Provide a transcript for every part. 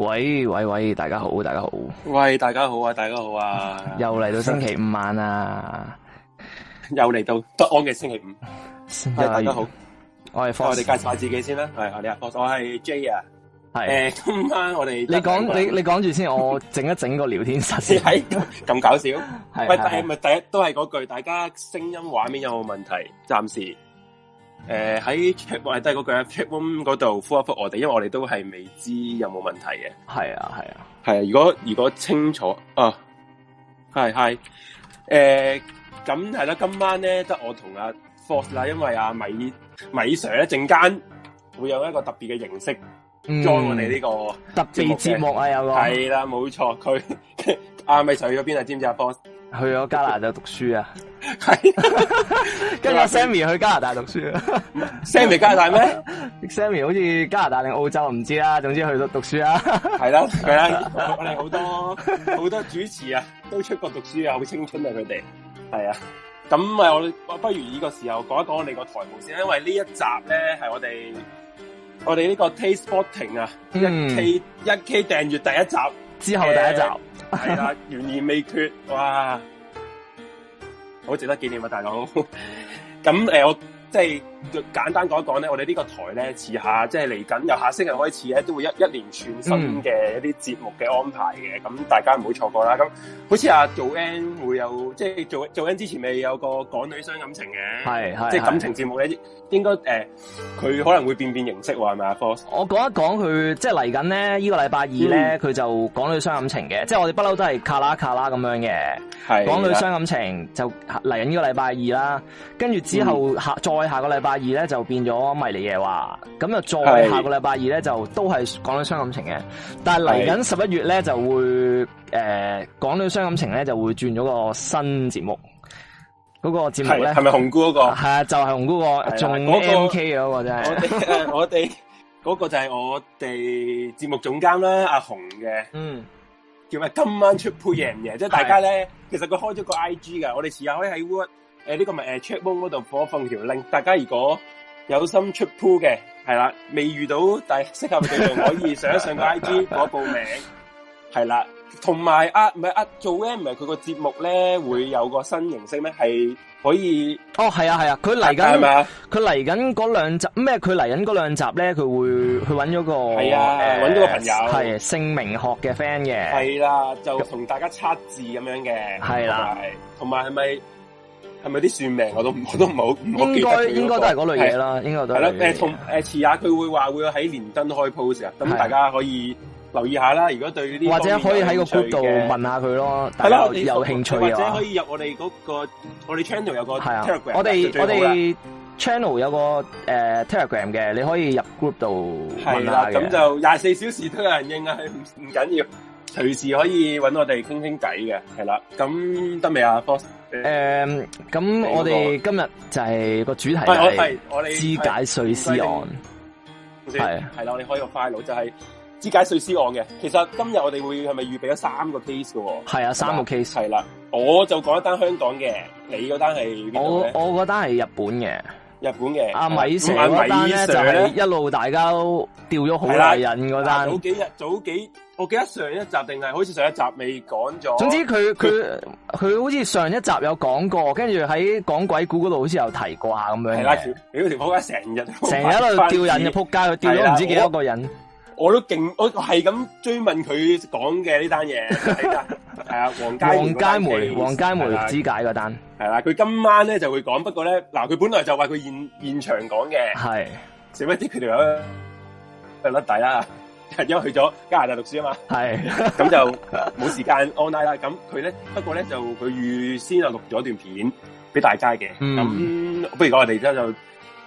喂喂喂，大家好，大家好，喂，大家好啊，大家好啊，又嚟到星期五晚啊，又嚟到不安嘅星期五，大家好，我係 Fox，我哋介紹下自己先啦，係阿李啊，我係 J 啊，係，誒，今晚我哋，你講你你講住先，我整一整個聊天室先，係咁搞笑，係，喂，係咪第一都係嗰句，大家聲音畫面有冇問題，暫時。誒，喺 trap 房底嗰句啊 trap room 嗰度呼一呼我哋，因為我哋都係未知有冇問題嘅。係啊，係啊，係啊。如果如果清楚啊，係係誒，咁係啦。今晚咧，得我同阿、啊、Fox 啦，因為阿、啊、米米 Sir 一陣間會有一個特別嘅形式，裝、嗯、我哋呢個節特別節目啊，有個係啦，冇錯、啊。佢阿米 Sir 去咗邊啊？知唔知阿 Fox 去咗加拿大讀書 是啊，係 跟住 Sammy 去加拿大讀書啊，Sammy 加拿大咩？Sammy 好似加拿大定澳洲唔知啊。總之去咗讀書啊，啊，係啦，係啦，啊、 我哋好多好 多主持啊，都出國讀書啊，好青春啊佢哋，係啊，咁我哋不如呢個時候講一講你個台號先，因為呢一集咧係我哋我哋呢個 Taste Spotting 啊，一、嗯、K 一 K 訂閱第一集之後第一集。欸係啦，懸疑、 啊、未決，哇！好值得紀念啊，大佬。咁 誒、呃，我即係。簡單講一講咧，我哋呢個台咧，遲下即係嚟緊，由下星期開始咧，都會一一連串新嘅一啲節目嘅安排嘅，咁、嗯、大家唔好錯過啦。咁好似啊，做 N 會有即係做做 N 之前，未有個港女傷感情嘅，係係即係感情節目咧，應該誒，佢、呃、可能會變變形式喎，係咪啊 Fox 我講一講佢，即係嚟緊咧，這個、呢個禮拜二咧，佢、嗯、就港女傷感情嘅，即係我哋不嬲都係卡拉卡拉咁樣嘅，的港女傷感情就嚟緊呢個禮拜二啦，跟住之後下、嗯、再下個禮拜。八二咧就變咗迷你夜話，咁又再下個禮拜二咧就都係講到傷感情嘅，但係嚟緊十一月咧就會誒講到傷感情咧就會轉咗個新節目，嗰個節目咧係咪紅姑嗰個？係啊，就係紅姑個仲 MK 嘅嗰個真係，我哋我哋嗰個就係我哋節目總監啦，阿紅嘅，嗯，叫咩？今晚出配型嘅，即係大家咧，其實佢開咗個 I G 噶我哋遲下可以喺誒，呢、呃這個咪誒 checkbook 嗰度放條 link，大家如果有心出 pool 嘅，係啦，未遇到但係適合嘅，就 可以上一上個 IG 個報 名，係啦，同埋啊，唔係啊，做咧唔係佢個節目咧會有個新形式咩？係可以哦，係啊係啊，佢嚟緊係咪？佢嚟緊嗰兩集咩？佢嚟緊嗰兩集咧，佢會去搵咗個係啊，搵咗的、呃、個朋友係，姓名學嘅 friend 嘅，係啦，就同大家拆字咁樣嘅，係啦的，同埋係咪？係咪啲算命我都不我都唔好唔好？應該應該都係嗰類嘢啦，應該都係。啦、呃，誒同誒遲下佢會話會喺連登開 post 啊的，咁大家可以留意下啦。如果對呢啲或者可以喺個 group 度問下佢咯，係咯有，有興趣或者可以入我哋嗰，那個我哋 channel 有個 telegram，的我哋我哋 channel 有個誒、呃、telegram 嘅，你可以入 group 度問下，咁就廿四小時都有人應啊，係唔緊要，隨時可以搵我哋傾傾偈嘅，係啦，咁得未啊，Fox？誒，咁，嗯，我哋今日就係個主題係，係我哋肢解碎屍案，係係啦，我哋開個 file 就係、是、肢解碎屍案嘅。其實今日我哋會係咪預備咗三個 case 噶？係啊吧，三個 case 係啦。我就講一單香港嘅，你嗰單係我我嗰單係日本嘅，日本嘅。阿米蛇嗰單就係一路大家都掉咗好大癮，嗰單，早幾日早幾。我記得上一集定係好似上一集未講咗。總之佢佢佢好似上一集有講過，跟住喺講鬼故嗰度好似有提過咁樣。係啦，屌條扑街成日成日喺度吊人就扑街，吊咗唔知幾多個人。我都勁，我我係咁追問佢講嘅呢單嘢。係啊，王嘉梅，王嘉梅，王嘉梅，肢解嗰單。係啦，佢今晚咧就會講，不過咧嗱，佢本來就話佢現現場講嘅。係，少乜啲佢條友，都係甩底啦。因為去咗加拿大讀書啊嘛，係咁 就冇時間 online 啦。咁佢咧，不過咧就佢預先啊錄咗段片俾大家嘅。咁、嗯、不如講，我哋而家就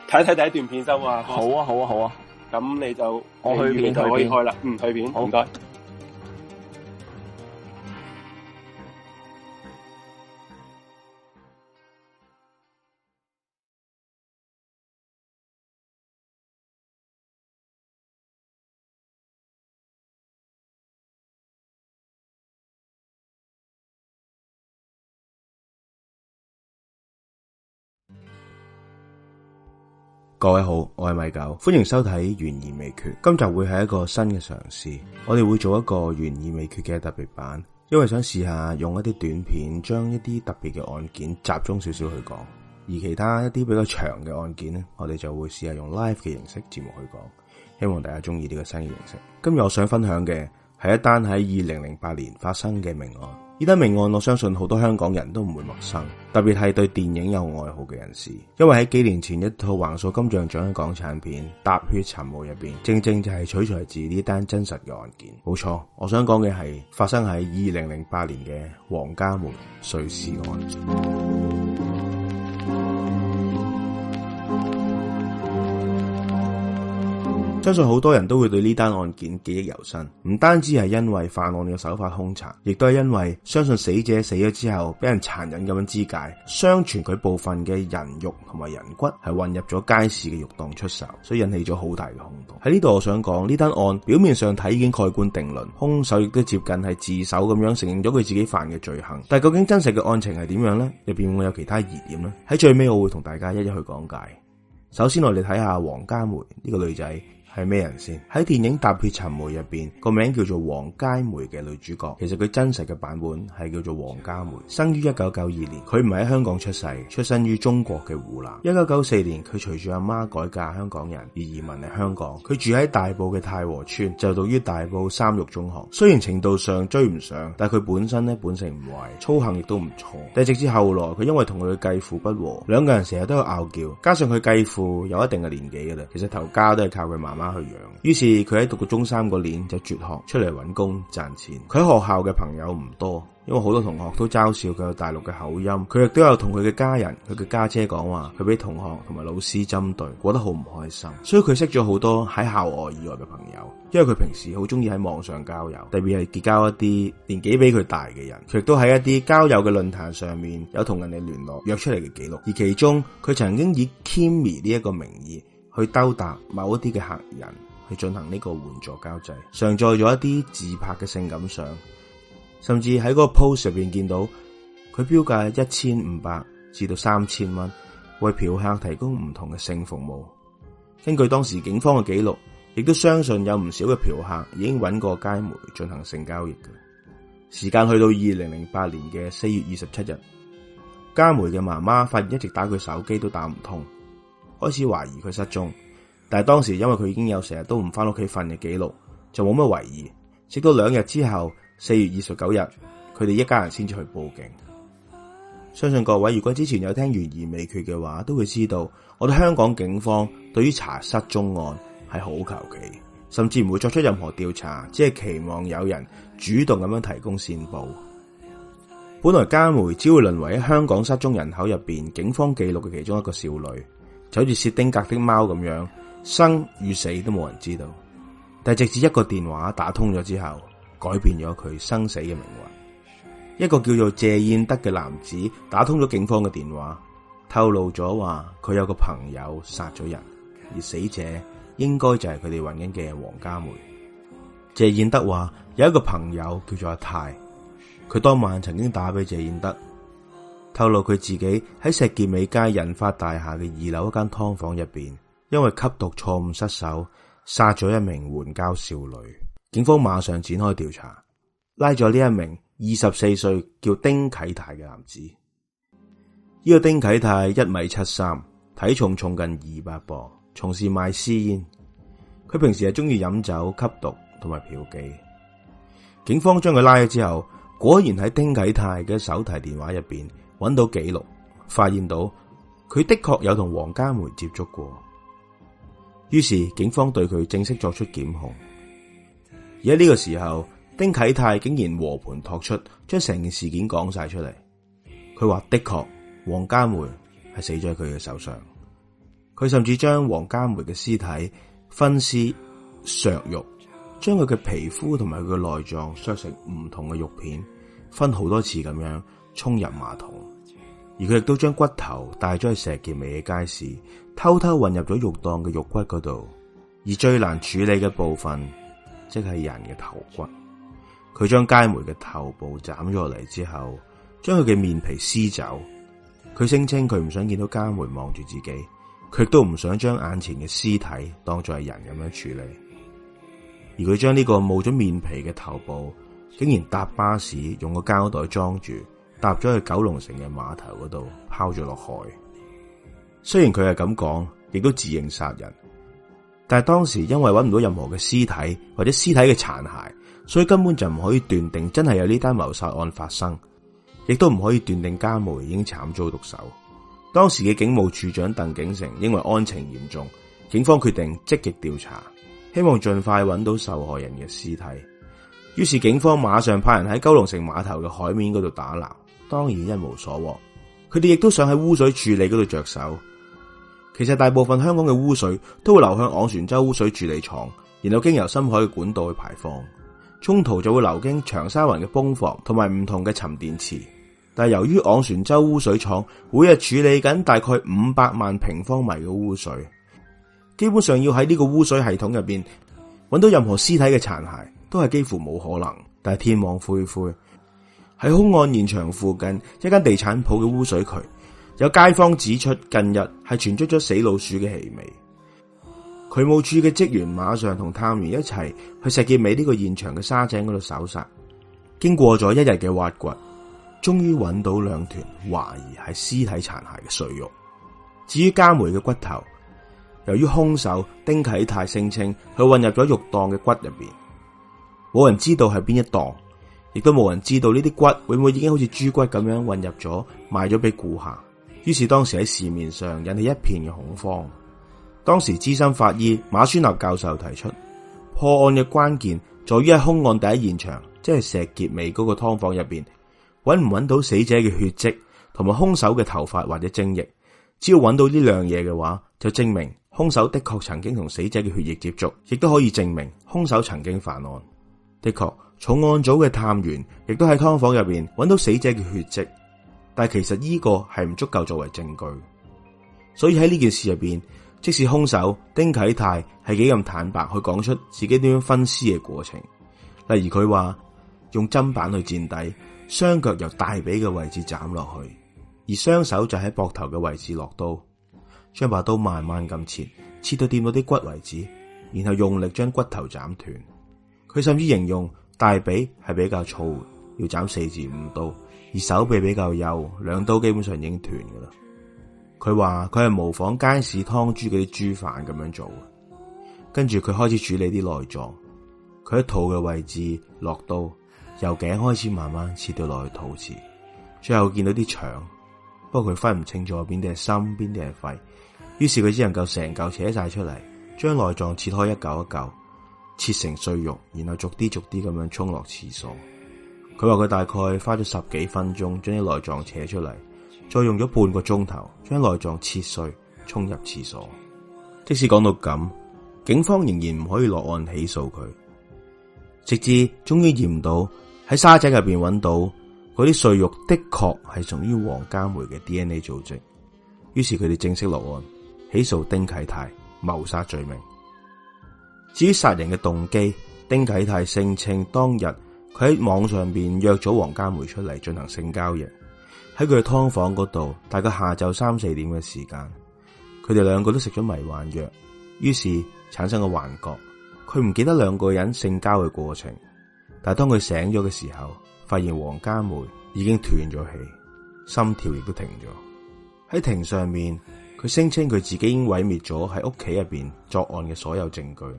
睇一睇第一段片先啊。好啊，好啊，好啊。咁你就我去片就可以開啦。去片嗯，去片，唔該好。各位好，我係米狗，歡迎收睇懸疑未決。今集會係一個新嘅嘗試，我哋會做一個懸疑未決嘅特別版，因為想試下用一啲短片將一啲特別嘅案件集中少少去講，而其他一啲比較長嘅案件呢，我哋就會試下用 live 嘅形式節目去講，希望大家中意呢個新嘅形式。今日我想分享嘅。係一單喺二零零八年發生嘅命案，呢單命案我相信好多香港人都唔會陌生，特別係對電影有愛好嘅人士，因為喺幾年前一套橫掃金像獎嘅港產片《踏血尋梅》入邊，正正就係取材自呢單真實嘅案件。冇錯，我想講嘅係發生喺二零零八年嘅王嘉梅碎屍案件。相信好多人都會對呢單案件記憶猶新，唔單止係因為犯案嘅手法兇殘，亦都係因為相信死者死咗之後，俾人殘忍咁樣肢解，相傳佢部分嘅人肉同埋人骨，係混入咗街市嘅肉檔出售，所以引起咗好大嘅轟動。喺呢度，我想講呢單案表面上睇已經蓋棺定論，兇手亦都接近係自首咁樣承認咗佢自己犯嘅罪行。但究竟真實嘅案情係點樣呢？入邊會有其他疑點呢？喺最尾我會同大家一一去講解。首先，我哋睇下王嘉梅呢個女仔。係咩人先？喺電影《踏血尋梅》入邊，個名叫做王佳梅嘅女主角，其實佢真實嘅版本係叫做王嘉梅。生於一九九二年，佢唔係喺香港出世，出生於中國嘅湖南。一九九四年，佢隨住阿媽改嫁香港人而移民嚟香港。佢住喺大埔嘅太和村，就讀於大埔三育中學。雖然程度上追唔上，但係佢本身咧本性唔壞，操行亦都唔錯。但係直至後來，佢因為同佢嘅繼父不和，兩個人成日都有拗叫，加上佢繼父有一定嘅年紀㗎喇，其實頭家都係靠佢媽媽去養，於是佢喺讀過中三嗰年就輟學出嚟揾工賺錢。佢喺學校嘅朋友唔多，因為好多同學都嘲笑佢有大陸嘅口音。佢亦都有同佢嘅家人、佢嘅家姐講話，佢俾同學同埋老師針對，過得好唔開心。所以佢識咗好多喺校外以外嘅朋友，因為佢平時好中意喺網上交友，特別係結交一啲年紀比佢大嘅人，佢亦都喺一啲交友嘅論壇上面有同人哋聯絡約出嚟嘅記錄。而其中佢曾經以 Kimi 呢一個名義。去兜達某一啲嘅客人，去進行呢個援助交際，上載咗一啲自拍嘅性感相，甚至喺嗰個 post 入邊見到佢標價一千五百至到三千蚊，為嫖客提供唔同嘅性服務。根據當時警方嘅記錄，亦都相信有唔少嘅嫖客已經揾過佳梅進行性交易嘅。時間去到二零零八年嘅四月二十七日，佳梅嘅媽媽發現一直打佢手機都打唔通。開始懷疑佢失蹤，但係當時因為佢已經有成日都唔翻屋企瞓嘅記錄，就冇乜懷疑。直到兩日之後，四月二十九日，佢哋一家人先至去報警。相信各位如果之前有聽懸疑未決嘅話，都會知道，我哋香港警方對於查失蹤案係好求其，甚至唔會作出任何調查，只係期望有人主動咁樣提供線報。本來嘉梅只會淪為喺香港失蹤人口入邊警方記錄嘅其中一個少女。就好似薛丁格的貓咁樣，生與死都冇人知道，但直至一個電話打通咗之後，改變咗佢生死嘅命運。一個叫做謝燕德嘅男子打通咗警方嘅電話，透露咗話佢有個朋友殺咗人，而死者應該就係佢哋揾緊嘅王嘉梅。謝燕德話有一個朋友叫做阿泰，佢當晚曾經打俾謝燕德。透露佢自己喺石硤尾街仁發大廈嘅二樓一間劏房入邊，因為吸毒錯誤失手殺咗一名援交少女。警方馬上展開調查，拉咗呢一名二十四歲叫丁啟泰嘅男子。呢、呢個丁啟泰一米七三，體重重近二百磅，從事賣私煙。佢平時係中意飲酒、吸毒同埋嫖妓。警方將佢拉咗之後，果然喺丁啟泰嘅手提電話入邊。揾到記錄，發現到佢的確有同王嘉梅接觸過。於是警方對佢正式作出檢控。而喺呢個時候，丁啟泰竟然和盤托出，將成件事件講晒出嚟。佢話的確，王嘉梅係死咗喺佢嘅手上。佢甚至將王嘉梅嘅屍體分屍削肉，將佢嘅皮膚同埋佢嘅內臟削成唔同嘅肉片，分好多次咁樣沖入馬桶。而佢亦都將骨頭帶咗去石硤尾嘅街市，偷偷混入咗肉檔嘅肉骨嗰度。而最難處理嘅部分，即係人嘅頭骨。佢將佳梅嘅頭部斬咗落嚟之後，將佢嘅面皮撕走。佢聲稱佢唔想見到佳梅望住自己，佢亦都唔想將眼前嘅屍體當作係人咁樣處理。而佢將呢個冇咗面皮嘅頭部，竟然搭巴士用個膠袋裝住，搭咗去九龍城嘅碼頭嗰度拋咗落海。雖然佢係咁講，亦都自認殺人，但係當時因為揾唔到任何嘅屍體或者屍體嘅殘骸，所以根本就唔可以斷定真係有呢單謀殺案發生，亦都唔可以斷定嘉梅已經慘遭毒手。當時嘅警務處長鄧景成因為案情嚴重，警方決定積極調查，希望盡快揾到受害人嘅屍體。於是警方馬上派人喺九龍城碼頭嘅海面嗰度打撈。當然一無所獲，佢哋亦都想喺污水處理嗰度着手。其實大部分香港嘅污水都會流向昂船洲污水處理廠，然後經由深海嘅管道去排放，中途就會流經長沙灣嘅泵房同埋唔同嘅沉澱池。但係由於昂船洲污水廠每日處理緊大概五百萬平方米嘅污水，基本上要喺呢個污水系統入邊揾到任何屍體嘅殘骸，都係幾乎冇可能。但係天網恢恢。喺兇案現場附近一間地產鋪嘅污水渠，有街坊指出近日係傳出咗死老鼠嘅氣味。渠務處嘅職員馬上同探員一齊去石硤尾呢個現場嘅沙井嗰度搜查，經過咗一日嘅挖掘，終於揾到兩團懷疑係屍體殘骸嘅碎肉。至於嘉梅嘅骨頭，由於兇手丁啟泰聲稱佢混入咗肉檔嘅骨入邊，冇人知道係邊一檔。亦都冇人知道呢啲骨會唔會已經好似豬骨咁樣混入咗，賣咗俾顧客，於是當時喺市面上引起一片嘅恐慌。當時資深法醫馬宣立教授提出，破案嘅關鍵在於喺凶案第一現場，即係石硤尾嗰個劏房入邊，揾唔揾到死者嘅血跡同埋凶手嘅頭髮或者精液，只要揾到呢兩嘢嘅話，就證明凶手的確曾經同死者嘅血液接觸，亦都可以證明凶手曾經犯案。的確。重案組嘅探員亦都喺湯房入邊揾到死者嘅血跡，但係其實呢個係唔足夠作為證據。所以喺呢件事入邊，即使兇手丁啟泰係幾咁坦白去講出自己點樣分屍嘅過程，例如佢話用砧板去墊底，雙腳由大髀嘅位置斬落去，而雙手就喺膊頭嘅位置落刀，將把刀慢慢咁切，切到掂到啲骨為止，然後用力將骨頭斬斷。佢甚至形容，大髀係比較粗，要斬四至五刀；而手臂比較幼，兩刀基本上已經斷㗎啦。佢話佢係模仿街市劏豬嗰啲豬販咁樣做，跟住佢開始處理啲內臟。佢喺肚嘅位置落刀，由頸開始慢慢切掉落去肚臍，最後見到啲腸。不過佢分唔清楚邊啲係心，邊啲係肺。於是佢只能夠成嚿扯晒出嚟，將內臟切開一嚿一嚿。切成碎肉，然後逐啲逐啲咁樣沖落廁所。佢話佢大概花咗十幾分鐘將啲內臟扯出嚟，再用咗半個鐘頭將內臟切碎沖入廁所。即使講到咁，警方仍然唔可以落案起訴佢，直至終於驗到喺沙井入邊揾到嗰啲碎肉的確係屬於王嘉梅嘅 DNA 組織，於是佢哋正式落案起訴丁啟泰謀殺罪名。至於殺人嘅動機，丁啟泰聲稱當日佢喺網上邊約咗王嘉梅出嚟進行性交易，喺佢嘅劏房嗰度，大概下晝三四點嘅時間，佢哋兩個都食咗迷幻藥，於是產生了個幻覺，佢唔記得兩個人性交嘅過程，但係當佢醒咗嘅時候，發現王嘉梅已經斷咗氣，心跳亦都停咗。喺庭上面，佢聲稱佢自己已經毀滅咗喺屋企入邊作案嘅所有證據。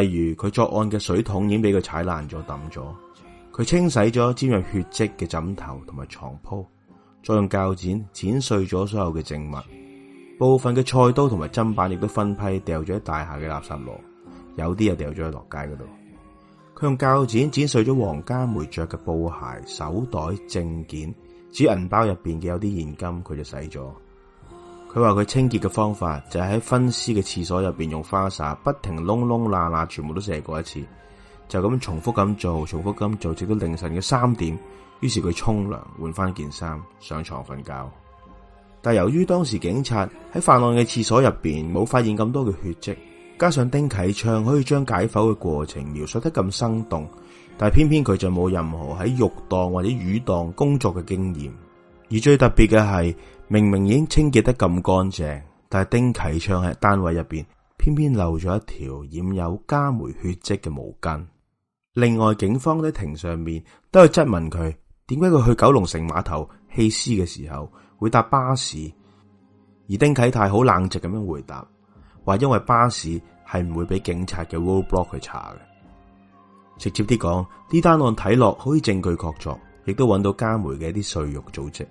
例如佢作案嘅水桶已經俾佢踩爛咗抌咗，佢清洗咗沾有血跡嘅枕頭同埋床鋪，再用鉸剪剪碎咗所有嘅證物，部分嘅菜刀同埋砧板亦都分批掉咗喺大廈嘅垃圾爐，有啲又掉咗喺落街嗰度。佢用鉸剪剪碎咗王嘉梅着嘅布鞋、手袋、證件，至於銀包入邊嘅有啲現金，佢就洗咗。佢話佢清潔嘅方法就係喺分屍嘅廁所入邊用花灑不停窿窿罅罅，全部都射過一次，就咁重複咁做，重複咁做，直到凌晨嘅三點。於是佢沖涼，換翻件衫，上床瞓覺。但由於當時警察喺犯案嘅廁所入邊冇發現咁多嘅血跡，加上丁啟昌可以將解剖嘅過程描述得咁生動，但係偏偏佢就冇任何喺肉檔或者魚檔工作嘅經驗，而最特別嘅係。明明已經清潔得咁乾淨，但係丁啟昌喺單位入邊，偏偏漏咗一條染有嘉梅血跡嘅毛巾。另外，警方喺庭上面都有質問佢，點解佢去九龍城碼頭棄屍嘅時候會搭巴士？而丁啟泰好冷靜咁樣回答，話因為巴士係唔會俾警察嘅 roadblock 去查嘅。直接啲講，呢單案睇落可以證據確鑿，亦都揾到嘉梅嘅一啲碎肉組織。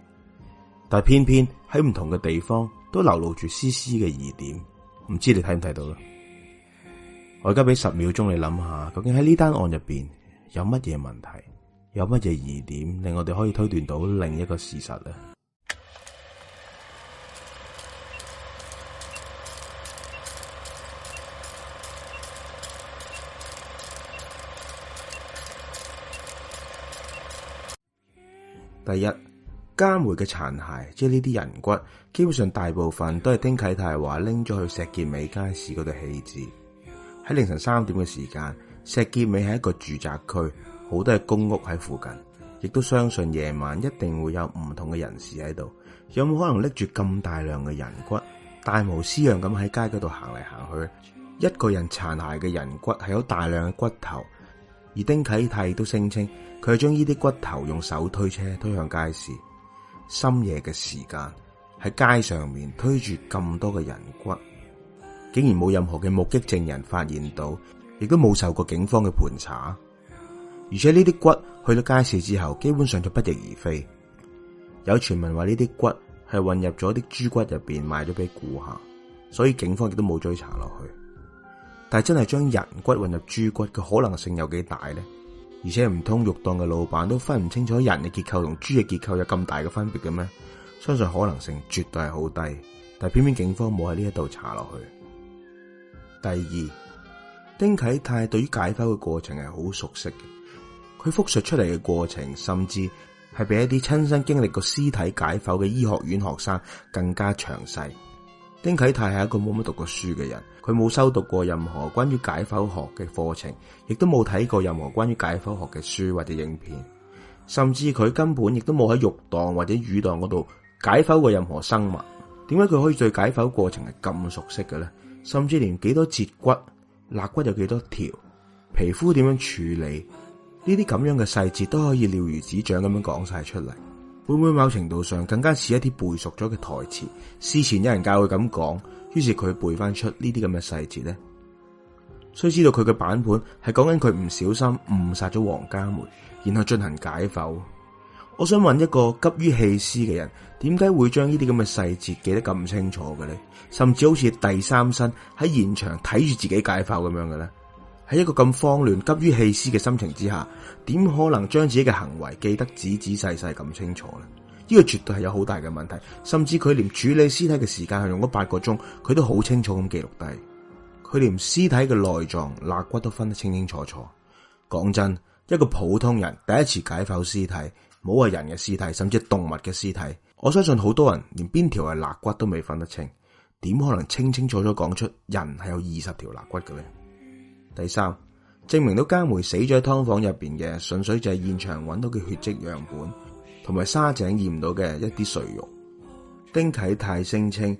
但偏偏喺唔同嘅地方都流露住絲絲嘅疑點，唔知你睇唔睇到啦？我而家俾十秒鐘你諗下，究竟喺呢單案入邊有乜嘢問題，有乜嘢疑點令我哋可以推斷到另一個事實啊？第一。嘉梅嘅殘骸，即係呢啲人骨，基本上大部分都係丁啟泰話拎咗去石硖尾街市嗰度棄置。喺凌晨三點嘅時間，石硖尾係一個住宅區，好多係公屋喺附近，亦都相信夜晚一定會有唔同嘅人士喺度。有冇可能拎住咁大量嘅人骨，大模廝樣咁喺街嗰度行嚟行去？一個人殘骸嘅人骨係有大量嘅骨頭，而丁啟泰都聲稱佢係將呢啲骨頭用手推車推向街市。深夜嘅時間喺街上面推住咁多嘅人骨，竟然冇任何嘅目擊證人發現到，亦都冇受過警方嘅盤查。而且呢啲骨去到街市之後，基本上就不翼而飛。有傳聞話呢啲骨係混入咗啲豬骨入邊賣咗俾顧客，所以警方亦都冇追查落去。但係真係將人骨混入豬骨嘅可能性有幾大呢？而且唔通肉檔嘅老闆都分唔清楚人嘅結構同豬嘅結構有咁大嘅分別嘅咩？相信可能性絕對係好低，但係偏偏警方冇喺呢一度查落去。第二，丁啟泰對於解剖嘅過程係好熟悉嘅，佢複述出嚟嘅過程，甚至係比一啲親身經歷過屍體解剖嘅醫學院學生更加詳細。丁啟泰係一個冇乜讀過書嘅人，佢冇修讀過任何關於解剖學嘅課程，亦都冇睇過任何關於解剖學嘅書或者影片，甚至佢根本亦都冇喺肉檔或者魚檔嗰度解剖過任何生物。點解佢可以對解剖過程係咁熟悉嘅咧？甚至連幾多節骨、肋骨有幾多條、皮膚點樣處理，呢啲咁樣嘅細節都可以了如指掌咁樣講晒出嚟。會唔會某程度上更加似一啲背熟咗嘅台詞？事前有人教佢咁講，於是佢背翻出這些細節呢啲咁嘅細節咧。雖知道佢嘅版本係講緊佢唔小心誤殺咗王嘉梅，然後進行解剖。我想問一個急於棄屍嘅人，點解會將呢啲咁嘅細節記得咁清楚嘅咧？甚至好似第三身喺現場睇住自己解剖咁樣嘅咧？喺一個咁慌亂、急於棄屍嘅心情之下，點可能將自己嘅行為記得仔仔細細咁清楚呢？呢個絕對係有好大嘅問題，甚至佢連處理屍體嘅時間係用咗八個鐘，佢都好清楚咁記錄低。佢連屍體嘅內臟、肋骨都分得清清楚楚。講真，一個普通人第一次解剖屍體，冇話人嘅屍體，甚至動物嘅屍體，我相信好多人連邊條係肋骨都未分得清，點可能清清楚楚講出人係有二十條肋骨嘅咧？第三，證明到家梅死咗喺劏房入邊嘅，純粹就係現場揾到嘅血跡樣本，同埋沙井驗到嘅一啲碎肉。丁啟泰聲稱，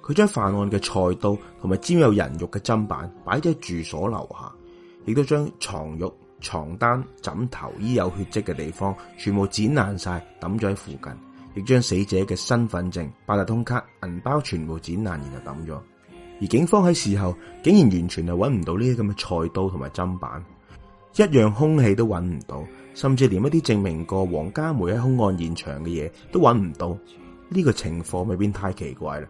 佢將犯案嘅菜刀同埋沾有人肉嘅砧板擺咗喺住所樓下，亦都將床褥、床單、枕頭衣有血跡嘅地方全部剪爛晒，抌咗喺附近，亦將死者嘅身份證、八達通卡、銀包全部剪爛然後抌咗。而警方喺事後竟然完全係揾唔到呢啲咁嘅菜刀同埋砧板，一樣兇器都揾唔到，甚至連一啲證明過王嘉梅喺凶案現場嘅嘢都揾唔到，呢、這個情況未必太奇怪啦。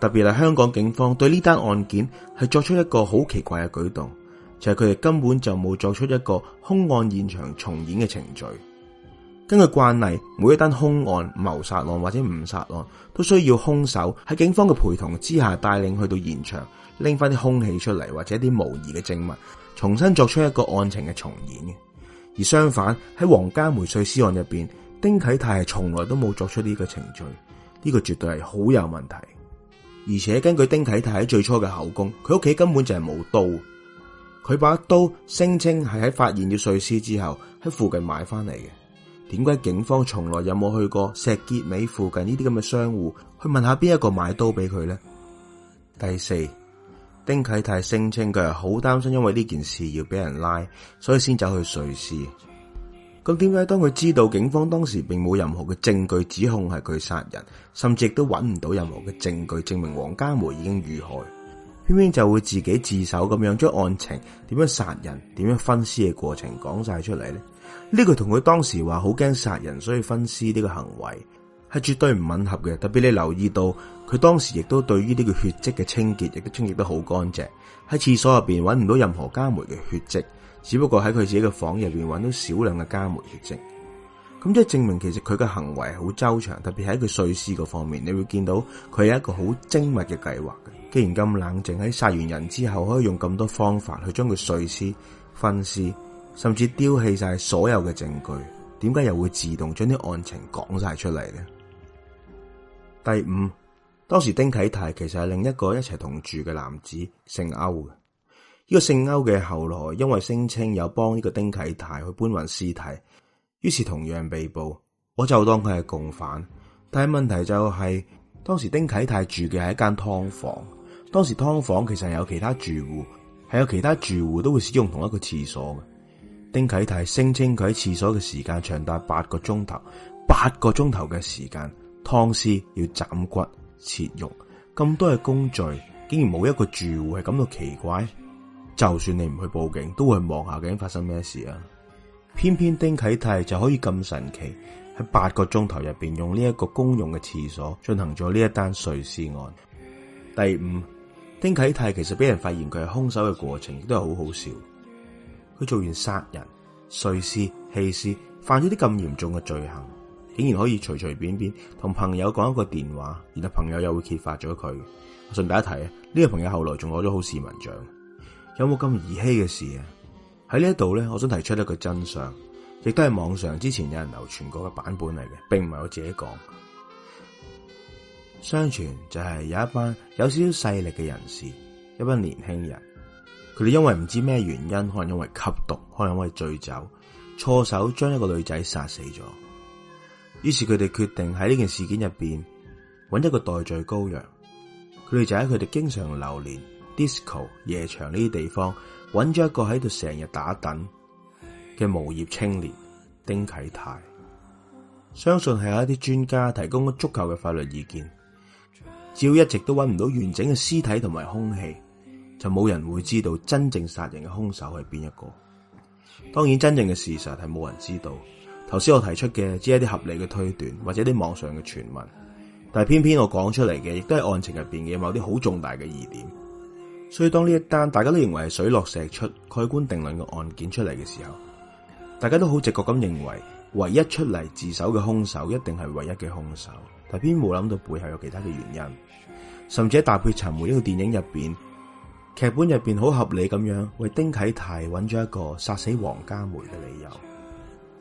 特別係香港警方對呢單案件係作出一個好奇怪嘅舉動，就係佢哋根本就冇作出一個凶案現場重演嘅程序。根據慣例，每一單凶案、謀殺案或者誤殺案，都需要凶手喺警方嘅陪同之下帶領去到現場，拎翻啲空氣出嚟或者啲模擬嘅證物，重新作出一個案情嘅重演嘅。而相反喺王嘉梅碎屍案入邊，丁啟泰係從來都冇作出呢個程序，呢、呢個絕對係好有問題。而且根據丁啟泰喺最初嘅口供，佢屋企根本就係冇刀，佢把刀聲稱係喺發現咗碎屍之後喺附近買翻嚟嘅。點解警方從來有冇去過石硖尾附近呢啲咁嘅商戶去問下邊一個買刀俾佢咧？第四，丁啟泰聲稱佢係好擔心，因為呢件事要俾人拉，所以先走去瑞士。咁點解當佢知道警方當時並冇任何嘅證據指控係佢殺人，甚至亦都揾唔到任何嘅證據證明王嘉梅已經遇害，偏偏就會自己自首咁樣將案情點樣殺人、點樣分屍嘅過程講晒出嚟咧？呢個同佢當時話好驚殺人，所以分屍呢個行為係絕對唔吻合嘅。特別你留意到佢當時亦都對於呢個血跡嘅清潔，亦都清潔得好乾淨。喺廁所入邊揾唔到任何嘉梅嘅血跡，只不過喺佢自己嘅房入邊揾到少量嘅嘉梅血跡。咁即係證明其實佢嘅行為好周詳，特別喺佢碎屍嗰方面，你會見到佢係一個好精密嘅計劃嘅。既然咁冷靜喺殺完人之後，可以用咁多方法去將佢碎屍分屍。甚至丟棄晒所有嘅證據，點解又會自動將啲案情講晒出嚟呢？第五，當時丁啟泰其實係另一個一齊同住嘅男子，姓歐嘅。呢、呢個姓歐嘅後來因為聲稱有幫呢個丁啟泰去搬運屍體，於是同樣被捕。我就當佢係共犯。但係問題就係、是，當時丁啟泰住嘅係一間劏房，當時劏房其實有其他住戶，係有其他住戶都會使用同一個廁所嘅。丁啟泰聲稱佢喺廁所嘅時間長達八個鐘頭，八個鐘頭嘅時間，劏屍要斬骨切肉，咁多嘅工序，竟然冇一個住戶係感到奇怪。就算你唔去報警，都會望下究竟發生咩事啊！偏偏丁啟泰就可以咁神奇喺八個鐘頭入邊用呢一個公用嘅廁所進行咗呢一單碎屍案。第五，丁啟泰其實俾人發現佢係凶手嘅過程，亦都係好好笑。佢做完殺人、碎屍、棄屍，犯咗啲咁嚴重嘅罪行，竟然可以隨隨便便同朋友講一個電話，然後朋友又會揭發咗佢。我順帶一提，呢個朋友後來仲攞咗好市民獎，有冇咁兒戲嘅事啊？喺呢一度咧，我想提出一個真相，亦都係網上之前有人流傳過嘅版本嚟嘅，並唔係我自己講。相傳就係有一班有少少勢力嘅人士，一班年輕人。佢哋因為唔知咩原因，可能因為吸毒，可能因為醉酒，錯手將一個女仔殺死咗。於是佢哋決定喺呢件事件入邊，揾一個代罪羔羊。佢哋就喺佢哋經常流連 disco 夜場呢啲地方，揾咗一個喺度成日打躉嘅無業青年丁啟泰。相信係有一啲專家提供咗足夠嘅法律意見，只要一直都揾唔到完整嘅屍體同埋空氣，就冇人會知道真正殺人嘅兇手係邊一個。當然，真正嘅事實係冇人知道。頭先我提出嘅只係一啲合理嘅推斷，或者啲網上嘅傳聞。但係偏偏我講出嚟嘅，亦都係案情入邊嘅某啲好重大嘅疑點。所以當呢一單大家都認為係水落石出、蓋棺定論嘅案件出嚟嘅時候，大家都好直覺咁認為，唯一出嚟自首嘅兇手一定係唯一嘅兇手。但偏冇諗到背後有其他嘅原因，甚至喺搭配《沉默》呢個電影入邊。劇本入邊好合理咁樣，為丁啟泰揾咗一個殺死王嘉梅嘅理由。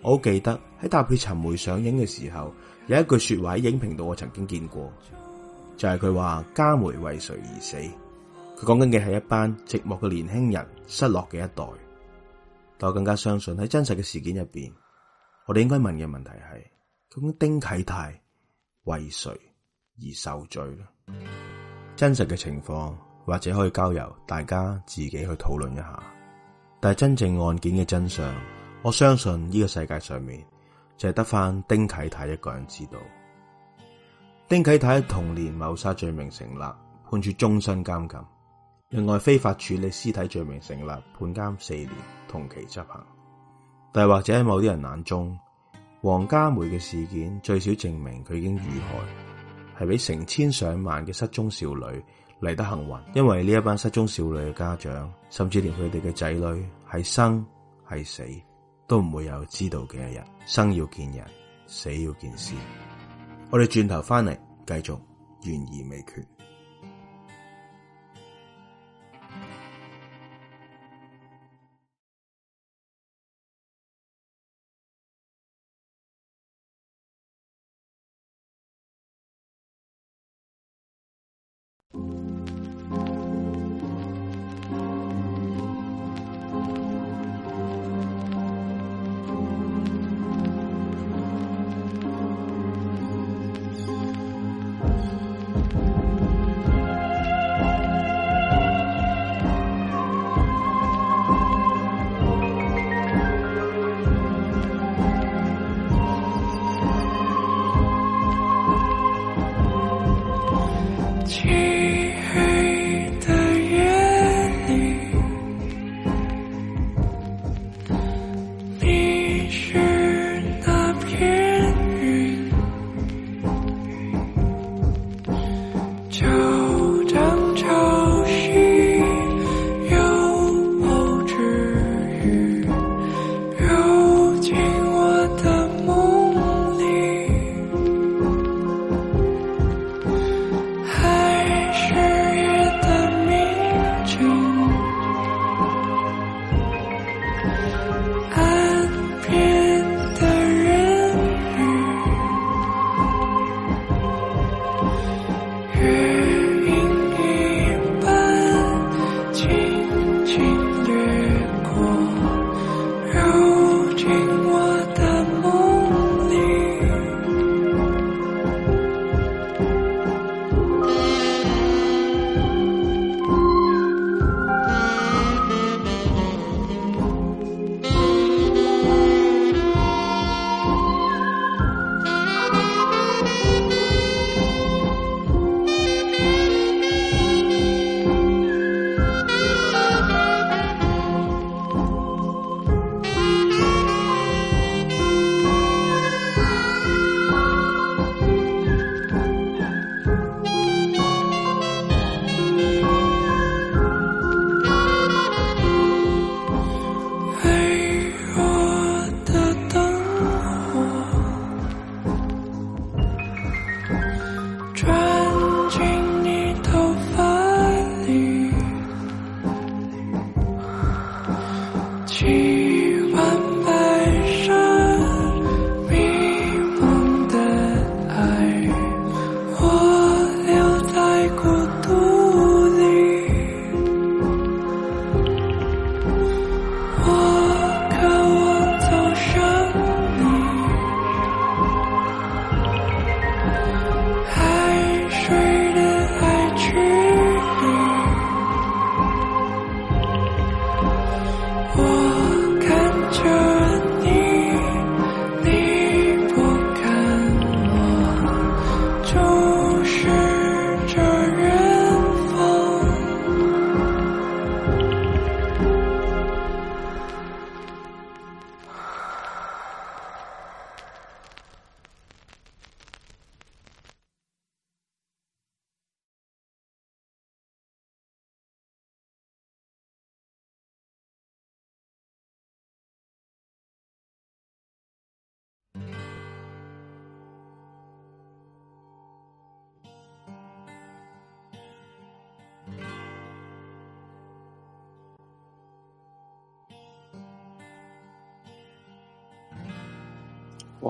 我好記得喺《踏血尋梅》上映嘅時候，有一句說話喺影評度我曾經見過，就係佢話：家梅為誰而死？佢講緊嘅係一班寂寞嘅年輕人，失落嘅一代。但我更加相信喺真實嘅事件入邊，我哋應該問嘅問題係：究竟丁啟泰為誰而受罪？真實嘅情況。或者可以交由大家自己去討論一下。但係真正案件嘅真相，我相信呢個世界上面就係得翻丁啟泰一個人知道。丁啟泰同年謀殺罪名成立，判處終身監禁；另外非法處理屍體罪名成立，判監四年，同期執行。但係或者喺某啲人眼中，王嘉梅嘅事件最少證明佢已經遇害，係俾成千上萬嘅失蹤少女嚟得幸運，因為呢一班失蹤少女嘅家長，甚至連佢哋嘅仔女，係生係死都唔會有知道嘅一日。生要見人，死要見屍。我哋轉頭返嚟，繼續懸疑未決。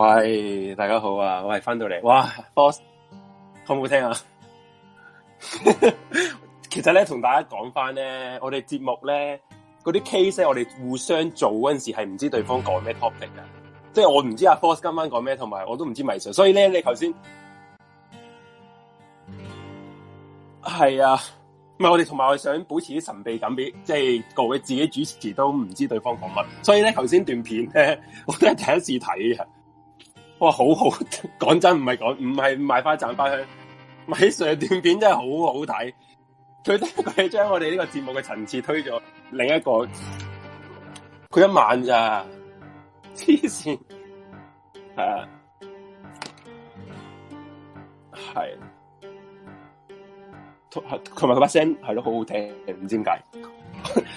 喂，大家好啊！喂，翻到嚟，哇，Fox 好唔好聽啊？ 其實咧，同大家講翻咧，我哋節目咧，嗰啲 case 咧，我哋互相做嗰陣時係唔知對方講咩 topic 噶，即係我唔知阿 Fox 今晚講咩，同埋我都唔知米狗。所以咧，你頭先係啊，唔係我哋，同埋我想保持啲神秘感，俾即係各位自己主持都唔知對方講乜，所以咧，頭先段片咧，我都係第一次睇哇，好好！講真，唔係講，唔係賣花讚花香，咪上段片真係好好睇。佢真係將我哋呢個節目嘅層次推咗另一個。佢一晚咋？黐線係啊，係同埋佢把聲係咯，好好聽，唔知點解。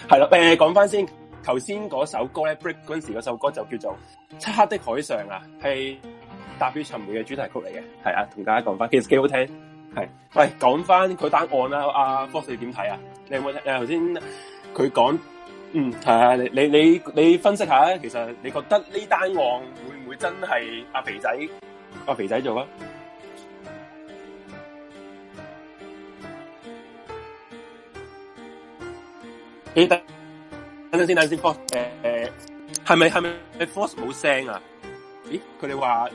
係咯，誒、呃，講翻先。頭先嗰首歌咧 break 嗰時嗰首歌就叫做《漆黑的海上》啊，係《達比沉沒》嘅主題曲嚟嘅，係啊，同大家講翻，其實幾好聽，係、啊。喂、啊，講翻佢單案啦，阿 Fox 點睇啊？你有冇聽？你頭先佢講，嗯，係啊，你你你，你分析下其實你覺得呢單案會唔會真係阿肥仔？阿肥仔做啊？A 單。 等陣先，等陣先。Fox，誒誒，係咪係咪？你 Fox 冇聲啊？咦，佢哋話，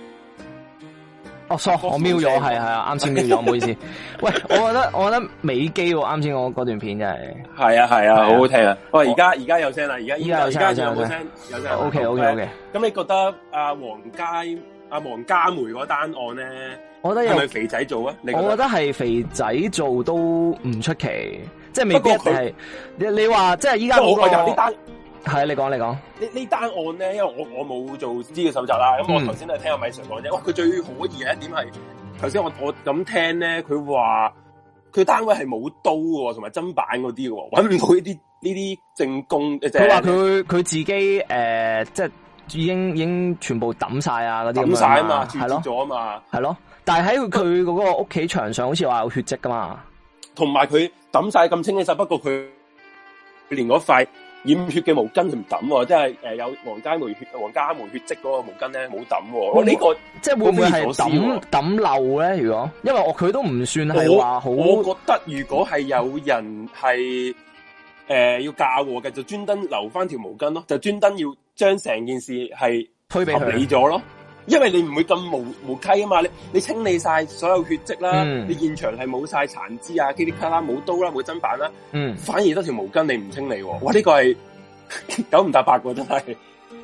哦 s o 我瞄咗，係係啊，啱先瞄咗，唔好意思。喂，我覺得我覺得美基，啱先我嗰段片真係，係啊係啊，好好聽啊。喂，而家而家有聲啦，而家而家有聲啦，有聲。有聲。O K O K O K。咁你覺得阿王嘉阿王嘉梅嗰單案咧？我覺得係咪肥仔做啊，我覺得係肥仔做都唔出奇。即係未必係你、那個、你話即係依家我有呢單係你講你講呢呢單案咧，因為我我冇做資料搜集啦。咁我頭先都係聽阿米常講啫。嗯、哇，佢最可疑嘅一點係頭先我我咁聽咧，佢話佢單位係冇刀同埋砧板嗰啲喎，揾唔到呢啲呢啲正供。佢話佢佢自己誒、呃，即係已經已經全部抌晒啊，嗰啲抌晒啊嘛，係咯了，做啊、嗯、嘛，係咯。但係喺佢嗰個屋企牆上，好似話有血跡噶嘛。同埋佢抌曬咁清嘅時候，不過佢連嗰塊染血嘅毛巾都唔抌，即係有王嘉梅血、王嘉梅血跡嗰個毛巾咧冇抌喎。呢、哦呢個即係為會唔會係抌抌漏咧？如果因為我佢都唔算係話好，我覺得如果係有人係誒、呃、要嫁禍嘅，就專登留翻條毛巾咯，就專登要將成件事係推俾你咗咯。因為你唔會咁無無稽啊嘛，你你清理晒所有血跡啦，嗯、你現場係冇晒殘肢啊，噼里啪啦冇刀啦、啊，冇砧板啦、啊，嗯、反而多條毛巾你唔清理、啊，哇呢、這個係九唔搭八噶真係是。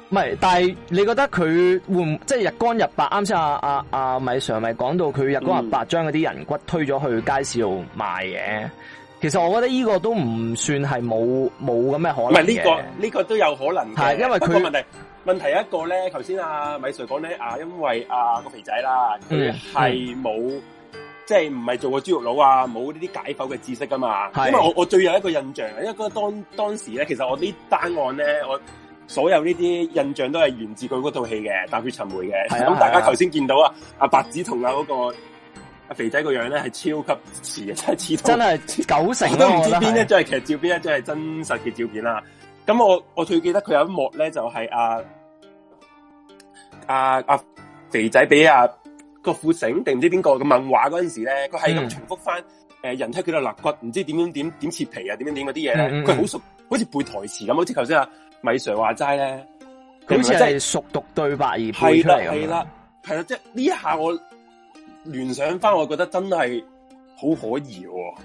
唔係，但係你覺得佢會唔？即係日光日白？啱先阿啊阿、啊啊、米常咪講到佢日光日白，將嗰啲人骨推咗去街市度賣嘅。嗯、其實我覺得呢個都唔算係冇冇咁咩可能唔係呢個呢、這個都有可能係因為佢。問題。問題一個咧，頭先阿米 Sir 講咧，啊，因為啊個肥仔啦，佢係冇即係唔係做過豬肉佬啊，冇呢啲解剖嘅知識噶嘛。是因為我我最有一個印象啊，因為嗰當當時咧，其實我呢單案咧，我所有呢啲印象都係源自佢嗰套戲嘅《踏血尋梅》嘅。咁大家頭先見到啊，阿白子同啊嗰個阿肥仔個樣咧係超級似，嘅，真係似到真係九成、啊、 都唔知邊一張係劇照，邊一張係真實嘅照片啦。咁我我最記得佢有一幕咧，就係、是、阿啊阿、啊啊、肥仔俾阿郭富城定唔知邊個咁問話嗰陣時咧，佢係咁重複翻誒、嗯呃、人體佢度肋骨，唔知點點點點切皮啊，點點點嗰啲嘢咧，佢好、嗯嗯、熟，好似背台詞咁，好似頭先阿米 Sir 話齋咧，好似真係、就是、熟讀對白而係啦係啦係啦，即係呢一下我聯想翻，我覺得真係好可疑喎、哦。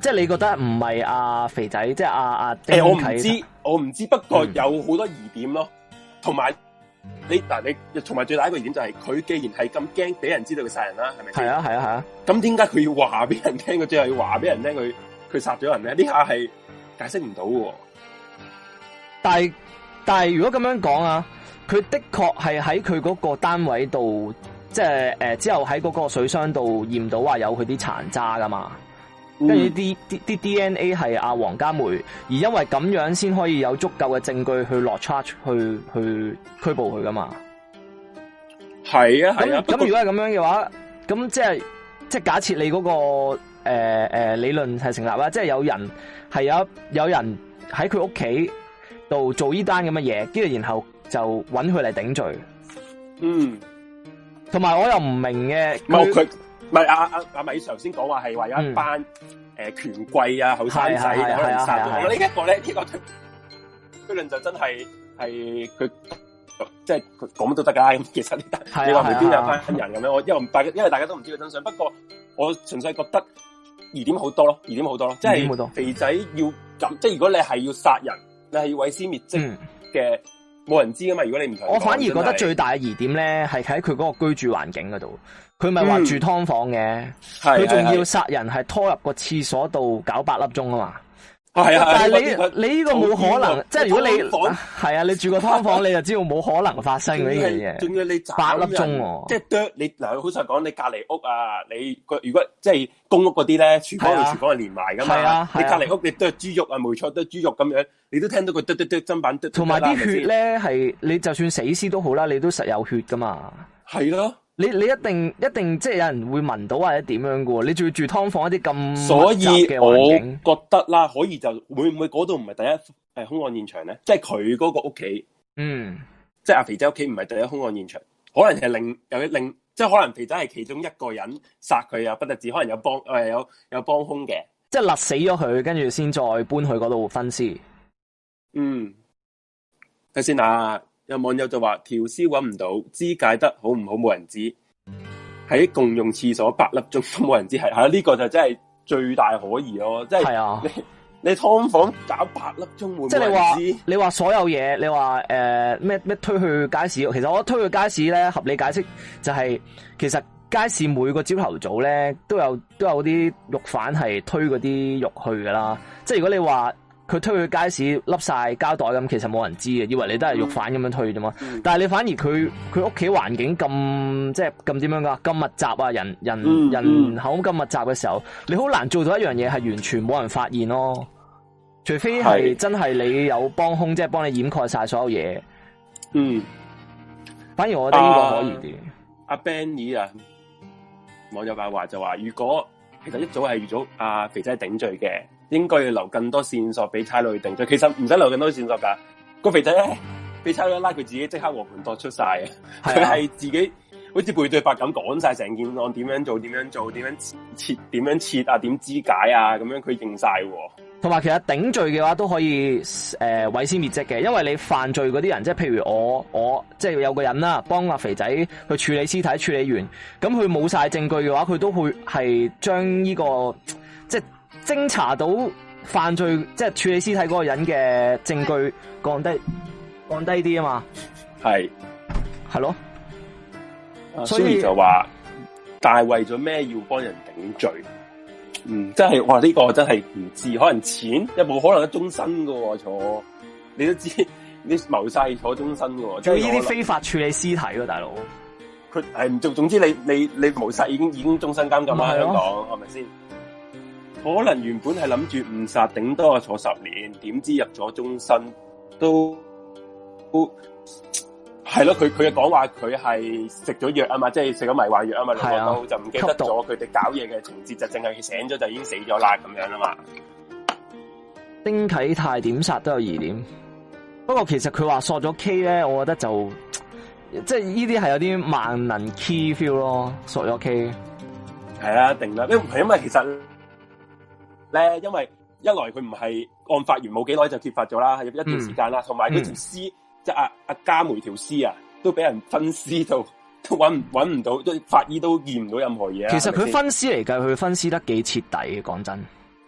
即係你覺得唔係阿肥仔，即係阿阿？啊、我唔知，嗯、我唔知。不過有好多疑點咯，同埋你嗱，你同埋最大一個疑點就係、是、佢既然係咁驚俾人知道佢殺人啦，係咪？係啊，係啊，係啊！咁點解佢要話俾人聽？佢最後要話俾人聽佢佢殺咗人咧？呢下係解釋唔到喎。但係但係，如果咁樣講啊，佢的確係喺佢嗰個單位度，即係誒之後喺嗰個水箱度驗到話有佢啲殘渣噶嘛。跟住啲啲啲 DNA 係阿王嘉梅。而因為咁樣先可以有足夠嘅證據去落 charge，去去拘捕佢噶嘛？係啊，咁咁如果係咁樣嘅話，咁即係即係假設你嗰、那個誒誒、呃呃、理論係成立啦，即係有人係有有人喺佢屋企度做呢單咁嘅嘢，跟住然後就揾佢嚟頂罪。嗯，同埋我又唔明嘅。唔係阿阿阿米頭先講，話係話有一班誒權貴啊後生仔可能殺咗，我呢一個咧呢個論就真係係佢即係講都得噶咁。其實呢單你話邊有班人咁樣，我因為大家因為大家都唔知佢真相，不過我純粹覺得疑點好多咯，疑點好多咯，即係肥仔要咁，即係如果你係要殺人，你係要毀屍滅跡嘅。冇人知㗎嘛？如果你唔同，我反而覺得最大嘅疑點咧，係喺佢嗰個居住環境嗰度。佢咪話話住劏房嘅，佢仲、嗯、要殺人係拖入個廁所度搞八粒鐘啊嘛！係啊，但係你你呢個冇可能，即係如果你係啊，你住個劏房，你就知道冇可能發生嗰件嘢。仲要你八粒鐘，即係剁你嗱，好實講你隔籬屋啊，你個如果即係公屋嗰啲咧，廚房同廚房係連埋噶嘛，你隔籬屋你剁豬肉啊，冇錯，都係豬肉咁樣，你都聽到佢剁剁剁，砧板剁。同埋啲血咧係，你就算死屍都好啦，你都實有血噶嘛。係咯。你你一定一定即係有人會聞到或者點樣嘅喎。你仲要住劏房一啲咁複雜嘅環境，所以我覺得啦，可以就會唔會嗰度唔係第一誒兇案現場咧？即係佢嗰個屋企，嗯，即係阿肥仔屋企唔係第一兇案現場，可能係另有一另，即係可能肥仔係其中一個人殺佢啊，不得止，可能有幫誒、呃、有有幫兇嘅，即係勒死咗佢，跟住先再搬去嗰度分屍。嗯，睇先啊。有網友就話：條屍揾唔到，肢解得好唔好冇人知。喺共用廁所八粒鐘，都冇人知，係啊！呢、呢個就真係最大可疑咯。即係是啊你，你你湯房搞八粒鐘換，即係你話你話所有嘢，你話誒咩咩推去街市？其實我推去街市咧，合理解釋就係、是、其實街市每個朝頭早咧都有都有啲肉販係推嗰啲肉去噶啦。即、就、係、是、如果你話。佢推去街市，笠晒膠袋咁，其實冇人知嘅，以為你都係肉販，咁樣推啫嘛。嗯、但係你反而佢佢屋企環境咁即係咁點樣噶，咁密集啊，人人人口咁密集嘅時候，嗯嗯、你好難做到一樣嘢係完全冇人發現咯。除非係真係你有幫兇，是即係幫你掩蓋晒所有嘢。嗯，反而我覺得呢個可疑啲。阿、啊、Benny 啊，網友話，話就話，如果其實一早係預咗阿肥仔頂罪嘅。應該要留更多線索俾差佬去定罪，其實唔使留咁多線索噶。個肥仔咧，俾差佬拉佢自己即刻和盤托出晒啊！佢係自己好似背對白咁講晒成件案點樣做、點樣做、點樣切、點樣切啊、點肢解啊咁樣，佢認晒。同埋其實頂罪嘅話都可以誒，毀屍滅跡嘅，因為你犯罪嗰啲人，即係譬如我我即係、就是、有個人啦，幫阿肥仔去處理屍體，處理完咁佢冇晒證據嘅話，佢都會係將呢個。偵查到犯罪，即係處理屍體嗰個人嘅證據降低，降低啲啊嘛，係係咯，所以就話，但係為咗咩要幫人頂罪？嗯，真係哇，呢個真係唔知，可能錢有冇可能終身的，得終身噶坐，你都知你謀殺坐終身噶，做呢啲非法處理屍體咯，大佬，佢係唔做，總之你你你謀殺已經已經終身監禁啦，香港係咪先？可能原本係諗住誤殺，頂多坐十年，點知入咗終身都都係咯。佢佢嘅講話，佢係食咗藥啊嘛，即係食咗迷幻藥啊嘛。係啊、嗯、就唔記得咗佢哋搞嘢嘅情節，就淨係醒咗就已經死咗啦咁樣啦嘛。丁啟泰點殺都有疑點，不過其實佢話索咗 K 咧，我覺得就即係呢啲係有啲萬能 key feel 咯，索咗 K 係啊，定啦。你唔係因為其實。咧，因為一來佢唔係案發完冇幾耐就揭發咗啦，係一段時間啦，同埋嗰條屍，條屍,嗯、即係阿阿嘉梅條屍啊，都俾人分屍到，都揾唔揾唔到，即法醫都驗唔到任何嘢、啊。其實佢分屍嚟計佢分屍得幾徹底，講真。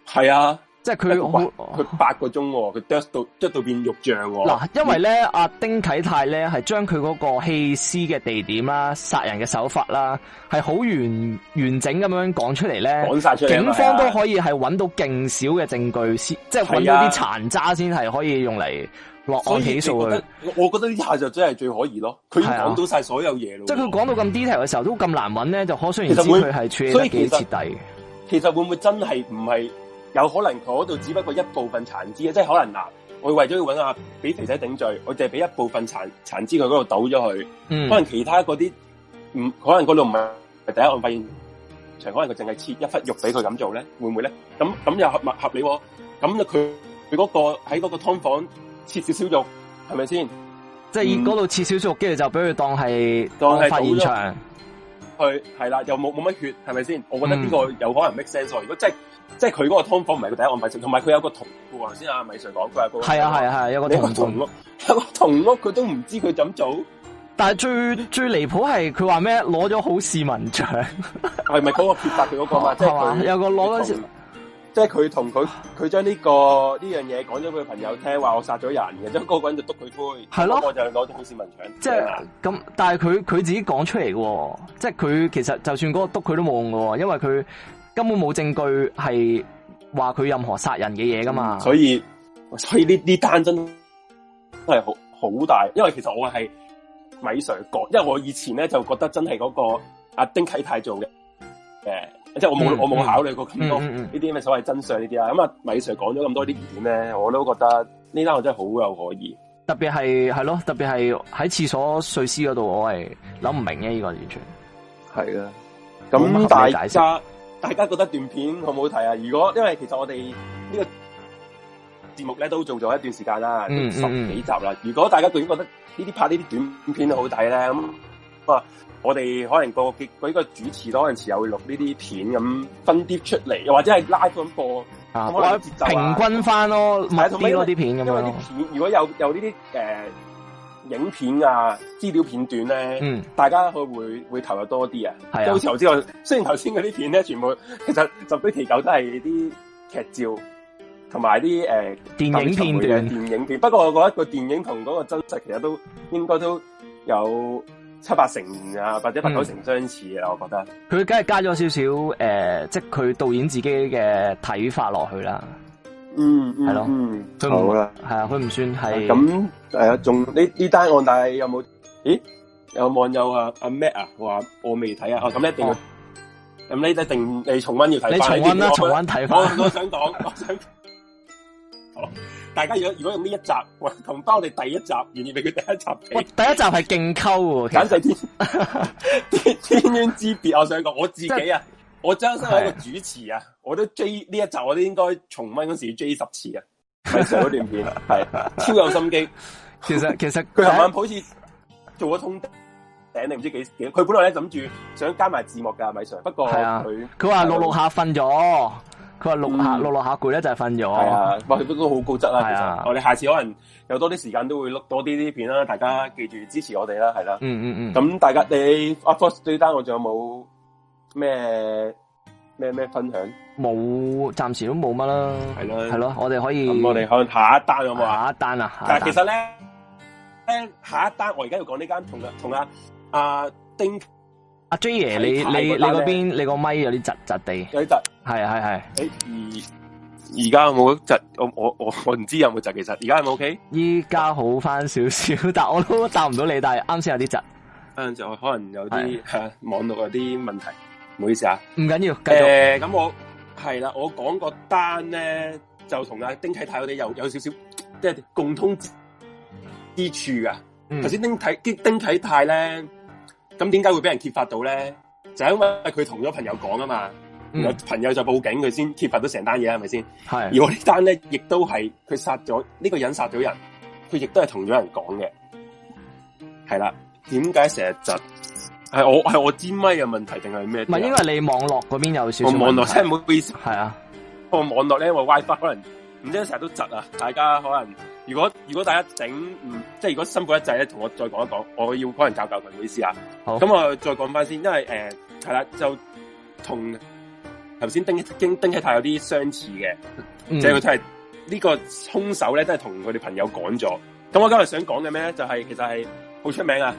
係啊。即係佢好，佢八個鐘、哦，佢剁到剁到變肉醬、哦。嗱，因為咧，阿、嗯啊、丁啟泰咧係將佢嗰個棄屍嘅地點啦、啊、殺人嘅手法啦、啊，係好完完整咁樣講出嚟咧。晒出嚟，警方吧都可以係揾到勁少嘅證據，先即係揾到啲殘渣先係可以用嚟落案起訴佢。我我覺得呢下就真係最可疑咯。佢講到晒所有嘢咯，啊、即係佢講到咁 detail 嘅時候、啊、都咁難揾咧，就可雖然知佢係處理得幾徹底。其實會唔會，會真係唔係？有可能佢嗰度只不過一部分殘肢啊，即係可能嗱，我為咗要揾下俾肥仔頂罪，我淨係俾一部分殘殘肢佢嗰度倒咗佢。嗯，可能其他嗰啲唔可能，嗰度唔係第一案發現場，可能佢淨係切一忽肉俾佢咁做咧，會唔會咧？咁咁又合合理喎？咁佢佢嗰個喺嗰個湯房切少少肉，係咪先？即係嗰度切少少肉，跟住就俾佢當係當係發現場。佢係啦，又冇冇乜血，係咪先？我覺得呢個有可能 make sense、嗯、如果即係，即係佢嗰個劏房唔係佢第一。我一個賣出。同埋佢有個同屋，頭先阿米 Sir 講，佢話係啊係啊係，有個同屋，有個同屋，佢都唔知佢怎麼做。但係最最離譜係佢話咩？攞咗好市民獎，係咪嗰個揭發佢嗰個嘛？即係 有個攞咗。即係佢同佢，佢將呢個呢樣嘢講咗俾佢朋友聽話，我殺咗人嘅，咁、嗰個人就督佢，係咁我就攞住好市民搶是吧。即係咁，但係佢佢自己講出嚟嘅，即係佢其實就算嗰個督佢都冇用喎，因為佢根本冇證據係話佢任何殺人嘅嘢噶嘛、嗯。所以所以呢啲單真係好好大，因為其實我係米 Sir 講，因為我以前咧就覺得真係嗰個阿丁啟太做嘅。誒，即係我冇，我冇考慮過咁多呢啲咩所謂真相呢啲啊。咁啊，米 Sir 講咗咁多啲疑點咧，我都覺得呢單我真係好有可疑。特別係係咯，特別係喺廁所碎屍嗰度，我係諗唔明嘅，呢個完全係啊。咁大家大家覺得段片好唔好睇啊？如果因為其實我哋呢個節目咧都做咗一段時間啦，都十幾集啦。如果大家覺得呢啲拍呢啲短片好睇咧，咁。我哋可能個個嗰個主持嗰陣時會錄呢啲片咁分碟出嚟，又或者係 live 咁播啊，一平均翻咯，咪睇嗰啲片咁啊片。如果有有呢啲誒影片啊資料片段咧，嗯，大家去會會投入多啲、嗯、啊。即係好似頭先，雖然頭先嗰啲片咧，全部其實十居其九都係啲劇照同埋啲誒電影片段。電影片不過我覺得個電影同嗰個真實，其實都應該都有。七八成啊，或者八九成相似啊，我覺得佢梗係加咗少少誒，即係佢導演自己嘅睇法落去啦。嗯嗯嗯，好啦，係啊，佢唔算係咁啊，仲呢呢單案但係有冇？咦，有網友啊阿 Matt 啊話我未睇啊，哦咁一定要，咁呢一定你重温要睇你重温啦，重温睇翻，我想講，我想。好。大家如果如果用呢一集，同包你第一集，願意俾佢第一集。第一集係勁溝，其實簡直天 天淵之別。我想講我自己啊，就是、我張身係一個主持啊，是的 我都追呢一集，我都應該重温嗰時追十次啊。米 Sir 嗰段片係 超有心機。其實其實佢琴晚好似做咗通頂，你唔知幾幾？佢本來咧諗住想加埋字幕噶，米 Sir，不過係啊，佢佢話六六下瞓咗。佢話錄下落落下攰咧，就係瞓咗。係啊，不過都好高質啦。係啊，其實我哋下次可能有多啲時間都會碌多啲啲片啦。大家記住支持我哋啦，係啦。嗯嗯嗯。咁大家你阿 Fox 呢單我仲有冇咩咩咩分享？冇，暫時都冇乜啦。係咯係咯，我哋可以。咁我哋去下一單有冇下一單啊？但係其實咧，下一單我而家要講呢間同阿同阿阿丁阿 J 爺，你你你嗰邊你個咪有啲窒窒地有啲窒。係係係，誒而而家有冇窒？我我我唔知有冇窒，其實而家係冇 OK？依家好翻少少，但我都答唔到你，但係啱先有啲窒，嗯，就可能有啲的、啊、網絡有啲問題，唔好意思啊。唔緊要，誒、咁、呃、我係啦，我講個單咧，就啟點點同阿丁啟泰嗰啲又有少少即係共通之處噶，頭先、嗯、丁啟丁啟泰咧，咁點解會俾人揭發到咧？就因為佢同咗朋友講啊嘛。嗯、朋友就報警，佢先揭發到成單嘢，係咪先？係。是的 而我呢單咧，亦都係佢殺咗呢個人，殺咗人，佢亦都係同咗人講嘅。係啦，點解成日窒？係我係我支咪嘅問題定係咩？唔係，因為你網絡嗰邊有少少問題。我網絡聽唔到意思。係啊的，個網絡咧，因為 WiFi 可能唔知成日都窒啊。大家可能如果如果大家整唔、嗯、即係如果辛苦一劑咧，同我再講一講，我要可能教教佢唔好意思啊。好。咁、嗯、我再講翻先，因為誒係啦，就同。頭先丁丁丁啟泰有啲相似嘅，即係佢係呢個兇手咧，都係同佢哋朋友講咗。咁我今日想講嘅咩咧，就係其實係好出名啊！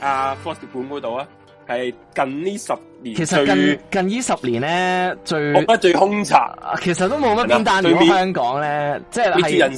阿 f o s t 本嗰度啊，係近呢十年，其實近近呢十年咧最，我覺得最兇殘，其實都冇乜點但香港咧，即係係人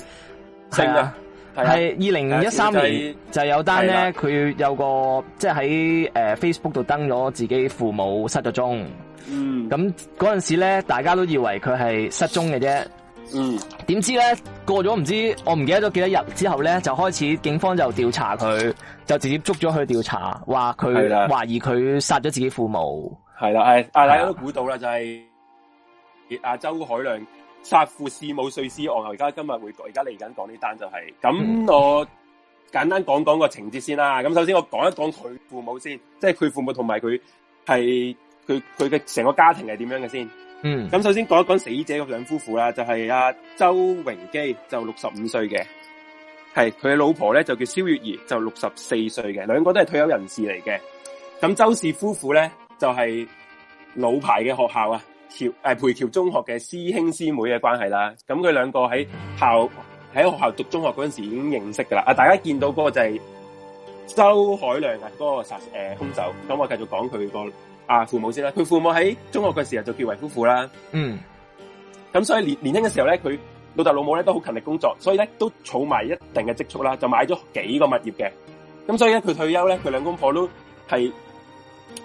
性啊，係二零一三年就有單咧，佢有個即係喺誒 Facebook 度登咗自己父母失咗蹤。嗯，咁嗰陣時咧，大家都以為佢係失蹤嘅啫。嗯，點知咧，過咗唔知，我唔記得咗幾多日之後咧，就開始警方就調查佢，就直接捉咗去調查，話佢懷疑佢殺咗自己父母。係啦，係的大家都估到啦，就係、是、阿周凱亮殺父弒母碎屍案。而家今日會而家嚟緊講呢單就係、是、咁，嗯、我簡單講講個情節先啦。咁首先我講一講佢父母先，即係佢父母同埋佢係。佢佢嘅成個家庭係點樣嘅先？嗯，咁首先講一講死者咁兩夫婦啦，就係、是、阿、啊、周榮基，就六十五歲嘅，係佢嘅老婆咧就叫蕭月兒，就六十四歲嘅，兩個都係退休人士嚟嘅。咁周氏夫婦咧就係、是、老牌嘅學校啊，誒培僑中學嘅師兄師妹嘅關係啦。咁佢兩個喺校喺學校讀中學嗰陣時已經認識噶啦。啊，大家見到嗰個就係周凱亮啊，嗰、那個殺誒兇手。咁我繼續講佢、那個。啊，父母先啦，佢父母喺中學嘅時候就結為夫婦啦。嗯，咁所以年年輕嘅時候咧，佢老豆老母咧都好勤力工作，所以咧都儲埋一定嘅積蓄啦，就買咗幾個物業嘅。咁所以咧，佢退休咧，佢兩公婆都係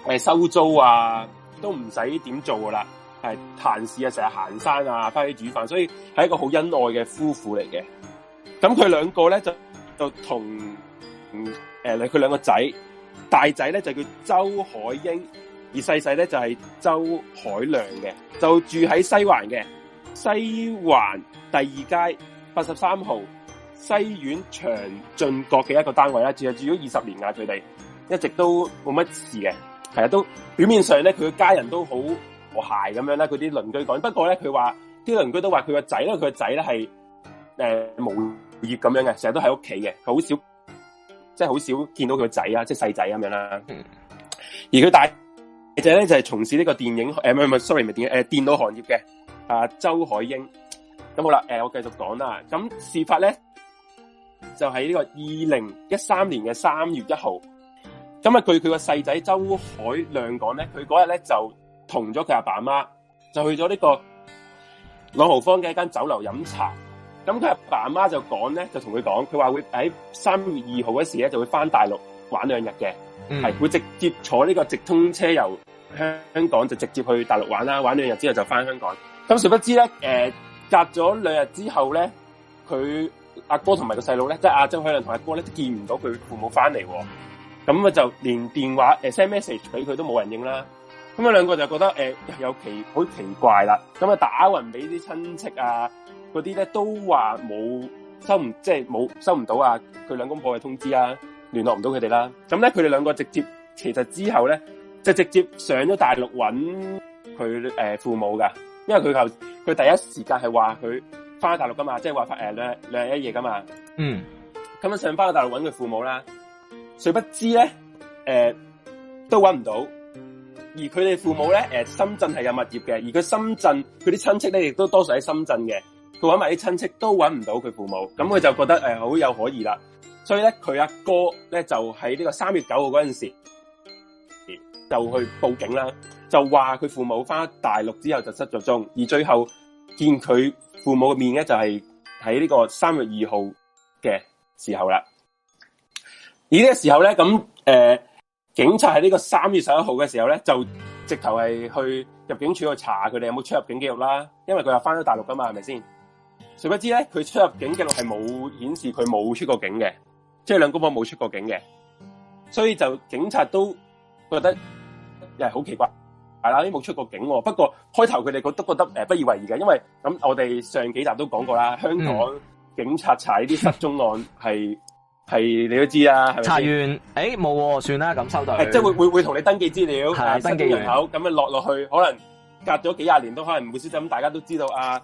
誒收租啊，都唔使點做噶啦，係閒事啊，成日行山啊，翻去煮飯，所以係一個好恩愛嘅夫婦嚟嘅。咁佢兩個咧就就同嗯誒佢兩個仔，大仔咧就叫周海英。而細細咧就係周凱亮嘅，就住喺西環嘅西環第二街八十三號西苑長進閣嘅一個單位啦，住啊住咗二十年啊，佢哋一直都冇乜事嘅，係啊，都表面上咧佢嘅家人都好和諧咁樣啦，佢啲鄰居講。不過咧佢話啲鄰居都話佢個仔咧，佢個仔咧係誒無業咁樣嘅，成日都喺屋企嘅，佢好少即係好少見到佢個仔啊，即係細仔咁樣啦。而佢大。其實咧就係從事呢個電影誒、呃、s o r r y 唔係電影誒、呃、電腦行業嘅啊周海英。咁好啦，誒、呃、我繼續講啦。咁事發咧就喺呢個二零一三年嘅三月一號。咁啊據佢個細仔周凱亮講咧，佢嗰日咧就同咗佢阿爸阿媽就去咗呢個朗豪坊嘅一間酒樓飲茶。咁佢阿爸阿媽就講咧就同佢講，佢話會喺三月二號嗰時咧就會翻大陸玩兩日嘅。係、嗯、會直接坐呢個直通車由香港就直接去大陸玩啦，玩兩日之後就翻香港。咁殊不知咧？誒、呃，隔咗兩日之後咧，佢阿哥同埋個細佬咧，即係阿周海倫同阿哥咧，都見唔到佢父母翻嚟。咁、哦、啊，嗯、就連電話誒 send message 俾佢都冇人應啦。咁啊，兩個就覺得誒、呃、有奇好奇怪啦。咁啊，打匀俾啲親戚啊，嗰啲咧都話冇收唔即係冇收唔到啊，佢兩公婆嘅通知啊。聯絡唔到佢哋啦，咁咧佢哋兩個直接，其實之後咧就直接上咗大陸揾佢誒父母噶因為佢後佢第一時間係話佢翻咗大陸噶嘛，即係話返誒兩兩日一夜噶嘛，嗯，咁上翻去大陸揾佢父母啦，誰不知咧誒、呃、都揾唔到，而佢哋父母咧誒、呃、深圳係有物業嘅，而佢深圳佢啲親戚咧亦都多數喺深圳嘅，佢揾埋啲親戚都揾唔到佢父母，咁佢就覺得誒好、呃、有可疑啦。所以咧，佢阿哥咧就喺呢個三月九號嗰陣時，就去報警啦，就話佢父母翻大陸之後就失咗蹤，而最後見佢父母嘅面咧就係喺呢個三月二號嘅時候啦。而呢個時候咧，咁誒、呃，警察喺呢個三月十一號嘅時候咧，就直頭係去入境處去查佢哋有冇出入境記錄啦，因為佢又翻咗大陸噶嘛，係咪先？誰不知咧，佢出入境記錄係冇顯示佢冇出過境嘅。即係兩公婆冇出過境嘅，所以就警察都覺得又係好奇怪，係啦，你冇出過境，哦。不過開頭佢哋覺都覺得誒、呃、不以為意嘅，因為咁、嗯、我哋上幾集都講過啦，香港警察查啲失蹤案係係、嗯、你都知啦、啊，查完誒冇，算啦，咁收袋。誒，即係、哦、會會會同你登記資料，登記人口，咁啊，落落去，可能隔咗幾廿年都可能唔冇消息。咁大家都知道啊，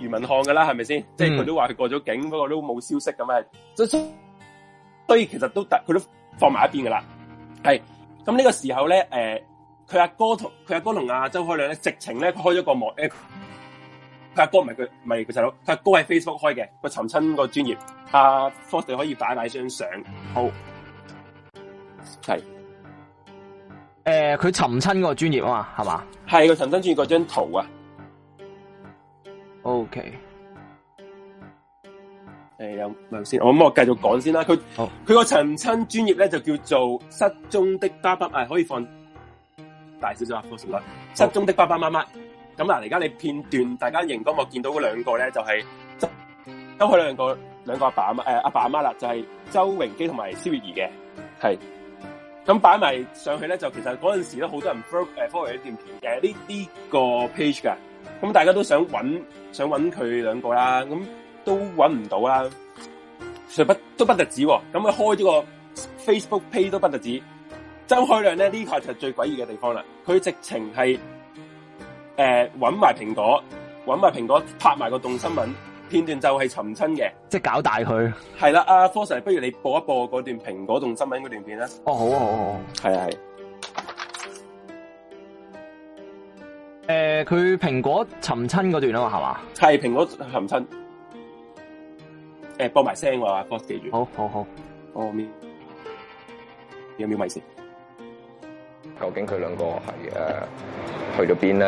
余文漢噶啦，係咪先？即係佢都話佢過咗境，不過、嗯、都冇消息咁啊。堆其實都得，佢都放埋一邊噶啦，係咁呢個時候咧，誒、呃，佢阿哥同佢阿哥同阿周凱亮咧，直情咧開咗個幕，誒、呃，佢阿哥唔係佢，唔係佢細佬，佢阿哥係 Facebook 開嘅，佢尋親個專業，阿 Fox 可以擺埋張相，好係，誒是，佢、呃、尋親個專業啊嘛，係嘛，係佢尋親專業嗰張圖啊，OK。誒，有兩、嗯、先，我咁我繼續講先啦。佢佢個尋親專業咧就叫做失蹤的爸爸媽媽，係可以放大少少啊，多少啦？失蹤的爸爸媽媽，咁嗱、哦，而家你片段大家認嗰我見到嗰兩個咧，就係、是、周周海兩個兩個阿爸阿媽誒，阿、呃、爸阿媽啦，就係、是、周榮基同埋蕭月兒嘅，係咁擺埋上去咧，就其實嗰陣時咧，好多人 follow 誒、呃、，follow 一段片嘅呢呢個 page 嘅，咁大家都想搵想搵佢兩個啦，咁。都揾唔到啦、啊，全部都不得止、啊，咁、嗯、佢開咗個 Facebook page 都不得止。周凱亮咧呢塊就最詭異嘅地方啦，佢直情係誒揾埋蘋果，揾埋蘋果拍埋個動新聞片段就係尋親嘅，即係搞大佢。係啦，阿、啊、科 Sir，不如你播一播嗰段蘋果動新聞嗰段片啦。哦，好好好，係啊係。誒、呃，佢蘋果尋親嗰段啊嘛，係嘛，係蘋果尋親。誒，播埋聲話，哥記住，好好好，哦、我面有冇咩事？究竟佢兩個係誒去咗邊呢？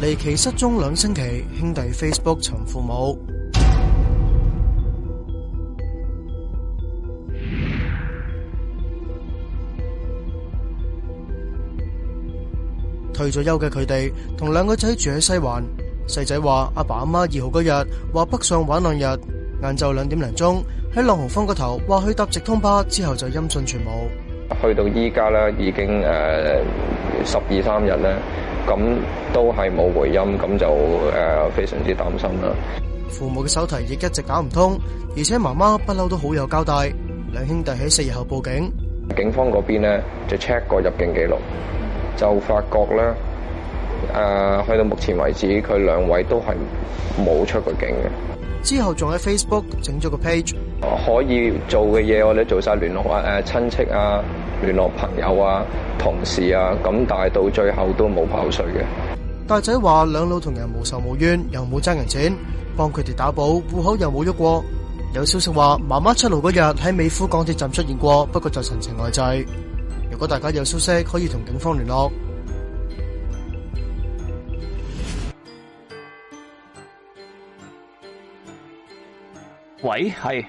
離奇失蹤兩星期，兄弟 Facebook 尋父母， 退咗休嘅佢哋同兩個仔住喺西環。細仔話：阿爸阿媽二號嗰日話北上玩兩日。晏晝兩點零鐘，喺朗豪坊個頭，話佢搭直通巴之後就音訊全冇。去到依家咧，已經誒十二三日咧，咁、呃、都係冇回音，咁就誒、呃、非常之擔心啦。父母嘅手提亦一直打唔通，而且媽媽不嬲都好有交代。兩兄弟喺四日後報警，警方嗰邊咧就 check 過入境記錄，就發覺咧誒去到目前為止，佢兩位都係冇出過境嘅。之後仲喺 Facebook 整咗個 page，可以做嘅嘢我哋做晒聯絡啊，誒親戚啊，聯絡朋友啊，同事啊，咁但係到最後都冇跑水嘅。大仔話兩老同人無仇無怨，又冇爭人錢，幫佢哋打保，戶口又冇喐過。有消息話媽媽出獄嗰日喺美孚港鐵站出現過，不過就神情呆滯。如果大家有消息，可以同警方聯絡。喂，係，誒、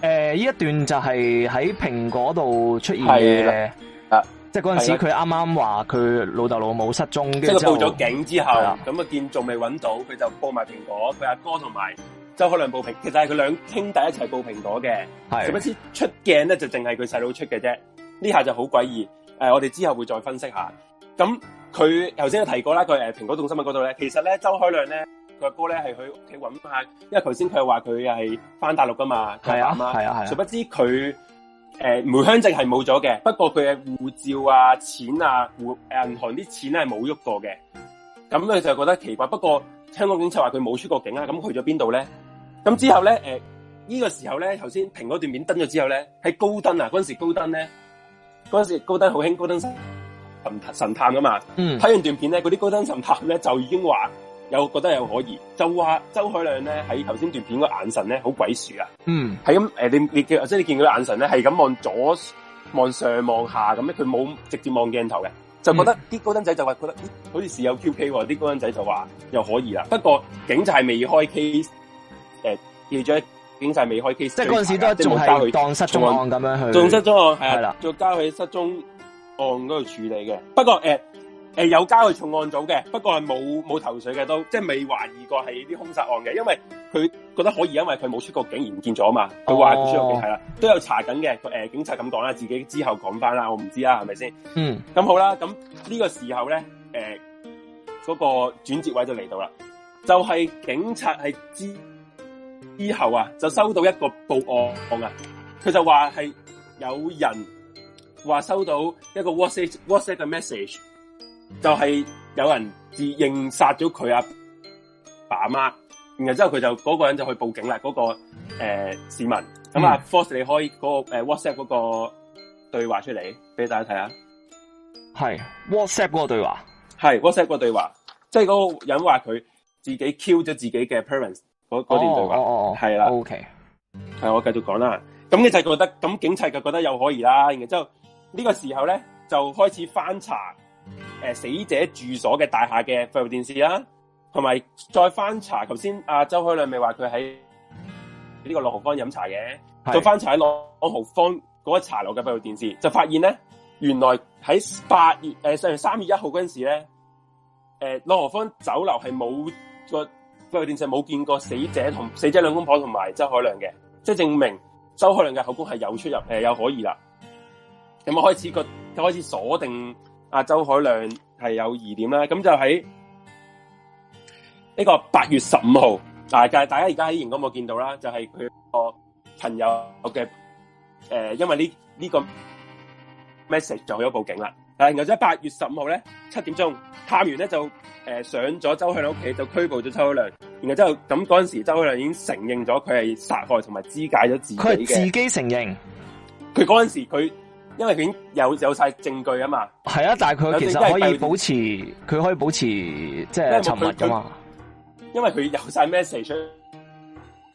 呃，呢一段就係喺蘋果度出現嘅，啊，即係嗰陣時佢啱啱話佢老豆老母失蹤，即係佢報咗警之後，咁啊的見仲未揾到，佢就報埋蘋果，佢阿哥同埋周凱亮報蘋，其實係佢兩兄弟一齊報蘋果嘅，係的，點不知出鏡咧就淨係佢細佬出嘅啫，呢下就好詭異，誒，我哋之後會再分析下，咁佢頭先都提過啦，佢誒蘋果動新聞嗰度咧，其實咧周凱亮咧。佢個哥咧係去屋企揾下，因為頭先佢話佢係返大陸噶嘛，佢阿媽係啊係啊，殊嘛、啊啊、不知佢誒、呃、梅香證係冇咗嘅，不過佢嘅護照啊、錢啊、銀銀行啲錢係冇喐過嘅，咁佢就覺得奇怪。不過香港警察話佢冇出過境啊，咁去咗邊度咧？咁之後咧誒、呢、呃呢個時候咧，頭先停嗰段片登咗之後咧，喺高登啊，嗰陣時高登咧，嗰陣時高登好興高登神神探神探啊嘛，睇完段片咧，嗰啲高登神探咧、嗯、就已經話。又覺得又可疑，就話周海亮咧喺頭先段片個眼神咧好鬼鼠啊！嗯，係咁、呃、你你即係你見佢眼神咧係咁望左、望上、望下咁咧，佢冇直接望鏡頭嘅，就覺得啲高登仔就話覺得、嗯欸、好似事有 QK 喎，啲高登仔就話又可疑啦。不過警察未開 case 誒記咗警察未開 case，即係嗰陣時都仲係當失蹤案咁樣去，仲失蹤案啊，係啦，仲交喺失蹤案嗰度的處理嘅。不過、呃誒、呃，有交去重案組嘅，不過係冇冇頭緒嘅，都即係未懷疑過係啲凶殺案嘅，因為佢覺得可疑，因為佢冇出過警員見見咗啊嘛，佢話冇出過警係啦、oh.，都有查緊嘅。誒、呃，警察咁講啦，自己之後講翻啦，我唔知啦、啊，係咪先？Hmm. 嗯，咁好啦，咁呢個時候咧，誒、呃，嗰、那個轉折位就嚟到啦，就係、是、警察係之之後啊，就收到一個報案案啊，佢就話係有人話收到一個 WhatsApp WhatsApp 嘅 message。就係有人自認殺咗佢阿爸阿媽，然後之後佢就嗰、那個人就去報警啦。嗰、那個誒、呃、市民，咁啊，Fox 你開嗰個誒、呃、WhatsApp 嗰個對話出嚟俾大家睇下，係 WhatsApp 嗰個對話，係 WhatsApp 那個對話，即係嗰個人話佢自己 Q 咗自己嘅 parents 嗰段對話，係啦、哦。O K，係我繼續講啦。咁你就覺得，咁警察就覺得又可疑啦。然之後呢個時候咧就開始翻查。誒、呃，死者住所嘅大廈嘅閉路電視啦、啊，同埋再翻查，頭先阿周凱亮咪話佢喺呢個朗豪坊飲茶嘅，再是翻查喺朗豪坊嗰個茶樓嘅閉路電視，就發現咧，原來喺八、呃、月誒，三月一號嗰陣時咧，誒朗豪坊酒樓係冇個閉路電視，冇見過死者同死者兩公婆同埋周凱亮嘅，即係證明周凱亮嘅口供係有出入，誒、呃、有可疑啦，咁我開始個開始鎖定，阿周凱亮係有疑點啦，咁就喺呢個八月十五號，大家大家而家喺熒光幕見到啦，就係佢個朋友嘅誒、呃，因為呢呢、呢個 message 就去咗報警啦。誒，然後之後八月十五號咧七點鐘探完咧就誒、呃、上咗周凱亮屋企，就拘捕咗周凱亮。然後之後咁嗰陣時，周凱亮已經承認咗佢係殺害同埋肢解咗自己嘅。佢自己承認，佢嗰陣時佢。因為佢有有晒證據啊嘛，係啊，但係佢其實可以保持佢可以保持即係、就是、沉默噶嘛，他因為佢有晒 message，他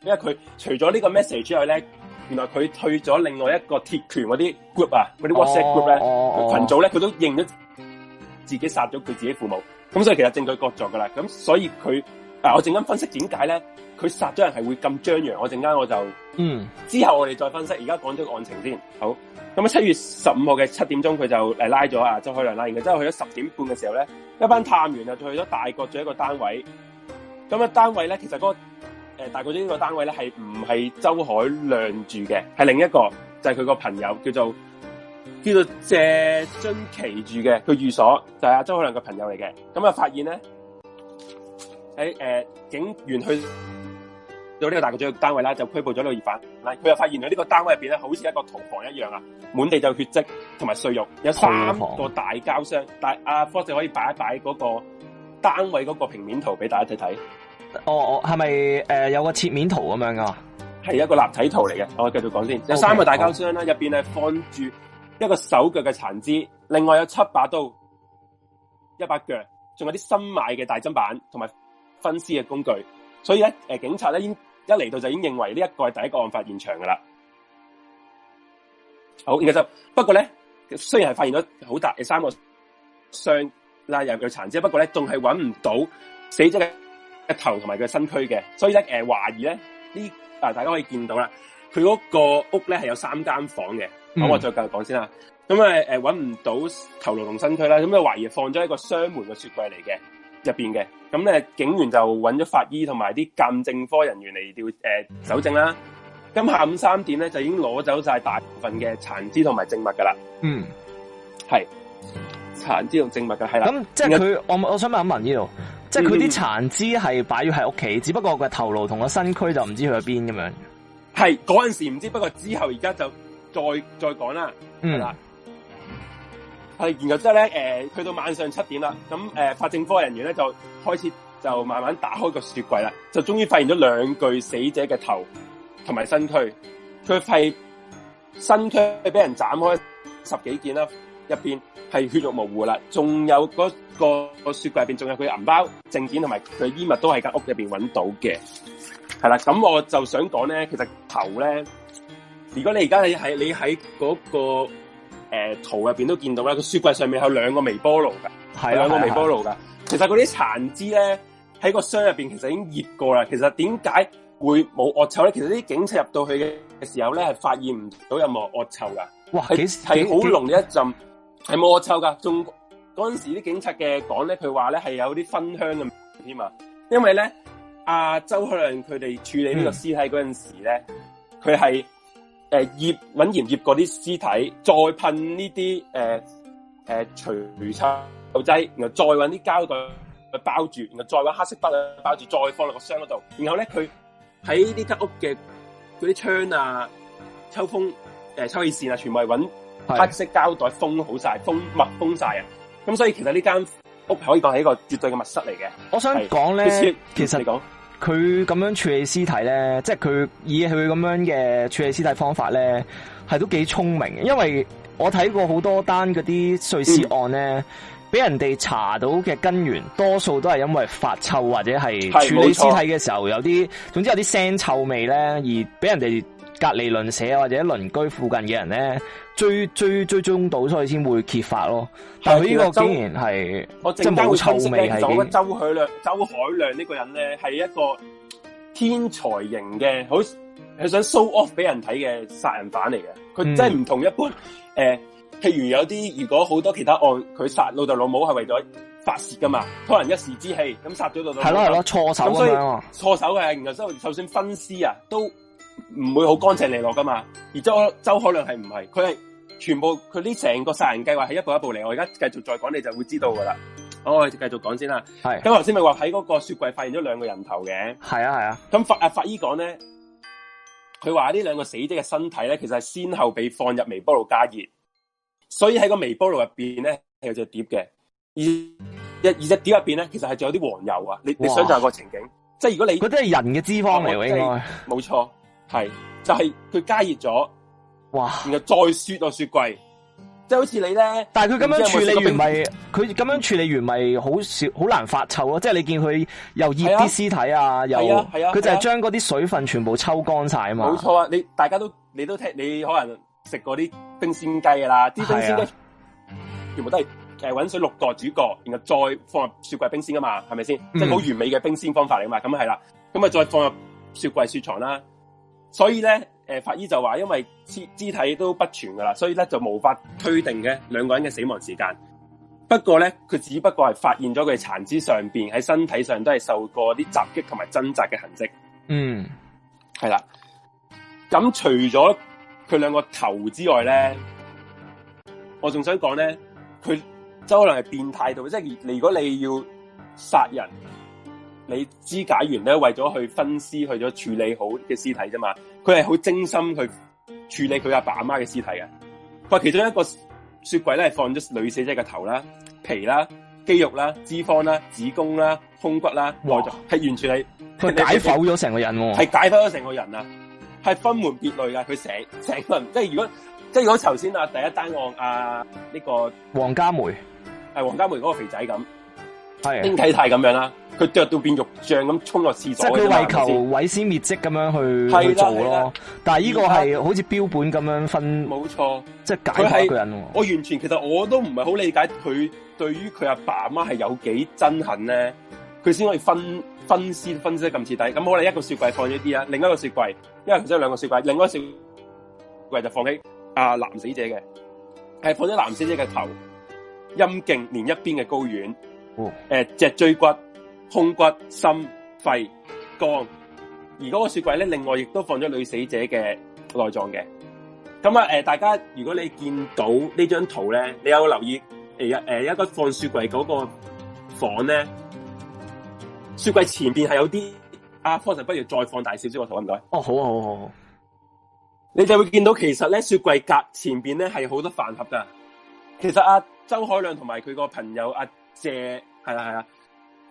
因為佢他除咗呢個 message 之外咧，原來佢退咗另外一個鐵拳嗰啲 group 啊，嗰啲 WhatsApp group 咧群組咧，佢都認咗自己殺咗佢自己父母，咁所以其實證據確鑿噶啦，咁所以佢啊，我陣間分析點解咧，佢殺咗人係會咁張揚，我陣間我就嗯之後我哋再分析，而家講咗個案情先好。咁啊，七月十五號嘅七點鐘，佢就嚟拉咗阿，周凱亮啦，然之後去咗十點半嘅時候咧，一班探員就去咗大角咀一個單位。咁啊，單位咧，其實嗰、那個誒、呃、大角咀呢個單位咧，係唔係周凱亮住嘅，係另一個，就係佢個朋友叫做叫做謝津琪住嘅，佢寓所就係、是、阿周凱亮個朋友嚟嘅。咁啊，發現咧喺誒警員去。到呢個大個單位啦，就拘捕咗呢個疑犯。佢又發現喺呢個單位入邊咧，好似一個屠房一樣啊，滿地就血跡同埋碎肉，有三個大膠箱。但阿 Fox 就可以擺一擺嗰個單位嗰個平面圖俾大家睇睇。哦哦，係咪誒有個切面圖咁樣㗎？係一個立體圖嚟嘅。我繼續講先，有三個大膠箱啦，入邊係放住一個手腳嘅殘肢，另外有七把刀、一把鋸，仲有啲新買嘅大砧板同埋分屍嘅工具。所以咧，誒、呃、警察咧已經一嚟到就已經認為呢一個係第一個案發現場㗎啦。好，其實不過咧，雖然係發現咗好大嘅三個傷啦，又有殘肢，不過咧仲係揾唔到死者嘅頭同埋佢嘅身軀嘅。所以咧，誒、呃、懷疑咧，呢、這個啊、大家可以見到啦，佢嗰個屋咧係有三間房嘅。咁、嗯、我再繼續講先啦。咁啊誒揾唔到頭顱同身軀啦，咁就懷疑放咗一個雙門嘅雪櫃嚟嘅入邊嘅。咁咧，警員就揾咗法醫同埋啲鑑證科人員嚟，調誒搜證啦。咁下午三點咧，就已經攞走晒大部分嘅殘肢同埋證物噶啦。嗯，係殘肢同證物噶係啦。咁即係佢，在我我想問一問呢度，即係佢啲殘肢係擺咗喺屋企，嗯、只不過佢頭顱同個身軀就唔知去咗邊咁樣。係嗰陣時唔知，不過之後而家就再再講啦。嗯。係，然後之後咧，誒、呃，去到晚上七點啦，咁誒、呃，法證科人員咧就開始就慢慢打開個雪櫃啦，就終於發現咗兩具死者嘅頭同埋身軀，佢係身軀俾人斬開十幾件啦，入邊係血肉模糊啦，仲有個個雪櫃入邊仲有佢嘅銀包、證件同埋佢衣物都係間屋入邊揾到嘅，係啦，咁我就想講咧，其實頭咧，如果你而家你喺嗰、那個。誒，圖入邊都見到啦，個書櫃上面有兩個微波爐噶，係兩的個微波爐噶。其實嗰啲殘肢咧喺個箱入邊，其實已經醃過啦。其實點解會冇惡臭咧？其實啲警察入到去嘅時候咧，係發現唔到任何惡臭噶。哇，係係好濃嘅一陣，係冇惡臭噶。仲嗰陣時啲警察嘅講咧，佢話咧係有啲芬香咁添啊。因為咧，阿、啊、周向佢哋處理個屍呢個屍體嗰陣時咧，佢係、嗯。誒，醃搵鹽醃嗰啲屍體，再噴呢啲誒誒除臭劑，然後再搵啲膠袋去包住，然後再搵黑色包袋包住，再放落個箱嗰度。然後咧，佢喺呢間屋嘅嗰啲窗啊、抽風誒、呃、抽氣扇啊，全部係搵黑色膠袋封好晒，封密、呃、封晒啊。咁、呃、所以其實呢間屋可以當係一個絕對嘅密室嚟嘅。我想講咧，是其實。其實嗯你佢咁樣處理屍體咧，即係佢以佢咁樣嘅處理屍體方法咧，係都幾聰明嘅。因為我睇過好多單嗰啲碎屍案咧，俾、嗯、人哋查到嘅根源，多數都係因為發臭或者係處理屍體嘅時候有啲，沒錯 總之有啲腥臭味咧，而俾人哋。隔離鄰舍或者鄰居附近嘅人咧，追追追蹤到出去先會揭發咯。但係佢呢個竟然係，實即係冇常識咧。我覺得周凱亮、嗯、周凱亮呢個人咧，係一個天才型嘅，好係想 show off 俾人睇嘅殺人犯嚟嘅。佢真係唔同一般。誒、嗯呃，譬如有啲如果好多其他案，佢殺老豆老母係為咗發洩噶嘛，可能一時之氣咁殺咗老豆老母。係咯係咯，錯手咁樣，啊。錯手嘅，然後所以，就算分屍啊，都。唔會好乾淨利落噶嘛。而周周凱亮係唔係？佢係全部，佢呢成個殺人計劃係一步一步嚟。我而家繼續再講，你就會知道噶啦。好，我繼續講先啦。係咁、啊，頭先咪話喺嗰個雪櫃發現咗兩個人頭嘅。係啊係啊。咁、啊、法啊法醫講咧，佢話呢兩個死者嘅身體咧，其實係先後被放入微波爐加熱，所以喺個微波爐入邊咧有隻碟嘅，而一而隻碟入邊咧，其實係仲有啲黃油啊。你哇你想像係個情景，即係如果你啲係人嘅脂肪嚟。冇錯。係，就係、是、佢加熱咗，哇！然後再雪落雪櫃，即係哇好似你咧。但係佢咁樣處理完咪，佢咁樣處理完咪好少，好難發臭咯。即、就、係、是、你見佢又熱啲屍體啊，又係啊，佢又、啊啊、就係將嗰啲水分全部抽乾晒啊嘛。冇錯啊，啊，啊！你大家都你都聽，你可能食過啲冰鮮雞噶啦，啲冰鮮雞全部都係誒搵水淥過煮過，然後再放入雪櫃冰鮮啊嘛，係咪先？即係好完美嘅冰鮮方法嚟噶嘛。咁係啦，咁啊再放入雪櫃雪藏啦。所以咧，誒、呃、法醫就話，因為肢肢體都不全噶啦，所以咧就無法推定嘅兩個人嘅死亡時間。不過咧，佢只不過係發現咗佢殘肢上面，喺身體上都係受過啲襲擊同埋掙扎嘅痕跡。嗯，係啦。咁除咗佢兩個頭之外咧，我仲想講咧，佢周係可能係變態到，即、就、係、是、如果你要殺人。你肢解完咧，為咗去分屍，去咗處理好嘅屍體啫嘛？佢係好精心去處理佢阿爸阿媽嘅屍體嘅。佢其中一個雪櫃咧，係放咗女死者嘅頭啦、皮啦、肌肉啦、脂肪啦、子宮啦、胸骨啦，係哇完全係佢解剖咗成個人，係解剖咗成個人啊！係分門別類啊。佢成成個人，即係如果即係如果頭先啊，第一單案啊，呢、這個王嘉梅係王嘉梅嗰個肥仔咁，係丁啟泰咁樣啦。佢剁到變肉醬咁沖落廁所，即係佢為求毀屍滅跡咁樣去是的 去做咯。是的 但係呢個係好似標本咁樣分，冇沒錯，即係解剖他是 一個人。我完全其實我都唔係好理解佢對於佢阿爸阿媽係有幾憎恨咧，佢先可以分分屍分，分，分，分，分得咁徹底。咁我哋一個雪櫃放咗啲啊，另一個雪櫃，因為頭先有兩個雪櫃，另一個雪櫃就放喺阿、啊、男死者嘅，係放咗男死者嘅頭、陰莖、連一邊嘅睾丸，誒脊椎骨。胸骨、心、肺、肝，而嗰個雪櫃咧，另外亦都放咗女死者嘅內臟嘅。咁啊，誒、呃，大家如果你見到這張圖呢張圖咧，你有留意誒，誒、呃，一、呃、個、呃、放雪櫃嗰個房咧，雪櫃前邊係有啲阿方 Sir，不如再放大少少個圖，唔該。哦，好好好好，你就會見到其實咧，雪櫃隔前邊咧係好多飯盒噶。其實阿、啊、周凱亮同埋佢個朋友阿、啊、謝，係啊係啊。是啊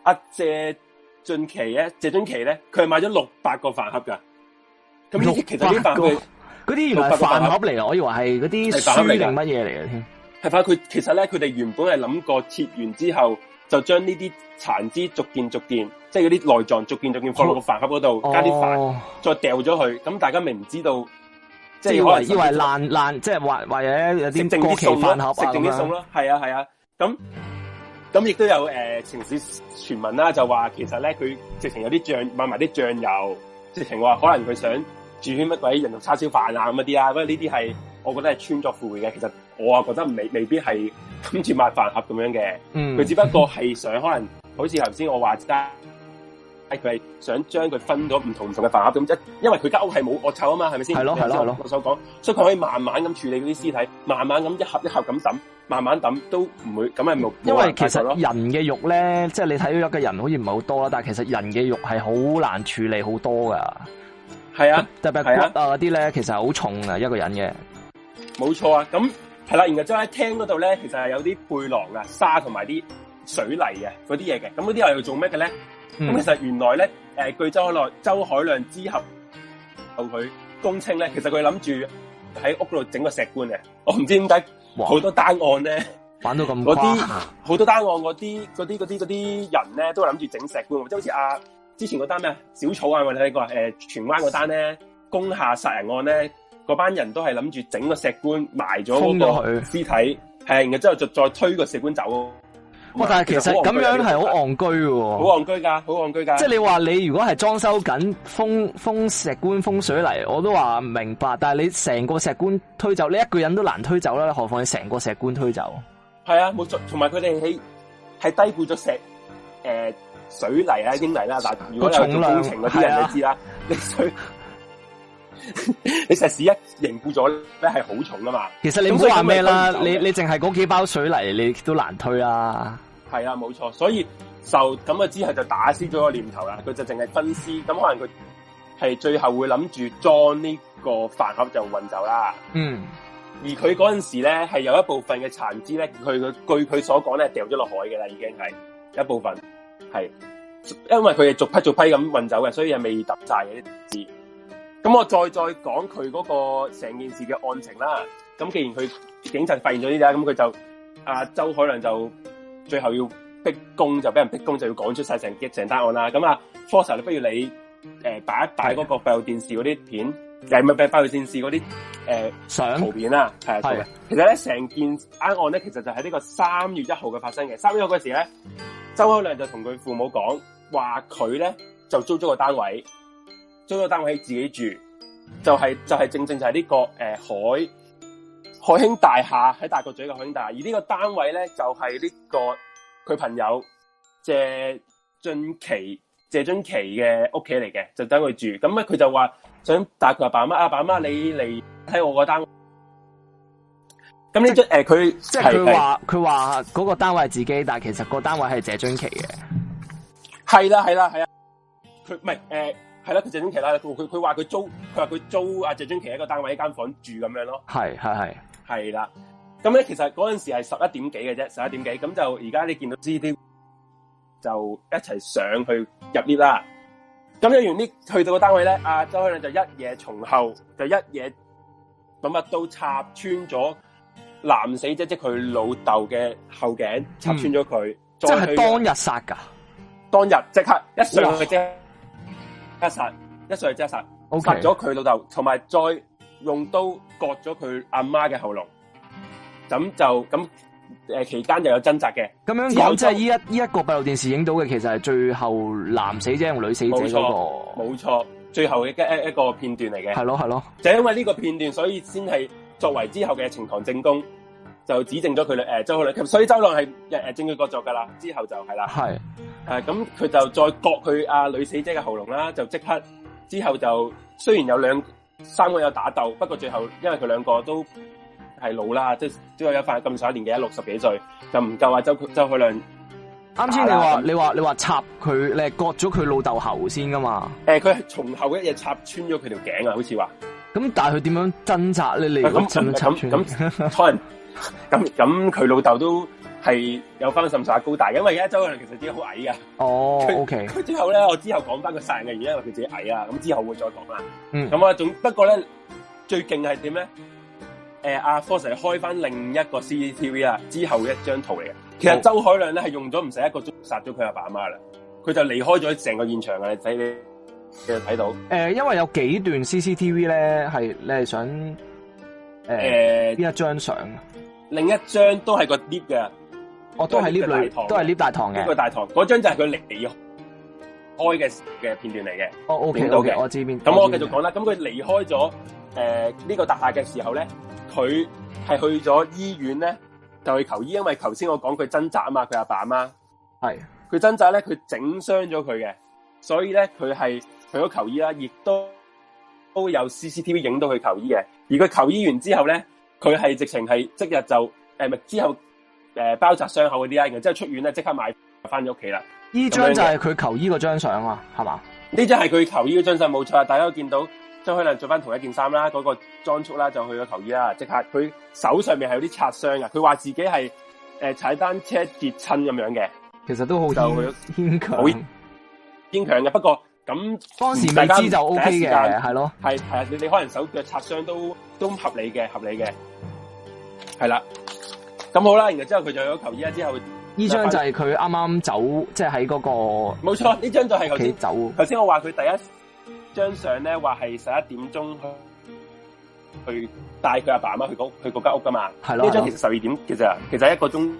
阿謝俊琪咧，謝俊琪咧，佢係買咗六百個飯盒噶，咁六百個嗰啲原來飯盒嚟？啊，以話係嗰啲飯盒嚟乜嘢嚟嘅係翻佢，其實咧佢哋原本係諗過切完之後，就將呢啲殘肢逐件逐件，即係嗰啲內臟逐件逐件放落個飯盒嗰度，加啲飯，哦、再掉咗去。咁大家咪唔知道，即係以為以為爛爛，即係話話有有啲過期飯盒啊嘛？係啊係啊，咁、啊。咁亦都有誒、呃、城市傳聞啦、啊，就話其實咧佢直情有啲醬買埋啲醬油，直情話可能佢想煮啲乜鬼人肉叉燒飯啊咁啲啊，不過呢啲係我覺得係穿鑿附會嘅，其實我啊覺得未未必係跟住買飯盒咁樣嘅，佢、嗯、只不過係想可能好似頭先我話齋。係佢係想將佢分咗唔同唔同嘅飯盒咁一，因為佢間屋係冇惡臭啊嘛，係咪先？係咯，係咯，係咯。我想講，所以佢可以慢慢咁處理嗰啲屍體，慢慢咁一盒一盒咁抌，慢慢抌都唔會咁係冇。因為其實人嘅肉咧，即係你睇到一個人好似唔係好多啦，但係其實人嘅肉係好難處理好多噶。係啊的，特別骨啊嗰啲咧，其實好重啊，一個人嘅。冇錯啊，咁係啦。然後即係喺廳嗰度咧，其實係有啲背囊啊、沙同埋啲水泥啊嗰啲嘢嘅。咁嗰啲係要做咩嘅咧？咁、嗯嗯、其實原來咧，誒，據周凱亮周凱亮之後，同佢供稱咧，其實佢諗住喺屋度整個石棺嘅。我唔知點解好多單案咧，玩到咁，嗰啲好多單案，嗰啲嗰啲嗰啲嗰啲人咧，都諗住整石棺，即好似阿之前嗰單咩啊，小草啊，或者睇個誒，荃灣嗰單咧，工廈殺人案咧，嗰班人都係諗住整個石棺埋咗個個屍體，係，然後之後就再推個石棺走。但係其實咁樣係好戇居嘅，好戇居噶，好戇居噶。即係你話你如果係裝修緊風風石棺風水泥，我都話唔明白。但係你成個石棺推走，你一個人都難推走啦，何況你成個石棺推走？係啊，冇錯。同埋佢哋係係低估咗石誒水泥啊、英泥啦。嗱，如果有種工程嗰啲人是、啊、你知你水 你啦。你石你石屎一凝固咗，咧係好重啦嘛。其實你唔好話咩啦，你你淨係嗰幾包水泥，你都難推啦、啊。係啦，冇錯、啊，所以受咁啊之後就打消咗個念頭啦。佢就淨係分屍，咁可能佢係最後會諗住裝呢個飯盒就運走啦。嗯，而佢嗰陣時咧係有一部分嘅殘肢咧，佢佢據佢所講咧掉咗落海嘅啦，已經係一部分係，因為佢係逐批逐批咁運走嘅，所以係未揼晒嘅啲肢。咁我再再講佢嗰個成件事嘅案情啦。咁既然佢警察發現咗呢啲啦，咁佢就阿、啊、周凱亮就。最後要逼供就俾人逼供，就要講出晒成幾成單案啦。咁啊，科候你不如你誒，擺、呃、一擺嗰個閉路電視嗰啲片，唔係唔係閉路電視嗰啲誒相圖片啦，係啊，係啊。其實咧，成件單案咧，其實就喺呢個三月一號嘅發生嘅。三月一號嘅時咧，周凱亮就同佢父母講，話佢咧就租咗個單位，租咗單位喺自己住，就係、是、就係、是、正正就係呢個誒、呃、海。海興大廈喺大角咀嘅海興大廈，而呢個單位咧就係、是、呢個佢朋友謝俊奇謝俊奇嘅屋企嚟嘅，就等佢住。咁啊，佢就話想帶佢阿爸阿媽阿爸阿媽，你嚟睇我個單位。咁呢張誒，佢即係佢話佢話嗰個單位係自己，但係其實個單位係謝俊奇嘅。係啦係啦係啊，佢唔係誒係啦，佢、呃、謝俊奇啦。佢佢話佢租佢話佢租阿謝俊奇一個單位一間房間住咁樣咯。係係係。係啦，咁咧其實嗰陣時係十一點幾嘅啫，十一點幾，咁就而家你見到啲啲就一齊上去入 lift 啦。咁入完 lift 去到個單位咧，阿、啊、周生就一嘢從後就一嘢咁啊都插穿咗男死者，即佢老豆嘅後頸插穿咗佢。嗯、去即係當日殺㗎，當日即刻一上嘅啫，一殺一碎即一殺，殺咗佢老豆，同埋再用刀。割咗佢阿媽嘅喉嚨，咁就咁誒期間就有掙扎嘅，咁樣講即係呢一呢一個閉路電視影到嘅，其實係最後男死者同女死者嗰、那個，冇錯，最後嘅一個一個片段嚟嘅，係咯係咯，就因為呢個片段，所以先係作為之後嘅呈堂證供，就指證咗佢誒周凱亮，所以周凱亮係誒、呃、證據確鑿㗎喇，之後就係啦，係的，咁佢、呃、就再割佢阿女死者嘅喉嚨啦，就即刻之後就雖然有兩。三個有打鬥，不過最後因為佢兩個都係老啦，即係都有一塊咁上下年紀，六十幾歲，就唔夠啊周周凱亮。啱先你話你話你話插佢，你係割咗佢老豆喉先噶嘛？誒、呃，佢係從後一嘢插穿咗佢條頸啊，好似話。咁但係佢點樣掙扎咧？你咁插穿咁咁咁佢老豆都。係有翻甚晒高大，因為而家周凱亮其實自己好矮噶。哦，O K。佢之後咧，我之後講翻佢殺人嘅原因，佢自己矮啊。咁之後會再講啦。咁、嗯、啊，總不過咧，最勁係點咧？誒，阿科 Sir 開翻另一個 C C T V 啊，之後一張圖嚟嘅。其實周凱亮咧係用咗唔使一個鐘殺咗佢阿爸阿媽啦，佢就離開咗成個現場嘅。你仔你其實睇到誒，uh, 因為有幾段 C C T V 咧係你係想誒呢、uh, uh, 一張相，另一張都係個 lift 嘅。我都係升降大堂，都係呢大堂嘅呢個大堂，嗰張就係佢離開嘅嘅片段嚟嘅。哦，我 k 到嘅，嗯、我知邊。咁我繼續講啦。咁佢離開咗誒呢個大廈嘅時候咧，佢係去咗醫院咧，就去求醫，因為頭先我講佢掙扎啊嘛，佢阿爸阿媽係。佢掙是扎咧，佢整傷咗佢嘅，所以咧佢係去咗求醫啦，亦都都有 CCTV 影到佢求醫嘅。而佢求醫完之後咧，佢係直情係即日就誒、呃，之後。誒，包紮傷口嗰啲啊，然之後出院咧，即刻買翻咗屋企啦。呢張就係佢求醫嗰張相啊，係嘛？呢張係佢求醫嗰張相，冇錯。大家都見到張凱亮着翻同一件衫啦，嗰、那個裝束啦，就去咗求醫啦。即刻，佢手上面係有啲擦傷啊。佢話自己係誒、呃、踩單車跌親咁樣嘅，其實都好牽強，牽強嘅。不過咁當時未家知就 O K 嘅，係咯，係係的你你可能手腳擦傷都都合理嘅，合理嘅，係啦。咁、嗯、好啦，然之後佢就個求醫啦。之後，呢張就係佢啱啱走，即係喺嗰個冇錯，呢張就係佢走。頭先我話佢第一張相咧，話係十一點鐘去，去帶佢阿爸阿媽去嗰去間屋噶嘛，係咯的。呢張其實十二點，的其實其實一個鐘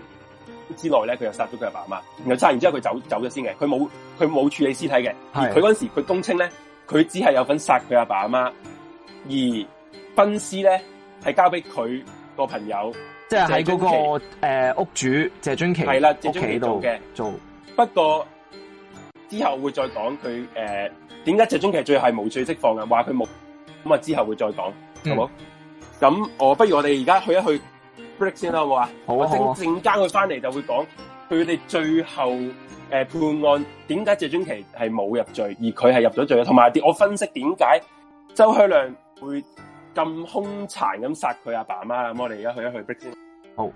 之內咧，佢就殺咗佢阿爸阿媽，然後殺完之後佢走走咗先嘅，佢冇佢冇處理屍體嘅，的而佢嗰時佢供稱咧，佢只係有份殺佢阿爸阿媽，而分屍咧係交俾佢個朋友。.即係喺嗰個誒屋主謝尊奇、呃、屋企度嘅做，不過之後，、呃、後之後會再講佢誒點解謝尊琪最後係無罪釋放嘅，話佢冇咁啊，之後會再講，好冇？咁我不如我哋而家去一去 break 先啦，好唔好，好，、啊、好啊？好啊！正正間佢翻嚟就會講佢哋最後誒、呃、判案點解謝尊琪係冇入罪，而佢係入咗罪，同埋啲我分析點解周凱亮會。咁凶殘咁殺佢阿爸阿媽啦！咁我哋而家去一去 break 先。好。Oh.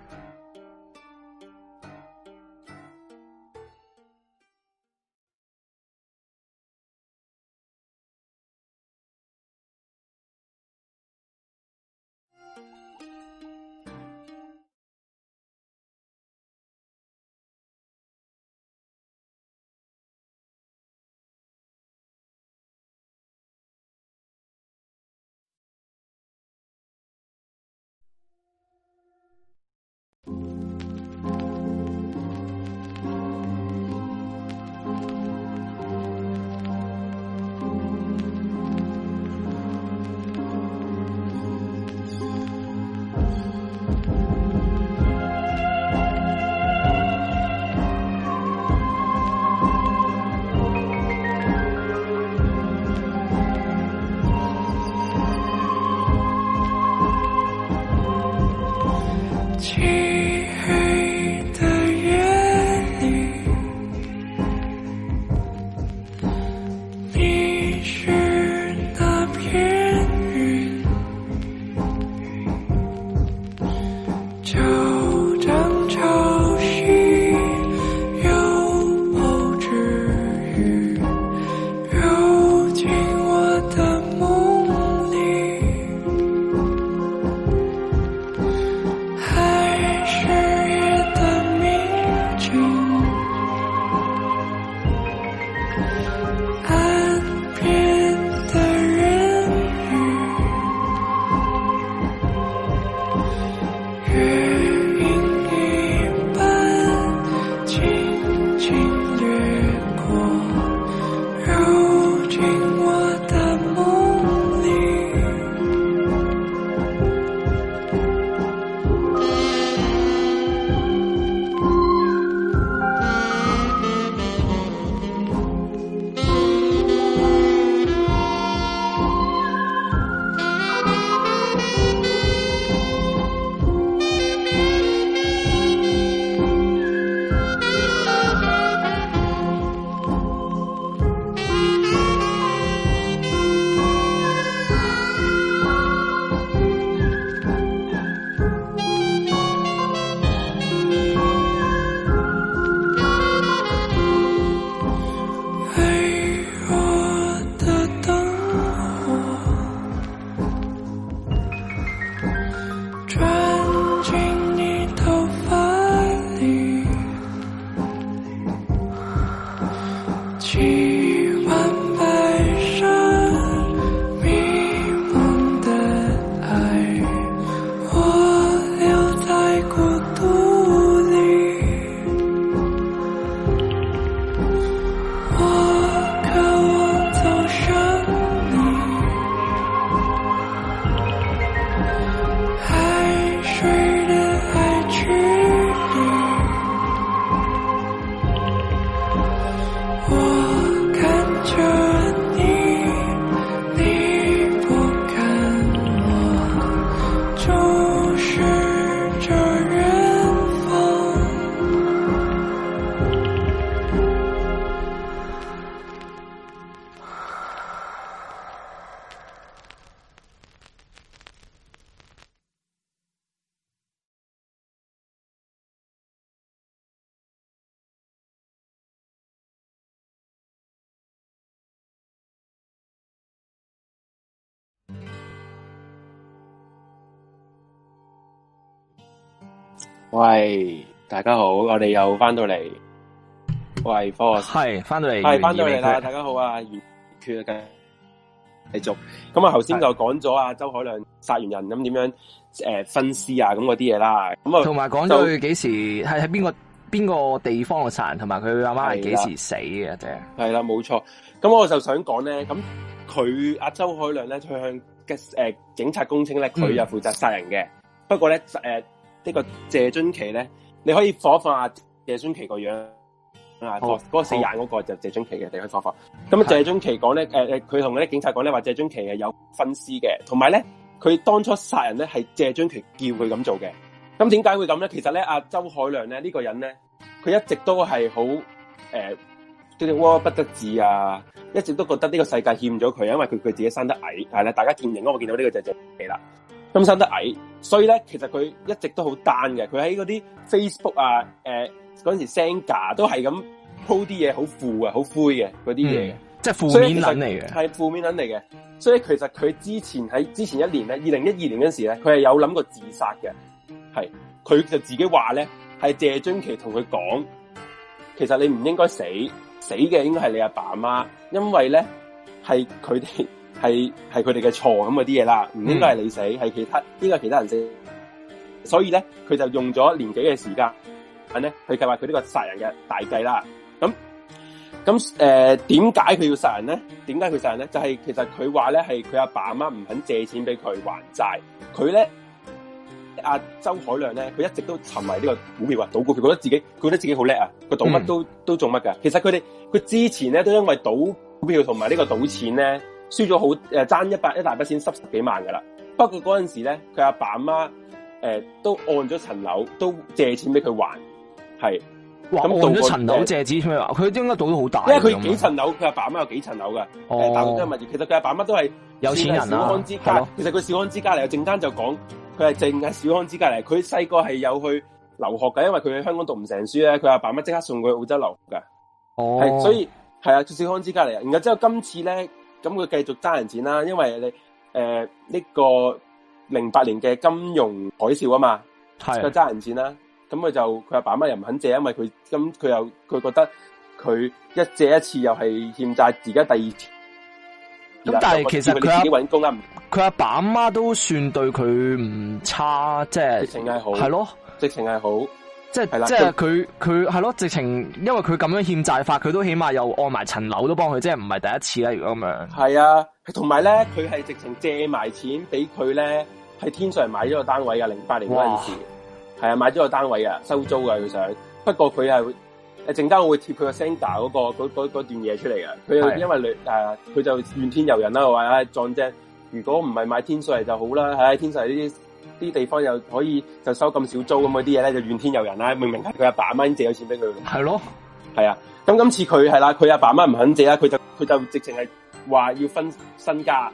喂，大家好，我哋又翻到嚟，喂，Fox，係翻到嚟，係翻到嚟啦，大家好啊，完缺嘅，繼續，咁、呃、啊，頭先就講咗啊，周凱亮殺完人咁點樣誒分屍啊，咁嗰啲嘢啦，咁啊，同埋講咗佢幾時係喺邊個邊個地方嘅殺人，同埋佢阿媽係幾時死嘅啫？係啦，冇錯、就是，咁我就想講咧，咁佢阿周凱亮咧，向嘅誒、呃、警察供稱咧，佢又負責殺人嘅，嗯、不過咧誒。呃呢個謝津奇咧，你可以放一放啊謝津奇個樣，啊好，嗰個四眼嗰個就謝津奇嘅，你好可以放一放咁啊，好謝津奇講咧，誒誒是，佢同咧警察講咧，話謝津奇係有分屍嘅，同埋咧，佢當初殺人咧係謝津奇叫佢咁做嘅。咁點解會咁咧？其實咧，阿周凱亮咧呢、呢個人咧，佢一直都係好誒，即係窩不得志啊，一直都覺得呢個世界欠咗佢，因為佢佢自己生得矮，係啦，大家見唔見到，我見到呢個就係謝津奇啦。咁生得矮，所以咧，其實佢一直都好單嘅。佢喺嗰啲 Facebook 啊，誒嗰陣時 send 都係咁 po 啲嘢，好負啊，好灰嘅嗰啲嘢，即係負面諗嚟嘅。係負面諗嚟嘅，所以其實佢之前喺之前一年咧，二零一二年嗰陣時咧，佢係有諗過自殺嘅。係佢就自己話咧，係謝津琪同佢講，其實你唔應該死，死嘅應該係你阿爸阿媽，因為咧係佢哋。係係佢哋嘅錯，咁嗰啲嘢啦，唔應該係你死，係其他應該係其他人死。所以咧，佢就用咗年幾嘅時間，係咧去計劃佢呢個殺人嘅大計啦。咁咁誒，點解佢要殺人咧？點解佢殺人咧？就係、是、其實佢話咧係佢阿爸阿媽唔肯借錢俾佢還債，佢咧阿周海亮周凱亮咧，佢一直都沉迷呢個股票啊，賭股票，佢覺得自己佢覺得自己好叻啊，佢賭乜都、嗯、都做乜噶。其實佢哋佢之前咧都因為賭股票同埋呢個賭錢咧。輸咗好誒，爭、呃、一百一大筆錢，濕十幾萬噶啦。不過嗰陣時咧，佢阿爸阿媽誒都按咗層樓，都借錢俾佢還。係咁哇、嗯、按咗層樓借錢咩話？佢應該賭咗好大。因為佢幾層樓，佢阿爸阿媽有幾層樓噶，大陸嘅物業。其實佢阿爸阿媽都係有錢人啦、啊。其實佢小康之家嚟，證監就講佢係淨係小康之家嚟。佢細個係有去留學噶，因為佢喺香港讀唔成書咧，佢阿爸媽即刻送佢去澳洲留學噶。哦，係所以係啊，小康之家嚟。然後之後今次咧。咁佢繼續揸人錢啦、啊，因為你誒呢個零八年嘅金融海嘯啊嘛，係佢揸的人錢啦、啊。咁佢就佢阿爸媽又唔肯借，因為佢咁佢又佢覺得佢一借一次又係欠債，而家第二次。咁但係其實佢自己搵工啊，佢阿爸阿媽都算對佢唔差，即係直情係好，係咯的，直情係好。即係的即係佢佢係咯，他他直情因為佢咁樣欠債法，佢都起碼又按埋層樓都幫佢，即係唔係第一次啦。如果咁樣，係啊，同埋咧，佢係直情借埋錢俾佢咧，喺天水圍買咗個單位㗎，零八年嗰陣時，係啊哇，買咗個單位㗎，收租噶佢想。不過佢係誒，陣間我會貼佢，嗰個 sender 嗰個嗰嗰段嘢出嚟噶。佢因為誒，佢的就怨天尤人啦，話啊撞正，如果唔係買天水圍就好啦，喺天水呢啲。啲地方又可以就收咁少租咁，啲嘢咧就怨天尤人啦。明明係佢阿爸阿媽借咗錢俾佢，係咯的，係啊。咁今次佢係啦，佢阿爸阿媽唔肯借啦，佢就佢就直情係話要分身家，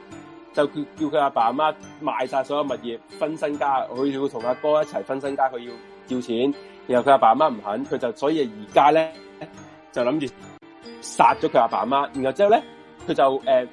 就叫叫佢阿爸阿媽賣晒所有物業分身家，佢要同阿哥一齊分身家，佢要要錢。然後佢阿爸阿媽唔肯，佢就所以而家咧就諗住殺咗佢阿爸阿媽。然後之後咧，佢就誒、呃、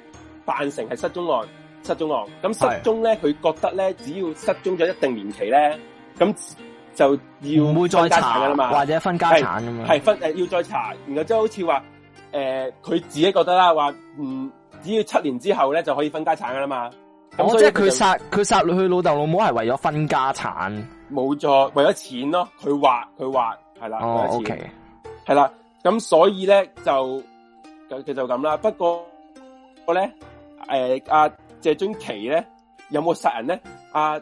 扮成係失蹤案。失蹤案，啊，咁失蹤咧，佢是覺得咧，只要失蹤咗一定年期咧，咁就要唔會再查噶啦嘛，或者分家產咁啊，係分誒、呃、要再查，然後即係好似話誒，佢、呃、自己覺得啦，話唔只要七年之後咧就可以分家產噶啦嘛。咁、哦、即係佢殺佢殺佢老豆老母係為咗分家產，冇錯，為咗錢咯。佢話佢話係啦，OK 係啦，咁所以咧就佢就咁啦。不過個咧誒謝津琪咧有冇殺人咧？阿、啊、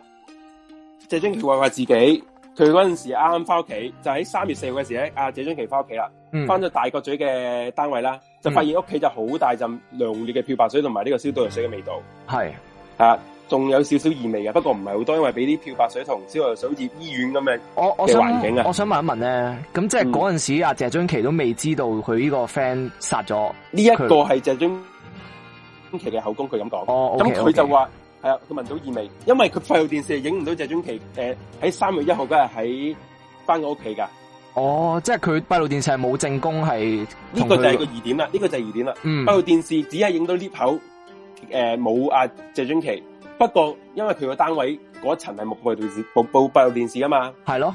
謝津奇話話自己，佢嗰陣時啱啱翻屋企，就喺三月四號嘅時咧，阿、啊、謝津奇翻屋企啦，翻咗、嗯、大角咀嘅單位啦，就發現屋企就好大陣濃烈嘅漂白水同埋呢個消毒藥水嘅味道，係是啊，仲有少少異味嘅，不過唔係好多，因為俾啲漂白水同消毒藥水好似醫院咁嘅嘅環境啊。我想問一問咧，咁即係嗰陣時阿、啊嗯啊、謝津奇都未知道佢呢個 friend 殺咗呢一個係謝津。嘅口供，佢咁講，咁佢、oh, okay, 就話，係啊 okay.，佢聞到異味，因為佢閉路電視影唔到謝俊奇，誒喺三月一號嗰日喺翻個屋企噶，哦，oh, 即係佢閉路電視係冇正功，係，呢個就係個疑點啦，呢、呢個就係疑點啦，閉路、mm. 電視只係影到呢口，誒冇阿謝俊奇，不過因為佢個單位嗰層係木閉路電視，布布閉路電視啊嘛，係咯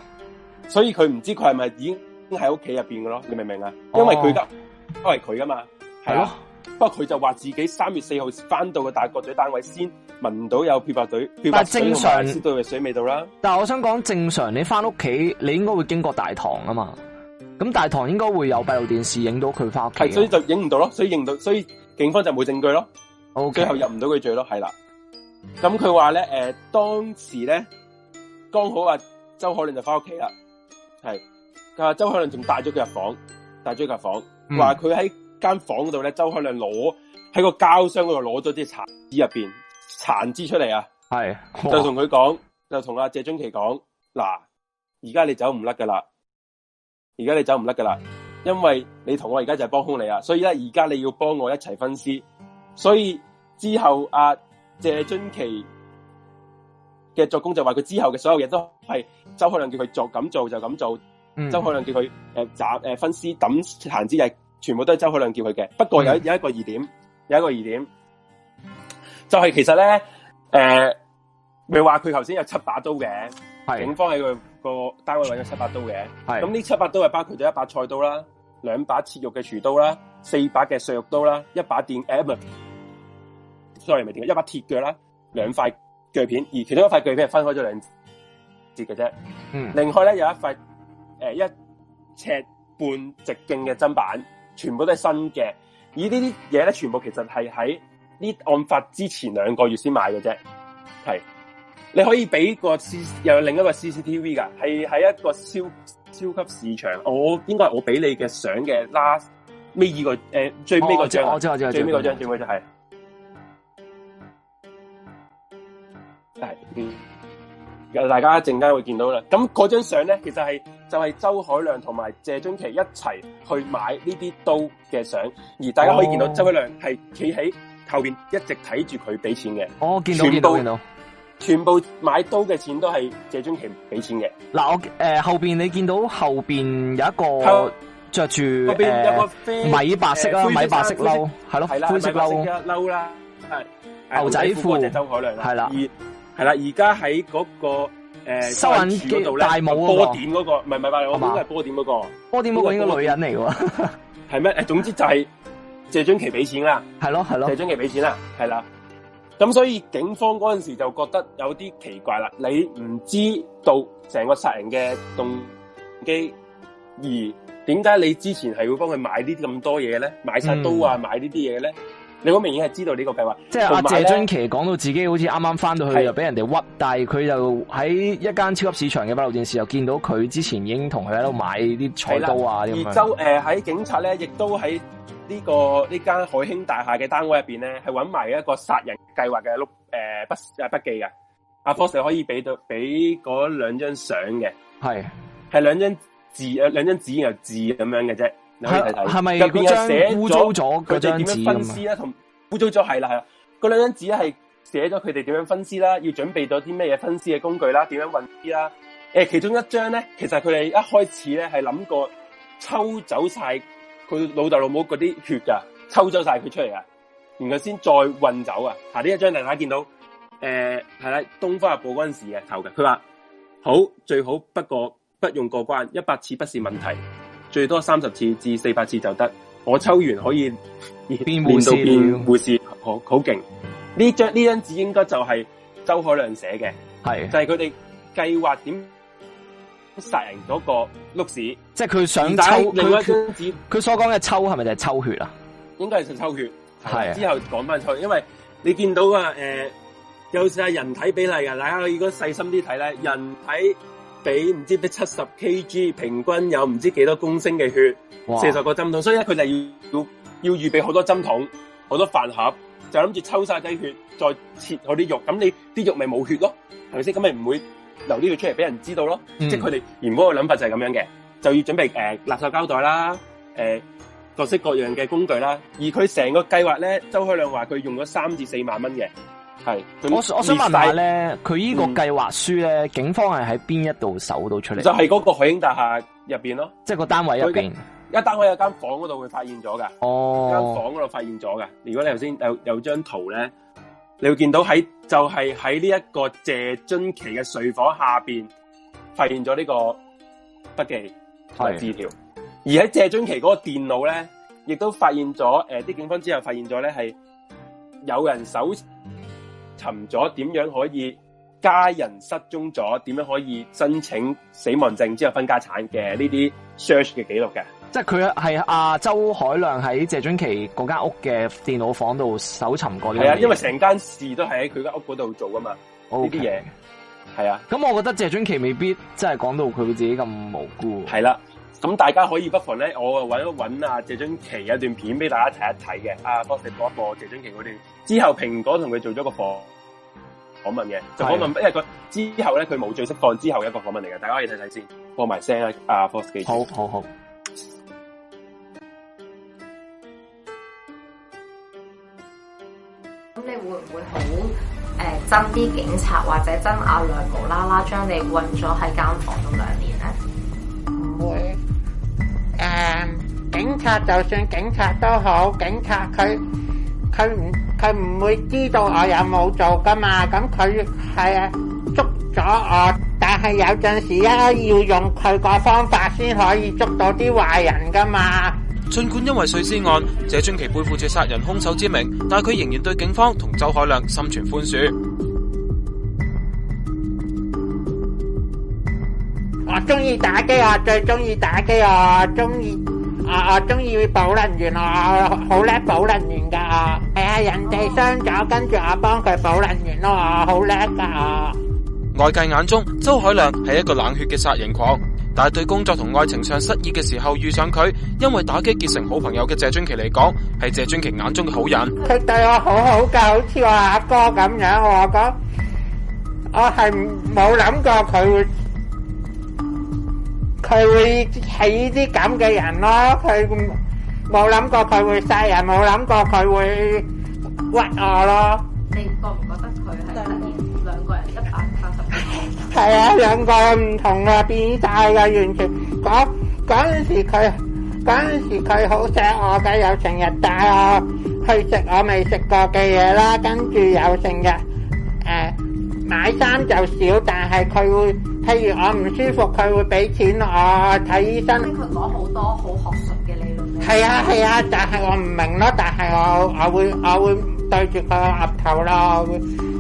的，所以佢唔知佢係咪已經喺屋企入邊㗎咯，你明唔明啊？Oh. 因為佢得，因為佢噶嘛，係咯。不過佢就話自己三月四號翻到嘅大角咀單位先聞到有漂白水漂白水，先知道水味道啦。但係我想講，正常，你翻屋企你應該會經過大堂啊嘛。咁大堂應該會有閉路電視影到佢翻屋企，所以就影唔到咯。所以影到所以，所以警方就冇證據咯。Okay. 最後入唔到佢罪咯，係啦。咁佢話咧，誒、呃，當時咧，剛好啊，周凱亮就翻屋企啦，係。周凱亮仲帶咗佢入房，帶咗佢入房，話佢喺間房度咧，周凱亮攞喺個膠箱嗰度攞咗啲殘肢入邊殘肢出嚟啊！係 Yes. Wow. 就同佢講，就同阿謝俊琪講嗱，而家你走唔甩噶啦，而家你走唔甩噶啦，因為你同我而家就係幫凶你啊，所以咧而家你要幫我一齊分屍，所以之後阿、啊、謝俊琪嘅作工就話佢之後嘅所有嘢都係周凱亮叫佢做，咁做就咁做，mm. 周凱亮叫佢誒斬誒分屍咁殘肢就。全部都係周凱亮叫佢嘅，不過有有一個疑點，是有一個疑點，就係、是、其實咧，誒、呃，咪話佢頭先有七把刀嘅，係是警方喺佢、那個單位揾咗七把刀嘅，係咁呢七把刀係包括咗一把菜刀啦，兩把切肉嘅廚刀啦，四把嘅削肉刀啦，一把電誒、欸、sorry 咪電，一把鐵鋸啦，兩塊鋸片，而其中一塊鋸片係分開咗兩截嘅啫，嗯，另外咧有一塊誒、呃、一尺半直徑嘅砧板。全部都係新嘅，而這些東西呢啲嘢咧，全部其實係喺呢案發之前兩個月先買嘅啫。係，你可以俾個 C 又有另一個 CCTV 噶，係喺一個超超級市場。我應該係我俾你嘅相嘅 last 尾二個誒、呃、最尾嗰張，我知，我知最尾嗰張，最尾嗰張係。係，嗯，有大家一陣間會見到啦。咁嗰張相咧，其實係。就係周凱亮同埋謝津琪一齊去買呢啲刀嘅相，而大家可以見到周凱亮係企喺後邊一直睇住佢俾錢嘅。我見到見到，全部買刀嘅錢都係謝津琪俾錢嘅。嗱，我誒，後邊你見到後邊有一個着住米白色啦，米白色褸係咯，灰色褸褸啦，係牛仔褲就周凱亮係啦，而係啦而家喺嗰個。收銀機大帽，嗰波點嗰個，唔係唔係，我應該係波點嗰個。波點嗰個應該女人嚟喎，係咩？誒，總之就係謝津琪俾錢啦，係咯係咯，謝津琪俾錢啦，係啦。咁的所以警方嗰陣時就覺得有啲奇怪啦，你唔知道成個殺人嘅動機，而點解你之前係會幫佢買呢啲咁多嘢咧，買殺刀啊，買呢啲嘢咧？嗯你嗰明顯，經係知道呢個計劃，即係阿謝津奇講到自己好似啱啱翻到去是的 又俾人哋屈，但係佢又喺一間超級市場嘅閉路電視又見到佢之前已經同佢喺度買啲菜刀啊，而周誒喺、呃、警察咧，亦都喺呢、這個呢間海興大廈嘅單位入邊咧，係揾埋一個殺人計劃嘅錄誒筆誒筆記嘅，阿科 Sir 可以俾到俾嗰兩張相嘅，係係兩張字誒兩張紙又字咁樣嘅啫。係係咪入寫污糟咗？佢哋點樣分屍咧？同污糟咗係啦，係啦，嗰兩張紙咧係寫咗佢哋點樣分屍啦，要準備到啲咩嘢分屍嘅工具啦，點樣運屍啦？誒、呃，其中一張咧，其實佢哋一開始咧係諗過抽走晒佢老豆老母嗰啲血噶，抽走晒佢出嚟噶，然後先再運走啊。呢一張大家見到，誒係啦，東方日報嗰陣時啊，頭嘅，佢話好最好，不過不用過關，一百次不是問題。最多三十次至四百次就得，我抽完可以變變到變護士，好好勁。呢張呢張紙應該就係周凱亮寫嘅，係的就係佢哋計劃點殺人嗰個碌屎。即係佢想抽。另一張紙，佢所講嘅抽係咪就係抽血啊？應該係想抽血，係的之後講翻抽血，因為你見到啊，誒、呃，有晒人體比例嘅，大家如果細心啲睇咧，人體。俾唔知俾七十 K G，平均有唔知幾多公升嘅血，四十哇個針筒，所以咧佢就要要要預備好多針筒，好多飯盒，就諗住抽晒雞血，再切嗰啲肉，咁你啲肉咪冇血咯，係咪先？咁咪唔會留啲嘢出嚟俾人知道咯，嗯、即係佢哋原本個諗法就係咁樣嘅，就要準備誒、呃、垃圾膠袋啦，誒、呃、各式各樣嘅工具啦，而佢成個計劃咧，周凱亮話佢用咗三至四萬蚊嘅。係，我我想問下咧，佢呢個計劃書咧，嗯、警方係喺邊一度搜到出嚟？就係嗰個海興大廈入邊咯，即係個單位入邊。一單位有間房嗰度，會發現咗噶。哦，間房嗰度發現咗噶。如果你頭先有有一張圖咧，你會見到喺就係喺呢一個謝津奇嘅睡房下邊發現咗呢個筆記同埋字條。的的而喺謝津奇嗰個電腦咧，亦都發現咗。誒、呃，啲警方之後發現咗咧，係有人搜。尋咗點樣可以家人失蹤咗？點樣可以申請死亡證之後分家產嘅呢啲 search 嘅記錄嘅？即係佢係阿周凱亮喺謝津琪嗰間屋嘅電腦房度搜尋過嘅係啊，因為成間事都係喺佢間屋嗰度做噶嘛，呢啲嘢係啊，咁 Okay。我覺得謝津琪未必真係講到佢自己咁無辜。係啦，咁大家可以不妨咧，我找找啊搵一搵阿謝津琪一段片俾大家睇一睇嘅。啊，Fox 播一播謝津琪嗰段。之後蘋果同佢做咗個訪訪問嘅，就訪問，因為佢之後咧佢冇最識講之後一個訪問嚟嘅，大家可以睇睇先，播埋聲啊，阿 Fox 好好好。咁你會唔會好誒？憎、呃、啲警察或者憎阿亮無啦啦將你困咗喺間房度兩年咧？唔會。誒、呃，警察就算警察都好，警察佢佢唔。佢唔會知道我有冇做噶嘛，咁佢係捉咗我，但係有陣時啊要用佢個方法先可以捉到啲壞人噶嘛。盡管因為碎屍案，謝俊琪背負住殺人兇手之名，但係佢仍然對警方同周凱亮心存寬恕。我中意打機啊，最中意打機啊，中意。我我中意補能源，我好叻補能源噶。係啊，人哋傷咗，跟住我幫佢補能源咯，我好叻噶。外界眼中，周凱亮係一個冷血嘅殺人狂，但係對工作同愛情上失意嘅時候遇上佢，因為打機結成好朋友嘅謝君其嚟講，係謝君其眼中嘅好人。佢對我好好噶，好似我阿哥咁樣。我講，我係冇諗過佢會。佢會起依啲咁嘅人咯，佢冇諗過佢會殺人，冇諗過佢會屈我咯。你覺唔覺得佢係實現兩個人一百三十？係啊，兩個唔同啊，變態啊，完全嗰嗰陣時佢嗰陣時佢好錫我嘅，梗有成日帶我去食我未食過嘅嘢啦，跟住有成日誒買衫就少，但係佢會。譬如我唔舒服，佢會俾錢我睇醫生。佢講好多好學術嘅理論。係啊係啊，但係我唔明咯。但係我我會我會對住佢鴨頭咯。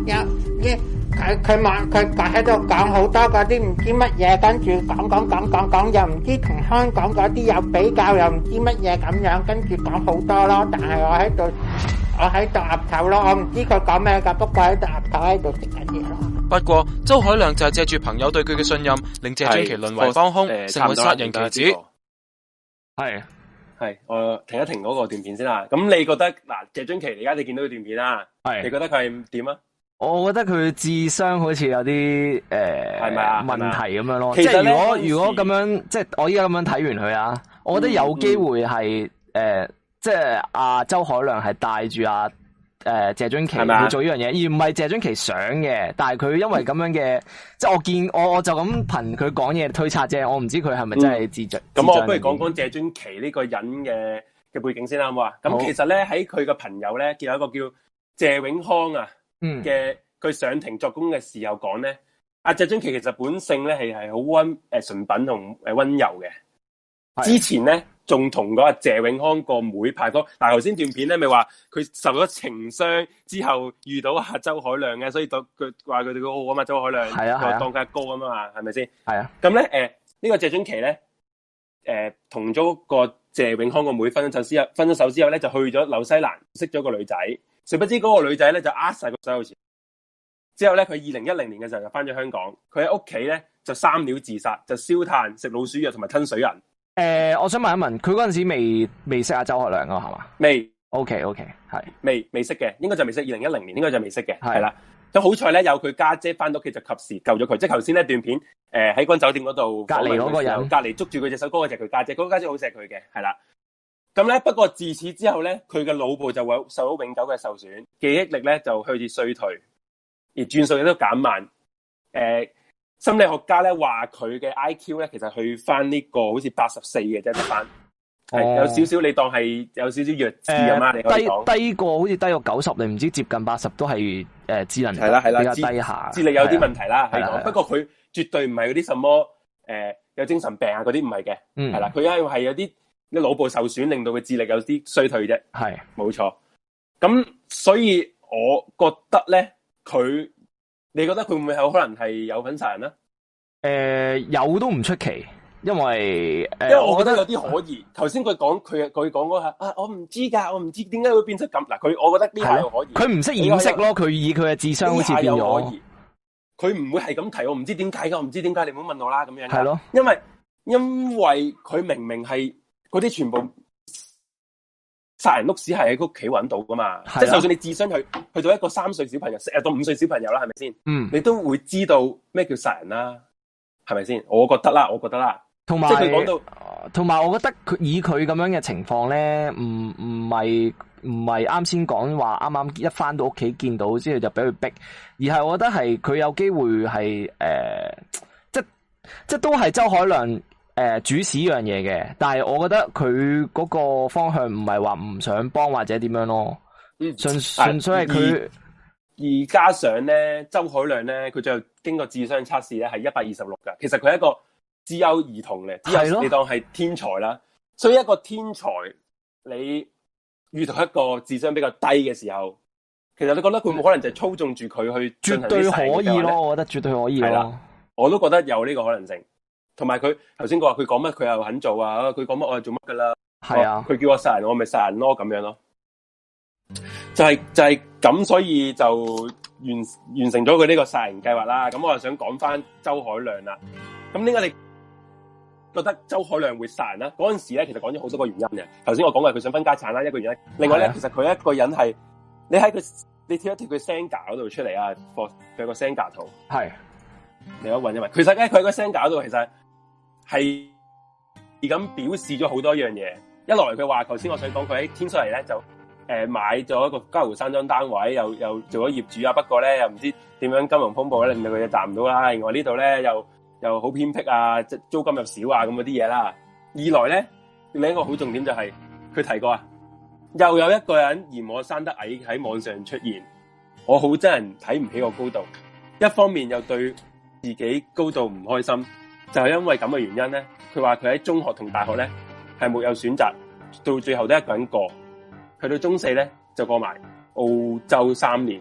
有啲佢佢問佢喺度講好多嗰啲唔知乜嘢，跟住講講講講講又唔知同香港嗰啲有比較，又唔知乜嘢咁樣，跟住講好多咯。但係我喺度我喺度鴨頭咯，我唔知佢講咩㗎，不過喺度鴨頭喺度食緊嘢咯。不過周凱亮就係借住朋友對佢嘅信任，令謝俊琪淪為幫兇。呃、成為殺人棋子。係係致，我停一停嗰個段片先啦。咁你覺得嗱、呃，謝俊琪而家你見到個段片啊？係是你覺得佢係點啊？我覺得佢智商好似有啲誒係咪啊問題咁樣咯。即係如果時如果咁樣，即係我依家咁樣睇完佢啊，我覺得有機會係誒、嗯嗯呃，即係阿、啊、周凱亮係帶住阿。誒、呃，謝津奇會吧做呢樣嘢，而唔係謝津琪想嘅。但係佢因為咁樣嘅，嗯、即係我見我我就咁憑佢講嘢推測啫。我唔知佢係咪真係自盡。咁、嗯、我不如講講謝津琪呢個人嘅嘅背景先啦，好啊，咁其實咧喺佢個朋友咧，見到一個叫謝永康啊，嘅佢上庭作供嘅時候講咧，阿、嗯、謝津琪其實本性咧係係好溫誒純品同誒溫柔嘅。的之前咧。仲同嗰阿謝永康個妹，妹拍拖，但係頭先段片咧咪話佢受咗情傷之後遇到阿周凱亮嘅，所以到佢話佢哋好啊嘛，周凱亮又、啊啊、當佢阿哥啊嘛，係咪先？係啊，咁咧誒，呢、呃這個謝俊琪咧誒，同、呃、咗個謝永康個妹，妹分咗手之後，分咗手之後咧就去咗紐西蘭，識咗個女仔，誰不知嗰個女仔咧就呃晒個所有錢，之後咧佢二零一零年嘅時候就返咗香港，佢喺屋企咧就三鳥自殺，就燒炭、食老鼠藥同埋吞水銀。誒、呃，我想問一問，佢嗰陣時未未識阿周凱亮咯，係嘛？未，OK OK，係未未識嘅，應該就未識。二零一零年應該就未識嘅，係啦是。咁好彩咧，有佢家姐翻到屋企就及時救咗佢。即係頭先呢段片，誒喺嗰間酒店嗰度，隔籬嗰個人，隔籬捉住佢隻手嗰個就係佢家姐，姐，嗰，那個家姐好錫佢嘅，係啦。咁咧，不過自此之後咧，佢嘅腦部就會受到永久嘅受損，記憶力咧就開始衰退，而轉數亦都減慢。誒、呃。心理學家咧話佢嘅 I Q 咧，其實去翻呢、呢個好似八十四嘅啫，得翻係、哦、有少少你當係有少少弱智啊嘛，呃、你低低過好似低過九十，你唔知接近八十都係誒、呃、智能係啦係啦，低下智，智力有啲問題啦，係講的不過佢絕對唔係嗰啲什麼誒、呃、有精神病啊嗰啲唔係嘅，嗯係啦，佢因為係有啲啲腦部受損，令到佢智力有啲衰退啫，係冇錯。咁所以我覺得咧，佢。你覺得佢會唔會有可能係有份殺人咧？誒、呃，有都唔出奇，因為誒，呃、因為我覺得有啲可疑。頭先佢講佢佢講嗰下啊，我唔知噶，我唔知點解會變出咁。嗱，佢我覺得呢下可以，佢唔識掩飾咯，佢以佢嘅智商好似變咗。佢唔會係咁提我，唔知點解噶，我唔知點解，你唔好問我啦，咁樣係咯的。因為因為佢明明係嗰啲全部。殺人屋史係喺屋企揾到噶嘛？的嗯、即係就算你智商去去到一個三歲小朋友，誒到五歲小朋友啦，係咪先？嗯，你都會知道咩叫殺人啦、啊，係咪先？我覺得啦，我覺得啦。同埋有，即係佢講到、呃，同埋我覺得佢以佢咁樣嘅情況咧，唔唔係唔係啱先講話，啱啱一返到屋企見到之後就俾佢逼，而係我覺得係佢有機會係誒、呃，即即都係周凱亮誒，主使呢樣嘢嘅，但係我覺得佢嗰個方向唔係話唔想幫或者點樣咯，純純粹係佢而加上咧，周凱亮咧，佢就經過智商測試咧係一百二十六噶，其實佢係一個智優兒童咧，只係對了 你當係天才啦。所以一個天才，你遇到一個智商比較低嘅時候，其實你覺得佢冇可能就操縱住佢去，絕對可以咯。我覺得絕對可以，係啦，我都覺得有呢個可能性。同埋佢頭先佢話佢講乜佢又肯做啊！佢講乜我係做乜噶啦？係啊！佢是、啊哦、叫我殺人我咪殺人咯、啊、咁樣咯，就係、是、就係、是、咁，所以就完完成咗佢呢個殺人計劃啦。咁我又想講翻周凱亮啦。咁點解你覺得周凱亮會殺人啦？嗰陣時咧，其實講咗好多個原因嘅。頭先我講嘅佢想分家產啦，一個原因。另外咧，是啊、其實佢一個人係你喺佢你跳一跳佢 s e n d 嗰度出嚟，啊，播佢個 s e n d 圖係，是啊、你可揾一揾。其實咧，佢個 s e n d 度其實。係而咁表示咗好多樣嘢，一來佢話頭先我想講佢喺天水圍咧就誒、呃、買咗一個嘉湖山莊單位，又又做咗業主啊，不過咧又唔知點樣金融風暴呢，令到佢就賺唔到啦。另外呢度咧又又好偏僻啊，即租金又少啊，咁嗰啲嘢啦。二來咧，另一個好重點就係、是、佢提過啊，又有一個人嫌我生得矮喺網上出現，我好憎人睇唔起我高度，一方面又對自己高度唔開心。就係因為咁嘅原因咧，佢話佢喺中學同大學咧係冇有選擇，到最後都一個人過。去到中四咧就過埋澳洲三年，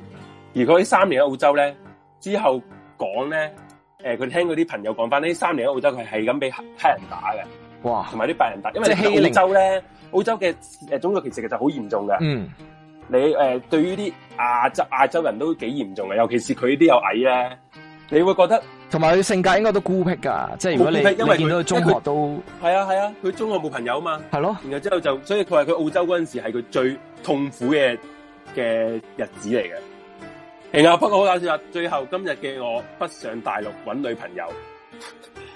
而佢喺三年喺澳洲咧之後講咧，誒佢聽嗰啲朋友講翻，呢三年喺澳洲佢係咁俾黑人打嘅，哇！同埋啲白人打，因為州呢澳洲咧，澳洲嘅誒種族歧視其實好嚴重嘅。嗯，你誒、呃、對於啲亞洲亞洲人都幾嚴重嘅，尤其是佢呢啲有矮咧，你會覺得。同埋佢性格應該都孤僻噶即係如果你因為你見到佢中學都係啊係啊，佢，啊，中學冇朋友啊嘛，係咯。然後之後就所以佢話佢澳洲嗰陣時係佢最痛苦嘅嘅日子嚟嘅。係啊，不過好搞笑啊！最後今日嘅我北上大陸揾女朋友，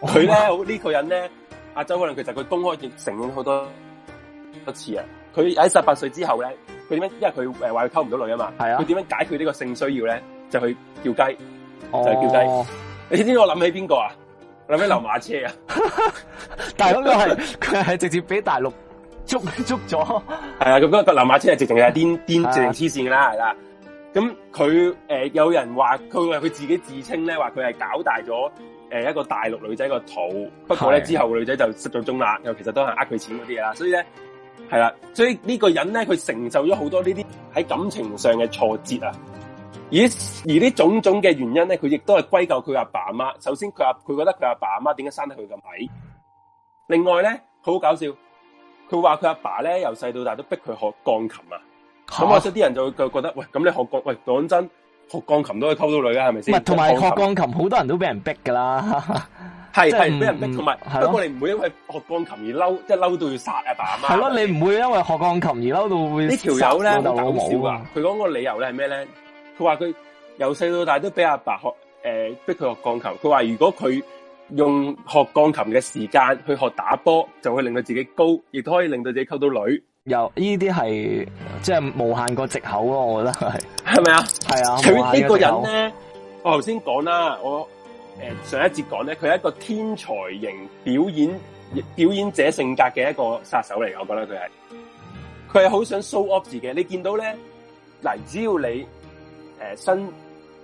佢咧好呢 這個人咧，阿周可能其實佢公開亦承認好多一次啊。佢喺十八歲之後咧，佢點樣？因為佢誒話佢溝唔到女啊嘛，係啊。佢點樣解決呢個性需要咧？就去叫雞，oh. 就係叫雞。你知唔知我諗起邊個啊？諗起劉馬車啊？但係嗰個係佢係直接俾大陸捉捉咗。係啊，咁、那、嗰個劉馬車係直情係癲 癲直情黐線噶啦，係啦、啊。咁佢誒，有人話佢話佢自己自稱咧，話佢係搞大咗誒、呃、一個大陸女仔個肚。不過咧、啊、之後個女仔就失咗蹤啦，又其實都係呃佢錢嗰啲嘢啦。所以咧係啦，所以呢、啊、所以呢個人咧佢承受咗好多呢啲喺感情上嘅挫折啊。而而啲種種嘅原因咧，佢亦都係歸咎佢阿爸阿媽。首先，佢阿佢覺得佢阿爸阿媽點解生得佢咁矮？另外咧，好搞笑，佢話佢阿爸咧由細到大都逼佢學鋼琴啊。咁我識啲人就會覺得喂，咁你學鋼，喂講真，學鋼琴都可以溝到女㗎，係咪先？唔係，同埋學鋼琴好多人都俾人逼㗎啦。係係俾人逼，同埋不過你唔會因為學鋼琴而嬲，即係嬲到要殺阿爸阿媽。係咯，你唔會因為學鋼琴而嬲到會。呢條友咧就好搞笑㗎！佢講個理由咧係咩咧？佢話佢由細到大都俾阿爸,爸學，誒、呃、逼佢學鋼琴。佢話如果佢用學鋼琴嘅時間去學打波，就會令到自己高，亦都可以令到自己溝到女。有呢啲係即係無限個借口咯，我覺得係係咪啊？係啊，佢呢個人咧，我頭先講啦，我、呃、誒上一節講咧，佢係一個天才型表演表演者性格嘅一個殺手嚟，我覺得佢係佢係好想 show off 自己。你見到咧，嗱，只要你。誒，新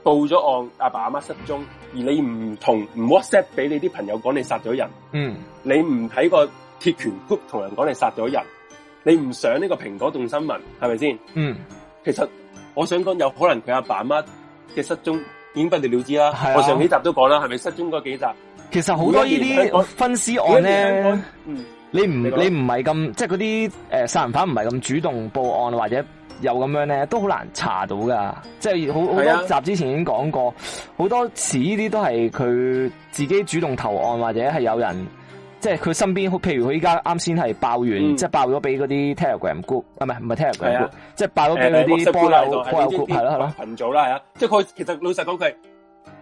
報咗案，阿爸阿媽失蹤，而你唔同唔 WhatsApp 俾你啲朋友講你殺咗人，嗯，你唔喺個鐵拳 group 同人講你殺咗人，你唔上呢個蘋果動新聞，係咪先？嗯，其實我想講有可能佢阿爸阿媽嘅失蹤已經不了了之啦。啊、我上幾集都講啦，係咪失蹤嗰幾集？其實好多呢啲分屍案咧，嗯，你唔你唔係咁，即係嗰啲誒殺人犯唔係咁主動報案或者。又咁樣咧，都好難查到噶，即係好好多集之前已經講過，好多次呢啲都係佢自己主動投案，或者係有人，即係佢身邊，譬如佢依家啱先係爆完，嗯、即係爆咗俾嗰啲 Telegram group，唔係唔係 Telegram group，是、啊、即係爆咗俾嗰啲波友係呢啲 B 群組啦，吓、啊，即係佢其實老實講，佢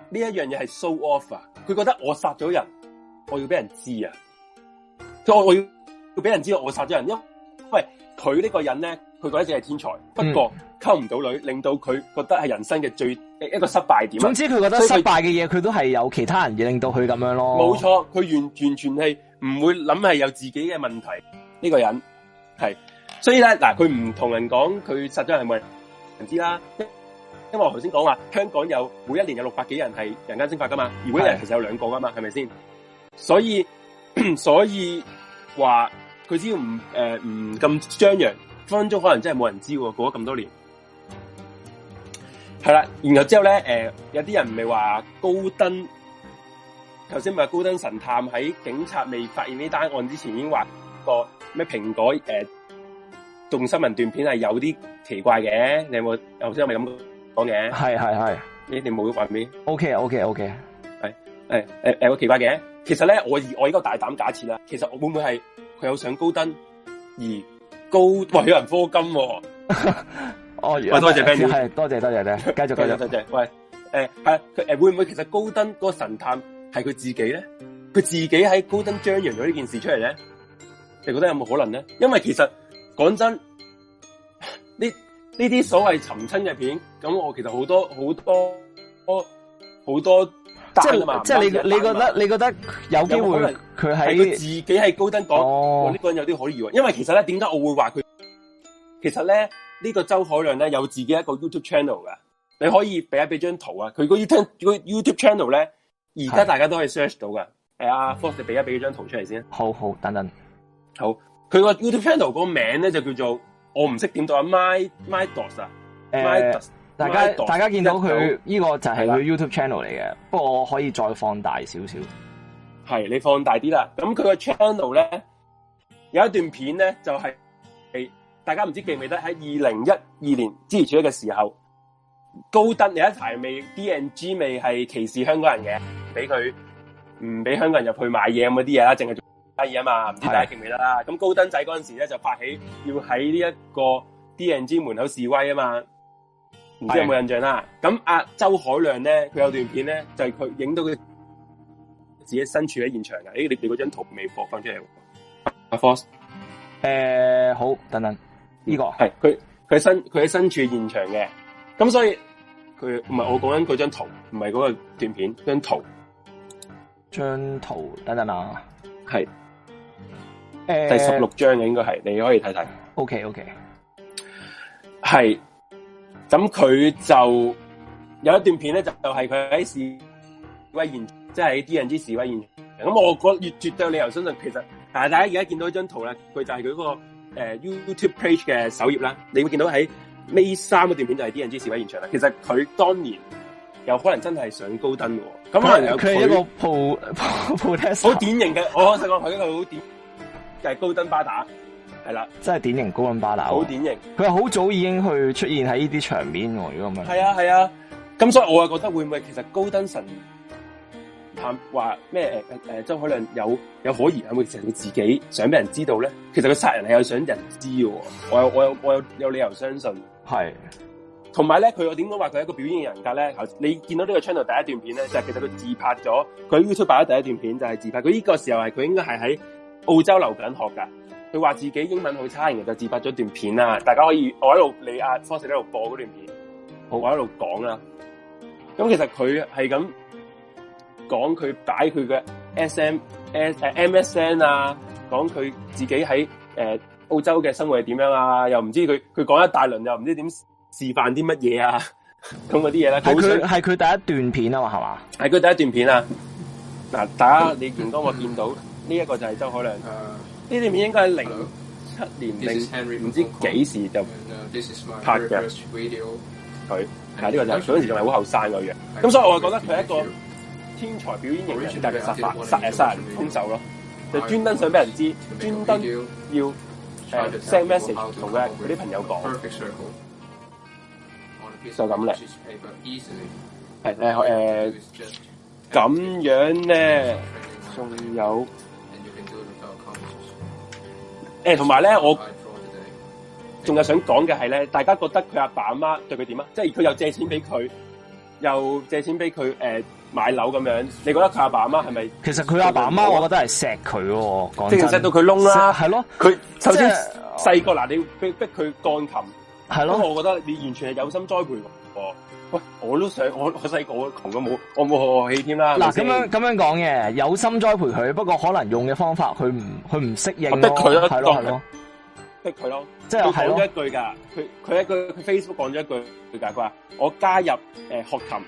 呢一樣嘢係 show off 啊，佢覺得我殺咗人，我要俾人知啊，即我要要俾人知道我殺咗人，因為喂佢呢個人咧。佢覺得自己係天才，不過溝唔、嗯、到女，令到佢覺得係人生嘅最一個失敗點。總之佢覺得失敗嘅嘢，佢都係有其他人嘢令到佢咁樣咯。冇錯，佢完完全係唔會諗係有自己嘅問題。呢、這個人係，所以咧嗱，佢唔同人講，佢實際係咪唔知啦。因為我頭先講話香港有每一年有六百幾人係人間蒸發噶嘛，是的而每一個人其實有兩個噶嘛，係咪先？所以 所以話佢只要唔誒唔咁張揚。分鐘可能真係冇人知，過咗咁多年，係啦。然後之後咧，誒、呃，有啲人咪話高登，頭先咪高登神探喺警察未發現呢單案之前，已經話個咩蘋果誒，仲、呃、新聞段片係有啲奇怪嘅。你有冇頭先咪咁講嘅？係係係，你啲冇畫面。O K O K O K，係係誒誒，好、呃呃呃呃呃、奇怪嘅。其實咧，我而我而家大膽假設啦，其實我會唔會係佢有上高登而？高有人科金哦， 哦多，多謝 Ben 係多謝多謝咧，繼續繼續多謝，多謝。喂，誒、欸，係，誒，會唔會其實高登個神探係佢自己咧？佢自己喺高登張揚咗呢件事出嚟咧？你覺得有冇可能咧？因為其實講真，呢呢啲所謂尋親嘅片，咁我其實好多好多好多。但即係，即係你，你覺得，你覺得有機會，佢喺佢自己喺高登講，我呢、哦這個人有啲可疑，因為其實咧，點解我會話佢？其實咧，呢、這個周凱亮咧有自己一個 YouTube channel 噶，你可以俾一俾張圖啊！佢個 YouTube YouTube channel 咧，而家大家都可以 search 到噶。誒是，阿 Fox，你俾一俾張圖出嚟先。好好，等等。好，佢個 YouTube channel 個名咧就叫做我唔識點讀啊 My My Daughter。大家大家見到佢呢、呢個就係佢 YouTube channel 嚟嘅，的不過我可以再放大少少。係，你放大啲啦。咁佢個 channel 咧有一段片咧就係、誒、大家唔知記唔記得喺二零一二年之前出者嘅時候，高登有一排未 D N G 未係歧視香港人嘅，俾佢唔俾香港人入去買嘢咁嗰啲嘢啦，淨係做生意啊嘛，唔知大家記唔記得啦？咁是的 高登仔嗰陣時咧就發起要喺呢一個 D N G 門口示威啊嘛。唔知有冇印象啦？咁阿是、啊、周凱亮咧，佢有段片咧，就係佢影到佢自己身處喺現場嘅。誒、欸，你哋嗰張圖未播返出嚟？阿、嗯啊、Fox 誒，好等等，呢、這個係佢佢身佢喺身處現場嘅。咁所以佢唔係我講緊佢張圖，唔係嗰個段片，張圖張圖等等啊，係誒是、呃、第十六張嘅應該係，你可以睇睇。OK OK，係。咁佢就有一段片咧，就係佢喺示威現場，即係喺 DNG 示威現場。咁我覺得越絕對有理由相信，其實，但係大家而家見到呢張圖咧，佢就係佢、那個個誒、呃、YouTube page 嘅首頁啦。你會見到喺 m a may 三嗰段片就係 DNG 示威現場啦。其實佢當年有可能真係上高登喎。咁可能有佢喺個鋪，test 好典型嘅。 我我想講佢係好典型嘅、就係、高登巴打。係啦，真係典型高登巴打、啊。好典型，佢係好早已經去出現喺呢啲場面喎、啊。如果咁係啊係啊。咁、啊、所以我又覺得會唔會其實高登神探話咩？誒、呃、誒、呃呃，周凱亮有有可疑，係咪其實佢自己想俾人知道咧？其實佢殺人係有想人知嘅。我有我有我有有理由相信係。同埋咧，佢又點講話佢一個表演人格咧？你見到呢個 channel 第一段片咧，就係、是、其實佢自拍咗。佢 YouTube 第一段片就係自拍。佢呢個時候係佢應該係喺澳洲留緊學噶。佢話自己英文好差，然後就自拍咗段片啦。大家可以我喺度，你啊，方 Sir 喺度播嗰段片，我喺度講啦。咁其實佢係咁講，佢擺佢嘅 S M M S N 啊，講佢自己喺誒、呃、澳洲嘅生活係點樣啊，又唔知佢佢講一大輪又唔知點示範啲乜嘢啊。咁嗰啲嘢咧係佢係佢第一段片啊嘛係嘛，係佢第一段片啊。嗱，大家你見到我見到呢一 個就係周凱亮。呢啲片應該係零七年零唔知幾時就拍嘅，佢係呢個就嗰陣時仲係好後生嗰樣。咁所以我就覺得佢係一個天才表演型嘅、帶嘅殺法殺人兇手咯，就專登想俾人知，專登要 send message 同佢啲朋友講，就咁咧。係誒誒咁樣咧，仲有。誒同埋咧，我仲有想講嘅係咧，大家覺得佢阿爸阿媽對佢點啊？即係佢又借錢俾佢，又借錢俾佢誒買樓咁樣，你覺得佢阿爸阿媽係咪？其實佢阿爸阿媽，我覺得係錫佢喎，即係錫到佢窿啦。係咯，佢首先細個嗱，你逼逼佢鋼琴，係咯的，我覺得你完全係有心栽培。我都想我我細個窮咁冇我冇學樂器添啦。嗱咁樣咁樣講嘅，有心栽培佢，不過可能用嘅方法佢唔佢唔適應逼佢咯，係咯，逼佢咯。即係講咗一句噶，佢佢了一句 Facebook 講咗一句佢嘅，佢話我加入誒、呃、學琴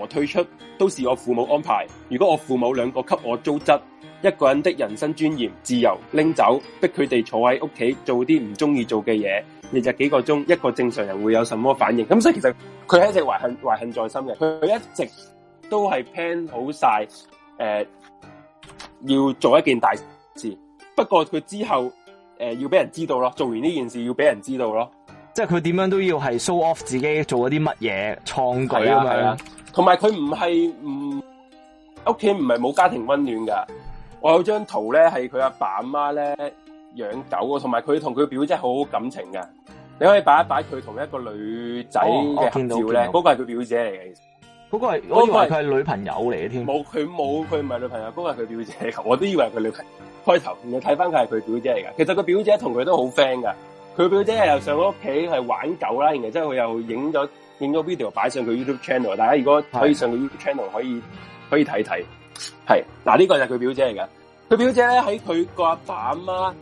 和退出都是我父母安排。如果我父母兩個給我糟質，一個人的人生尊嚴、自由拎走，逼佢哋坐喺屋企做啲唔中意做嘅嘢。你就幾個鐘，一個正常人會有什麼反應？咁所以其實佢係一直懷恨懷恨在心嘅，佢佢一直都係 plan 好晒，誒、呃、要做一件大事。不過佢之後誒、呃、要俾人知道咯，做完呢件事要俾人知道咯，即係佢點樣都要係 show off 自己做咗啲乜嘢創舉啊！係啊，同埋佢唔係唔屋企唔係冇家庭温暖噶，我有張圖咧係佢阿爸阿媽咧。養狗啊，同埋佢同佢表姐好好感情噶。你可以擺一擺佢同一個女仔嘅合照咧，嗰、哦、個係佢表姐嚟嘅。嗰個係我以為佢係女朋友嚟嘅添。冇，佢冇，佢唔係女朋友，嗰、嗰個係佢表姐嚟嘅。我都以為佢女朋友。開頭，然後睇翻佢係佢表姐嚟嘅。其實佢表姐同佢都好 friend 噶。佢表姐又上咗屋企係玩狗啦，然後之後佢又影咗影咗 video 擺上佢 YouTube channel。大家如果可以上佢 YouTube channel 可以可以睇睇。係嗱是，呢、呢個就係佢表姐嚟嘅。佢表姐咧喺佢個阿爸阿媽。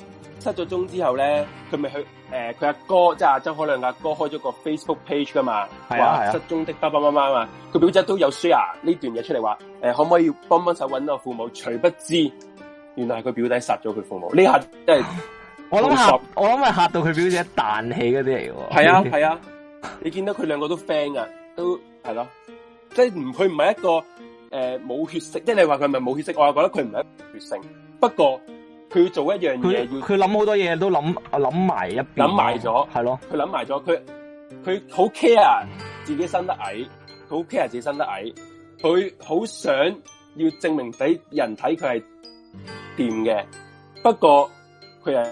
失咗蹤之後咧，佢咪去誒，佢、呃、阿哥即係阿周凱亮阿哥、哥開咗個 Facebook page 噶嘛，話、啊啊、失蹤的爸爸媽媽啊嘛，佢表姐都有 share 呢段嘢出嚟話，誒、呃、可唔可以幫幫手揾到父母？誰不知，原來係佢表弟殺咗佢父母。呢 下即係 我諗吓，我諗係嚇到佢表姐彈起嗰啲嚟嘅。係 啊係啊，你見到佢兩個都 friend 啊，都係咯、啊，即係唔佢唔係一個誒冇、呃、血性，即係你話佢係咪冇血性，我又覺得佢唔係血性，不過。佢要做一樣嘢，佢諗好多嘢都諗諗埋一邊，諗埋咗，係咯。佢諗埋咗，佢佢好 care 自己生得矮，好 care 自己生得矮，佢好想要證明俾人睇佢係掂嘅。不過佢係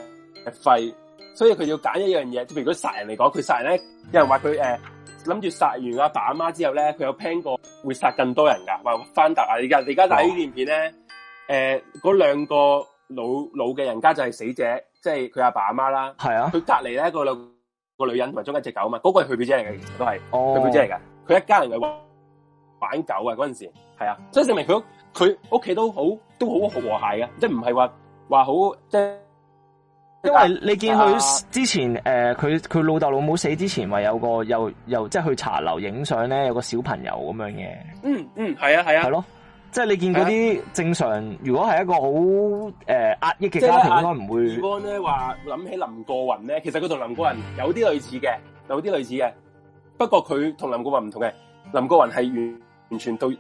廢，所以佢要揀一樣嘢。譬如如果殺人嚟講，佢殺人咧，有人話佢諗住殺完阿爸阿媽之後咧，佢有 plan 過會殺更多人㗎。話翻特啊，而家而家睇呢段片咧，嗰、呃、兩個。老老嘅人家就係死者，即係佢阿爸阿媽啦。係啊，佢隔籬咧個個女人同埋中一隻狗嘛，嗰、那個係佢表姐嚟嘅，其實都係。哦，佢表姐嚟嘅，佢一家人嘅玩，玩狗的那時是啊，嗰陣時係啊，即係證明佢佢屋企都好都好和諧嘅，即係唔係話話好即因為你見佢之前誒，佢佢、啊呃、老豆老母死之前，咪有個又又即係去茶樓影相咧，有個小朋友咁樣嘅、嗯。嗯嗯，係啊係啊，係、啊、咯。即係你見嗰啲正常，如果係一個好誒壓抑嘅家庭，應該唔會。如果咧話諗起林過雲咧，其實佢同林過雲有啲類似嘅，有啲類似嘅。不過佢同林過雲唔同嘅，林過雲係完完全對誒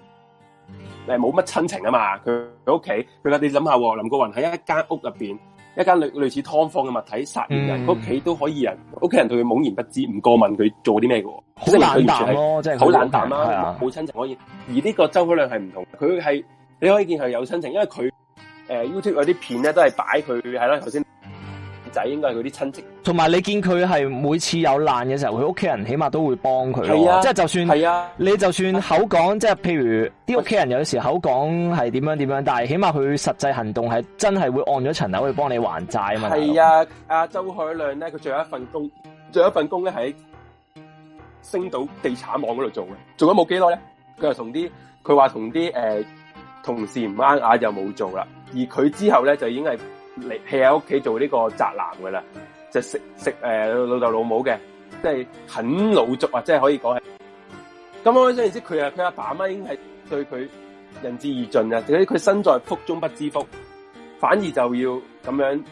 冇乜親情啊嘛。佢屋企，佢話你諗下，林過雲喺一間屋入邊。一間類類似劏房嘅物體殺人，人，屋企都可以人屋企人對佢懵然不知，唔過問佢做啲咩嘅。好係佢好冷淡啦，冇親情可以。的而呢個周凱亮係唔同，佢係你可以見佢有親情，因為佢、呃、YouTube 嗰啲片咧都係擺佢係啦頭先。仔應該係佢啲親戚，同埋你見佢係每次有難嘅時候，佢屋企人起碼都會幫佢咯。係啊，即係就算係啊，你就算口講，即係譬如啲屋企人有時口講係點樣點樣，但係起碼佢實際行動係真係會按咗層樓去幫你還債啊嘛。係啊，阿周凱亮咧，佢最後一份工，最後一份工咧喺星島地產網嗰度做嘅，做咗冇幾耐咧，佢就同啲佢話同啲誒同事唔啱眼就冇做啦。而佢之後咧就已經係嚟係喺屋企做呢個宅男嘅啦，就食食誒老豆老母嘅，即係啃老族啊！即係可以講，咁可想而知，佢啊佢阿爸阿媽已經係對佢仁至義盡啊！點解佢身在福中不知福，反而就要咁樣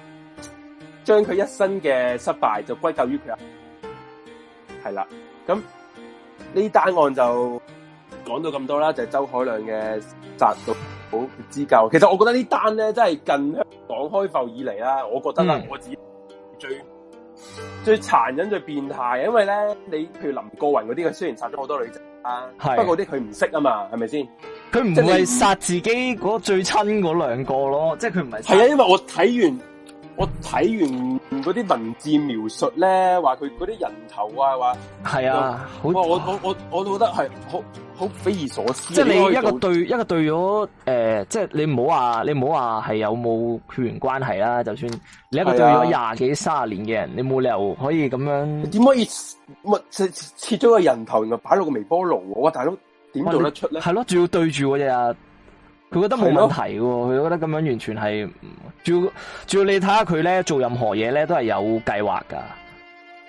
將佢一生嘅失敗就歸咎於佢啊？係啦，咁呢單案就講到咁多啦，就係、是、周凱亮嘅宅到。好知教，其實我覺得這呢單咧，真係近香港開埠以嚟啦，我覺得啦，嗯、我自己最最殘忍最變態，因為咧，你譬如林過雲嗰啲，佢雖然殺咗好多女仔啊，係是 不過啲佢唔識啊嘛，係咪先？佢唔係殺自己嗰最親嗰兩個咯，即係佢唔係殺係啊，因為我睇完。我睇完嗰啲文字描述咧，話佢嗰啲人頭啊，話係啊，我好我我我都覺得係好好匪夷所思。即係你一個對個，一個對咗誒、呃，即係你唔好話你唔好話係有冇血緣關係啦，就算你一個對咗廿幾卅年嘅人，你冇理由可以咁樣。點可以？乜切咗個人頭，然後擺落個微波爐？哇！大佬點做得出咧？係咯、哦，仲要對住我日佢覺得冇問題嘅，佢覺得咁樣完全係，主要主要你睇下佢咧做任何嘢咧都係有計劃噶。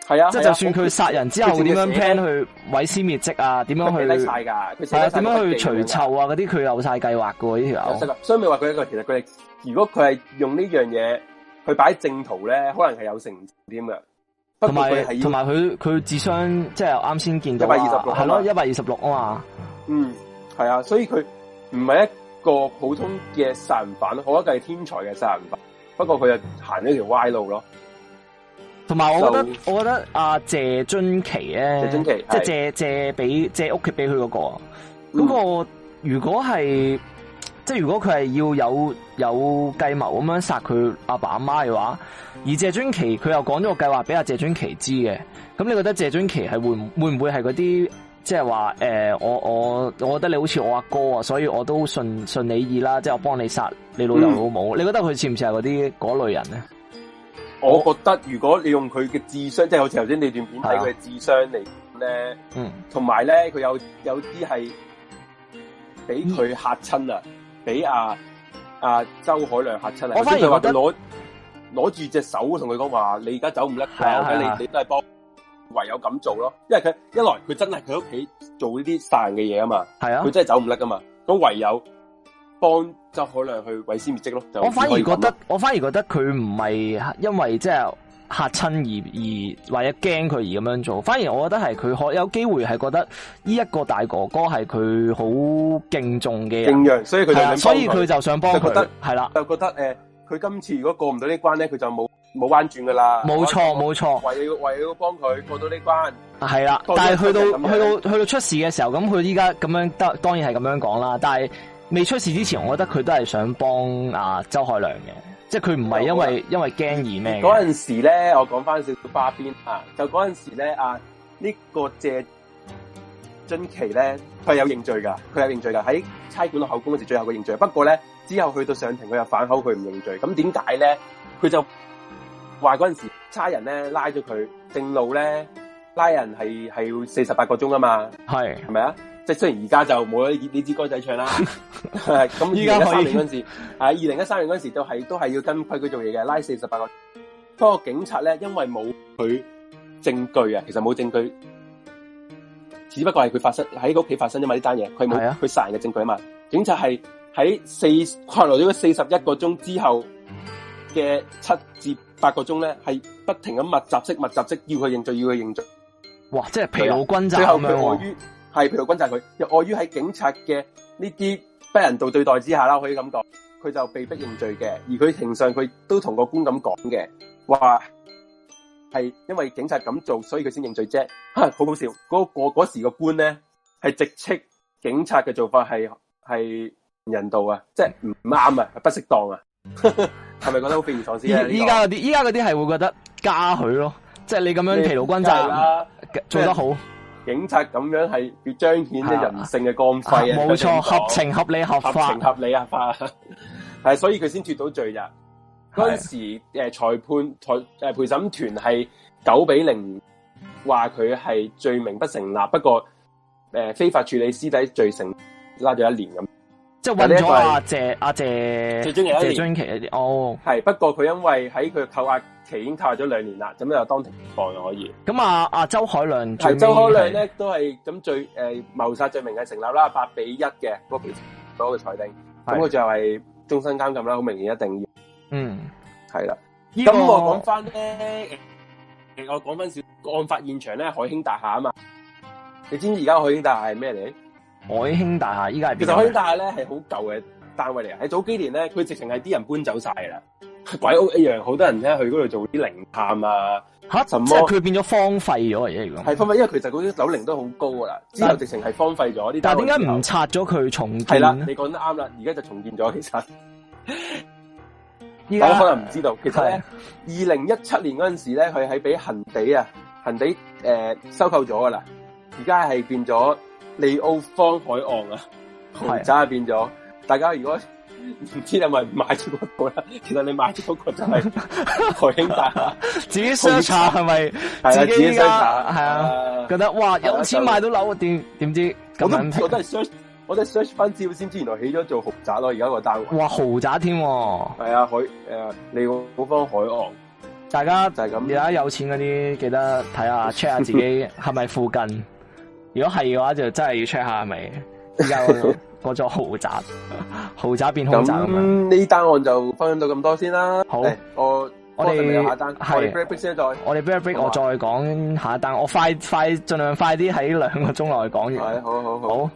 係啊，即係就算佢殺人之後點樣 plan 去毀屍滅跡啊，點樣去係啊，點樣去除臭啊嗰啲佢有晒計劃嘅，呢條，所以咪話佢一個其實佢如果佢係用呢樣嘢去擺正途咧，可能係有成點嘅，同埋同埋佢佢智商即係啱先見到一百二十六，係咯，一百二十六啊嘛。嗯，係啊，所以佢唔係一。個普通嘅殺人犯，好一個係天才嘅殺人犯，不過佢又行咗條歪路咯。同埋我覺得，so, 我覺得啊，謝尊琪咧，謝尊琪即係借借俾借屋企俾佢嗰個。不過、嗯、如果係即係如果佢係要有有計謀咁樣殺佢阿爸阿媽嘅話，而謝尊琪，佢又講咗個計劃俾阿謝尊琪知嘅，咁你覺得謝尊琪係會會唔會係嗰啲？即係話誒，我我我覺得你好似我阿哥啊，所以我都順順你意啦。即係我幫你殺你老豆老母，嗯、你覺得佢似唔似係嗰啲嗰類人咧？我覺得如果你用佢嘅智商，即係好似頭先你段片睇佢嘅智商嚟咧，嗯，同埋咧佢有呢有啲係俾佢嚇親啊，俾阿阿周凱亮嚇親啊，即係話佢攞攞住隻手同佢講話，你而家走唔甩，我你你都係幫。唯有咁做咯，因為佢一來佢真係佢屋企做呢啲殺人嘅嘢啊嘛。係啊，佢真係走唔甩噶嘛，咁唯有幫周凱亮去毀屍滅跡咯。我反而覺得，我反而覺得佢唔係因為即係吓親而而或者驚佢而咁樣做，反而我覺得係佢可有機會係覺得呢一個大哥哥係佢好敬重嘅，敬仰，所以佢係啊，所以佢就想幫佢，係啦，又覺得誒。佢今次如果過唔到呢關咧，佢就冇冇彎轉噶啦。冇錯冇錯，為要為要幫佢過到呢關。係啦的，但係去到去到去到出事嘅時候，咁佢依家咁樣，當當然係咁樣講啦。但係未出事之前，我覺得佢都係想幫阿、啊、周凱亮嘅，即係佢唔係因為因為驚而咩？嗰陣時咧，我講翻少少花邊啊，就嗰陣時咧，啊呢個謝津奇咧，佢係有認罪噶，佢有認罪噶，喺差館落口供嗰時，最後嘅認罪。不過咧。之後去到上庭，佢又反口，佢唔認罪。咁點解咧？佢就話嗰陣時差人咧拉咗佢，正路咧拉人係係要四十八個鐘啊嘛。係係咪啊？即係雖然而家就冇咗呢支歌仔唱啦，啊。咁二零一三年嗰陣時，啊啊二零一三年嗰陣時就係都係要跟規矩做嘢嘅，拉四十八個。不過警察咧，因為冇佢證據啊，其實冇證據，只不過係佢發生喺屋企發生啫嘛。呢單嘢佢冇佢殺人嘅證據啊嘛。的警察係。喺四跨來咗四十一個鐘之後嘅七至八個鐘咧，係不停咁密，密集式、密集式要佢認罪，要佢認罪。認罪哇！即係疲勞轟炸咁樣。最後佢礙於係疲勞轟炸佢，又礙於喺警察嘅呢啲不人道對待之下啦，我可以咁講，佢就被迫認罪嘅。而佢庭上佢都同個官咁講嘅，話係因為警察咁做，所以佢先認罪啫。好好笑！嗰個時個官咧，係直斥警察嘅做法係係。是人道啊，即係唔啱啊，不適當啊，係咪、嗯、 覺得好匪夷所思、啊？依家嗰啲，依家啲係會覺得加許咯，即係你咁樣疲勞轟炸啦，啊、做得好，警察咁樣係要彰顯啲人性嘅光輝、啊，冇錯、啊啊，合情合理合法，合情合理合法，係 所以佢先脫到罪咋？嗰、啊啊、時誒，裁判裁誒陪審團係九比零，話佢係罪名不成立，不過誒非法處理屍體罪成，拉咗一年咁。即係搵咗阿謝是阿謝謝津琪啊啲哦係，不過佢因為喺佢扣押期已經扣押咗兩年啦，咁就當庭釋放可以。咁啊阿周凱亮，周凱亮咧都係咁最誒謀殺罪名係成立啦，八比一嘅嗰個裁定，咁佢就係終身監禁啦，好明顯一定要嗯係啦。咁的這個 我講翻咧，我講翻小案發現場咧，海興大廈啊嘛，你知唔知而家海興大廈係咩嚟？海興大廈依家係，其實海興大廈咧係好舊嘅單位嚟，喺早幾年咧佢直情係啲人搬走晒啦，鬼屋一樣，好多人咧去嗰度做啲靈探啊吓、啊，即係佢變咗荒廢咗啊！而家係荒廢，因為佢就嗰啲樓齡都好高噶啦，但之後直情係荒廢咗。但係點解唔拆咗佢重建？係啦，你講得啱啦，而家就重建咗。其實我 現在 可能唔知道，其實咧，二零一七年嗰陣時咧，佢喺俾恒地啊，恒地誒收購咗噶啦，而家係變咗。利奧坊海岸啊，豪宅變咗。大家如果唔知係咪買咗嗰個啦，其實你買咗嗰個就係豪興大。自己 search 係咪？係啊，自己 search 係啊。覺得哇，有錢買到樓，點點知？我都我都係 search，我都 search 翻照，先知，原來起咗做豪宅咯。而家個單位，哇，豪宅添。係啊，海誒，利奧坊海岸。大家就係咁。而家有錢嗰啲，記得睇下 check 下自己係咪附近。如果係嘅話，就真係要 check 下係咪，又過咗豪宅，豪宅變豪宅咁樣。呢單案就分享到咁多先啦。好，欸、我我哋們下單，是我哋 break break 先再，我哋 break break 我再講下單，我快快、啊、盡量快啲喺兩個鐘內講完。係，好，好，好。好。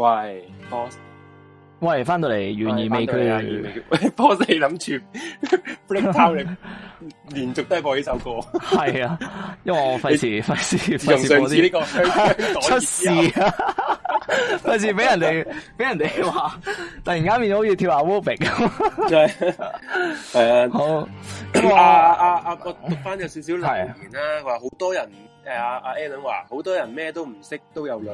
喂，波，啊、喂，翻到嚟、啊，懸疑未決，波你諗住 break time 你連續都係播呢首歌，係啊，因為我費事，費事，費事播啲呢個，出事啊，費事俾、啊、人哋，俾人哋話，突然間變咗好似跳下 w o p p i n g 就係，啊！好、啊，阿阿阿個讀翻有少少留言啦，話好、啊、多人。誒，阿阿 Allen 話好多人咩都唔識都有女，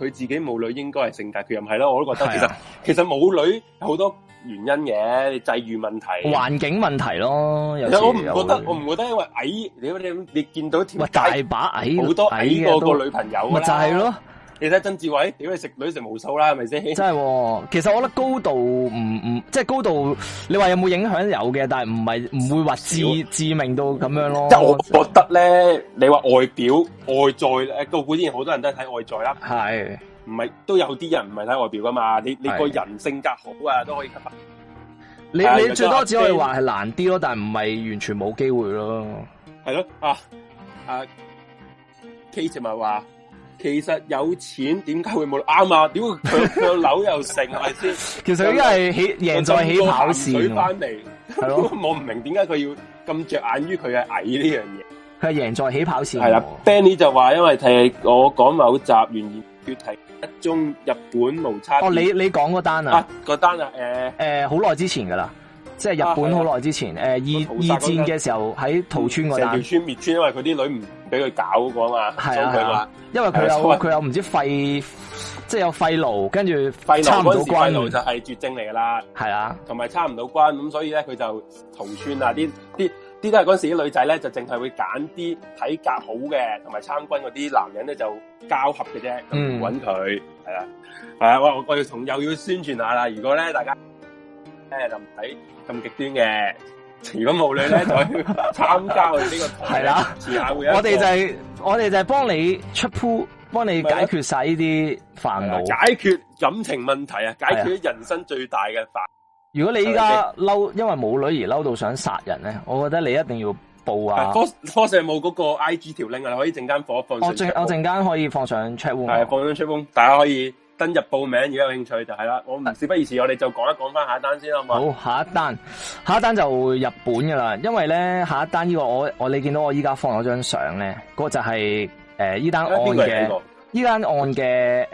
佢自己冇女應該係性格權，唔係咯？我都覺得其實其實冇女好多原因嘅，際遇問題、環境問題咯。有時我唔覺得，我唔覺得因為矮，你你你見到條大把矮好多矮過個女朋友，咪就係咯。你睇曾志偉，點解食女食無數啦？係咪先？真係、哦，其實我覺得高度唔唔，即係高度，你話有冇影響有嘅，但係唔係唔會話致少致命到咁樣咯。即係我覺得咧，你話外表外在咧，到古古之前好多人都係睇外在啦。係是，唔係都有啲人唔係睇外表噶嘛？你是你個人性格好啊，都可以、啊你啊。你你最多只可以話係難啲咯，但係唔係完全冇機會咯。係咯，啊啊 Kate 咪話？其實有錢點解會冇？啱啊！點佢個樓又成，係咪先？其實因為起贏在起跑線。翻嚟對了，我唔明點解佢要咁着眼於佢係矮呢樣嘢。佢係贏在起跑線。係啦了，Benny 就話因為提我講某集，原願意越提一宗日本無差。哦，你你講嗰單啊？嗰單啊？誒誒、啊，好、呃、耐、呃、之前噶啦，即係日本好耐之前誒二二戰嘅時候喺屠村，成條村滅村，村因為佢啲女唔。俾佢搞過嘛，做佢啦，因為佢有佢的有唔知肺，即係有肺癆，跟住差唔到軍咯，嗰時肺癆就係絕症嚟噶啦。係啊的，同埋參唔到軍，咁所以咧，佢就同村啊，啲啲啲都係嗰陣時啲女仔咧，就淨係會揀啲體格好嘅，同埋參軍嗰啲男人咧就交合嘅啫，咁搵佢係啊，係啊、嗯，我我要同又要宣傳下啦。如果咧大家誒就唔使咁極端嘅。如果冇女咧，就參加我哋呢個係啦。我哋就係我哋就係幫你出鋪，幫你解決晒呢啲煩惱。解決感情問題啊，解決人生最大嘅煩惱。的如果你依家嬲，因為冇女而嬲到想殺人咧，我覺得你一定要報啊。科科社冇嗰個 I G 條 link 啊，你可以陣間放一放上。我陣我陣間可以放上 check 會唔？係放張 check 會，大家可以。登入報名，而家有興趣就係啦。我唔事不宜遲，我哋就講一講翻下一單先好冇？好，下一單，下一單就日本噶啦。因為咧，下一單呢、這個我我你見到我依家放咗張相咧，嗰、那個、就係誒呢單案嘅呢單案嘅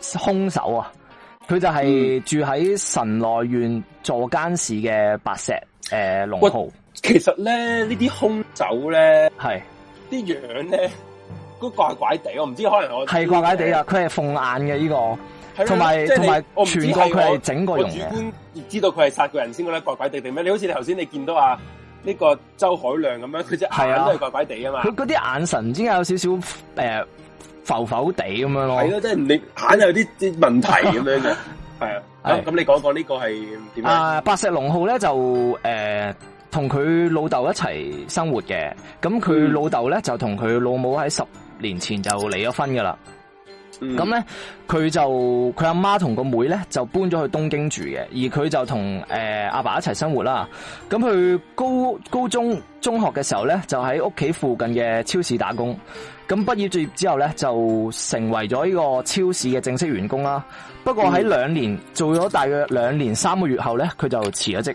誒兇手啊，佢就係住喺神奈川縣座間市嘅白石誒龍浩、呃、其實咧呢啲兇手咧係啲樣咧。嗰怪怪地，我唔知可能我係怪怪地啊！佢係鳳眼嘅呢個，同埋同埋全個佢係整個容嘅。主觀亦知道佢係殺過人先，嗰啲怪怪地地咩？你好似你頭先你見到啊，呢個周凱亮咁樣，佢只啊，都係怪怪地啊嘛！佢嗰啲眼神先有少少誒浮浮地咁樣咯。係咯，即係你眼有啲啲問題咁樣嘅。係啊，咁你講講呢個係點啊？白石隆浩咧就誒同佢老豆一齊生活嘅，咁佢老豆咧就同佢老母喺十年前就離咗婚噶啦，咁咧佢就佢阿媽同個妹咧就搬咗去東京住嘅，而佢就同誒阿爸一齊生活啦。咁佢高高中中學嘅時候咧，就喺屋企附近嘅超市打工。咁畢業作業之後咧，就成為咗呢個超市嘅正式員工啦。不過喺兩年、嗯、做咗大約兩年三個月後咧，佢就辭咗職。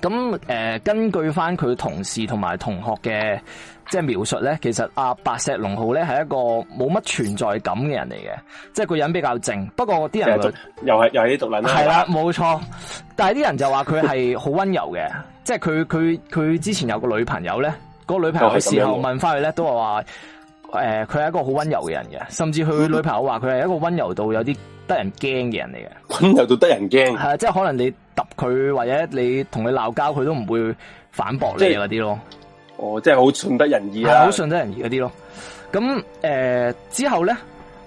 咁誒、呃，根據翻佢同事同埋同學嘅。即係描述咧，其實阿、啊、白石隆浩咧，係一個冇乜存在感嘅人嚟嘅，即係個人比較靜。不過啲人就又係又係啲毒論，係啦， 冇錯。但係啲人就話佢係好溫柔嘅， 即係佢佢佢之前有個女朋友咧，個女朋友嘅時候問翻佢咧，都係話誒，佢、呃、係一個好溫柔嘅人嘅，甚至佢女朋友話佢係一個溫柔到有啲得人驚嘅人嚟嘅，溫柔到得人驚。係、啊、即係可能你揼佢，或者你同佢鬧交，佢都唔會反駁你嗰啲咯。哦，即係好順得人意啊，好順得人意嗰啲咯。咁誒、呃、之後咧。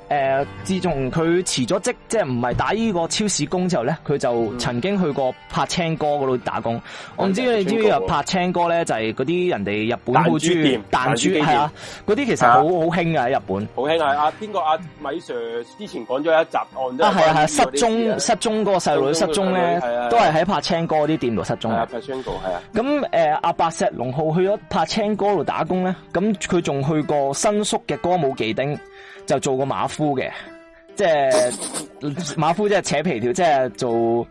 誒，自從佢辭咗職，即係唔係打呢個超市工之後咧，佢就曾經去過柏青哥嗰度打工。我唔知你知唔知啊？柏青哥咧就係嗰啲人哋日本彈珠店，彈珠，係啊，嗰啲其實好好興嘅喺日本。好興啊。阿邊個阿米 sir 之前講咗一集案啊，係啊係啊，失蹤失蹤嗰個細路女失蹤咧，都係喺柏青哥啲店度失蹤，柏青哥係啊。咁誒，阿白石龍浩去咗柏青哥度打工咧，咁佢仲去過新宿嘅歌舞伎町。就做過馬夫嘅，即係 馬夫即係扯皮條，即係做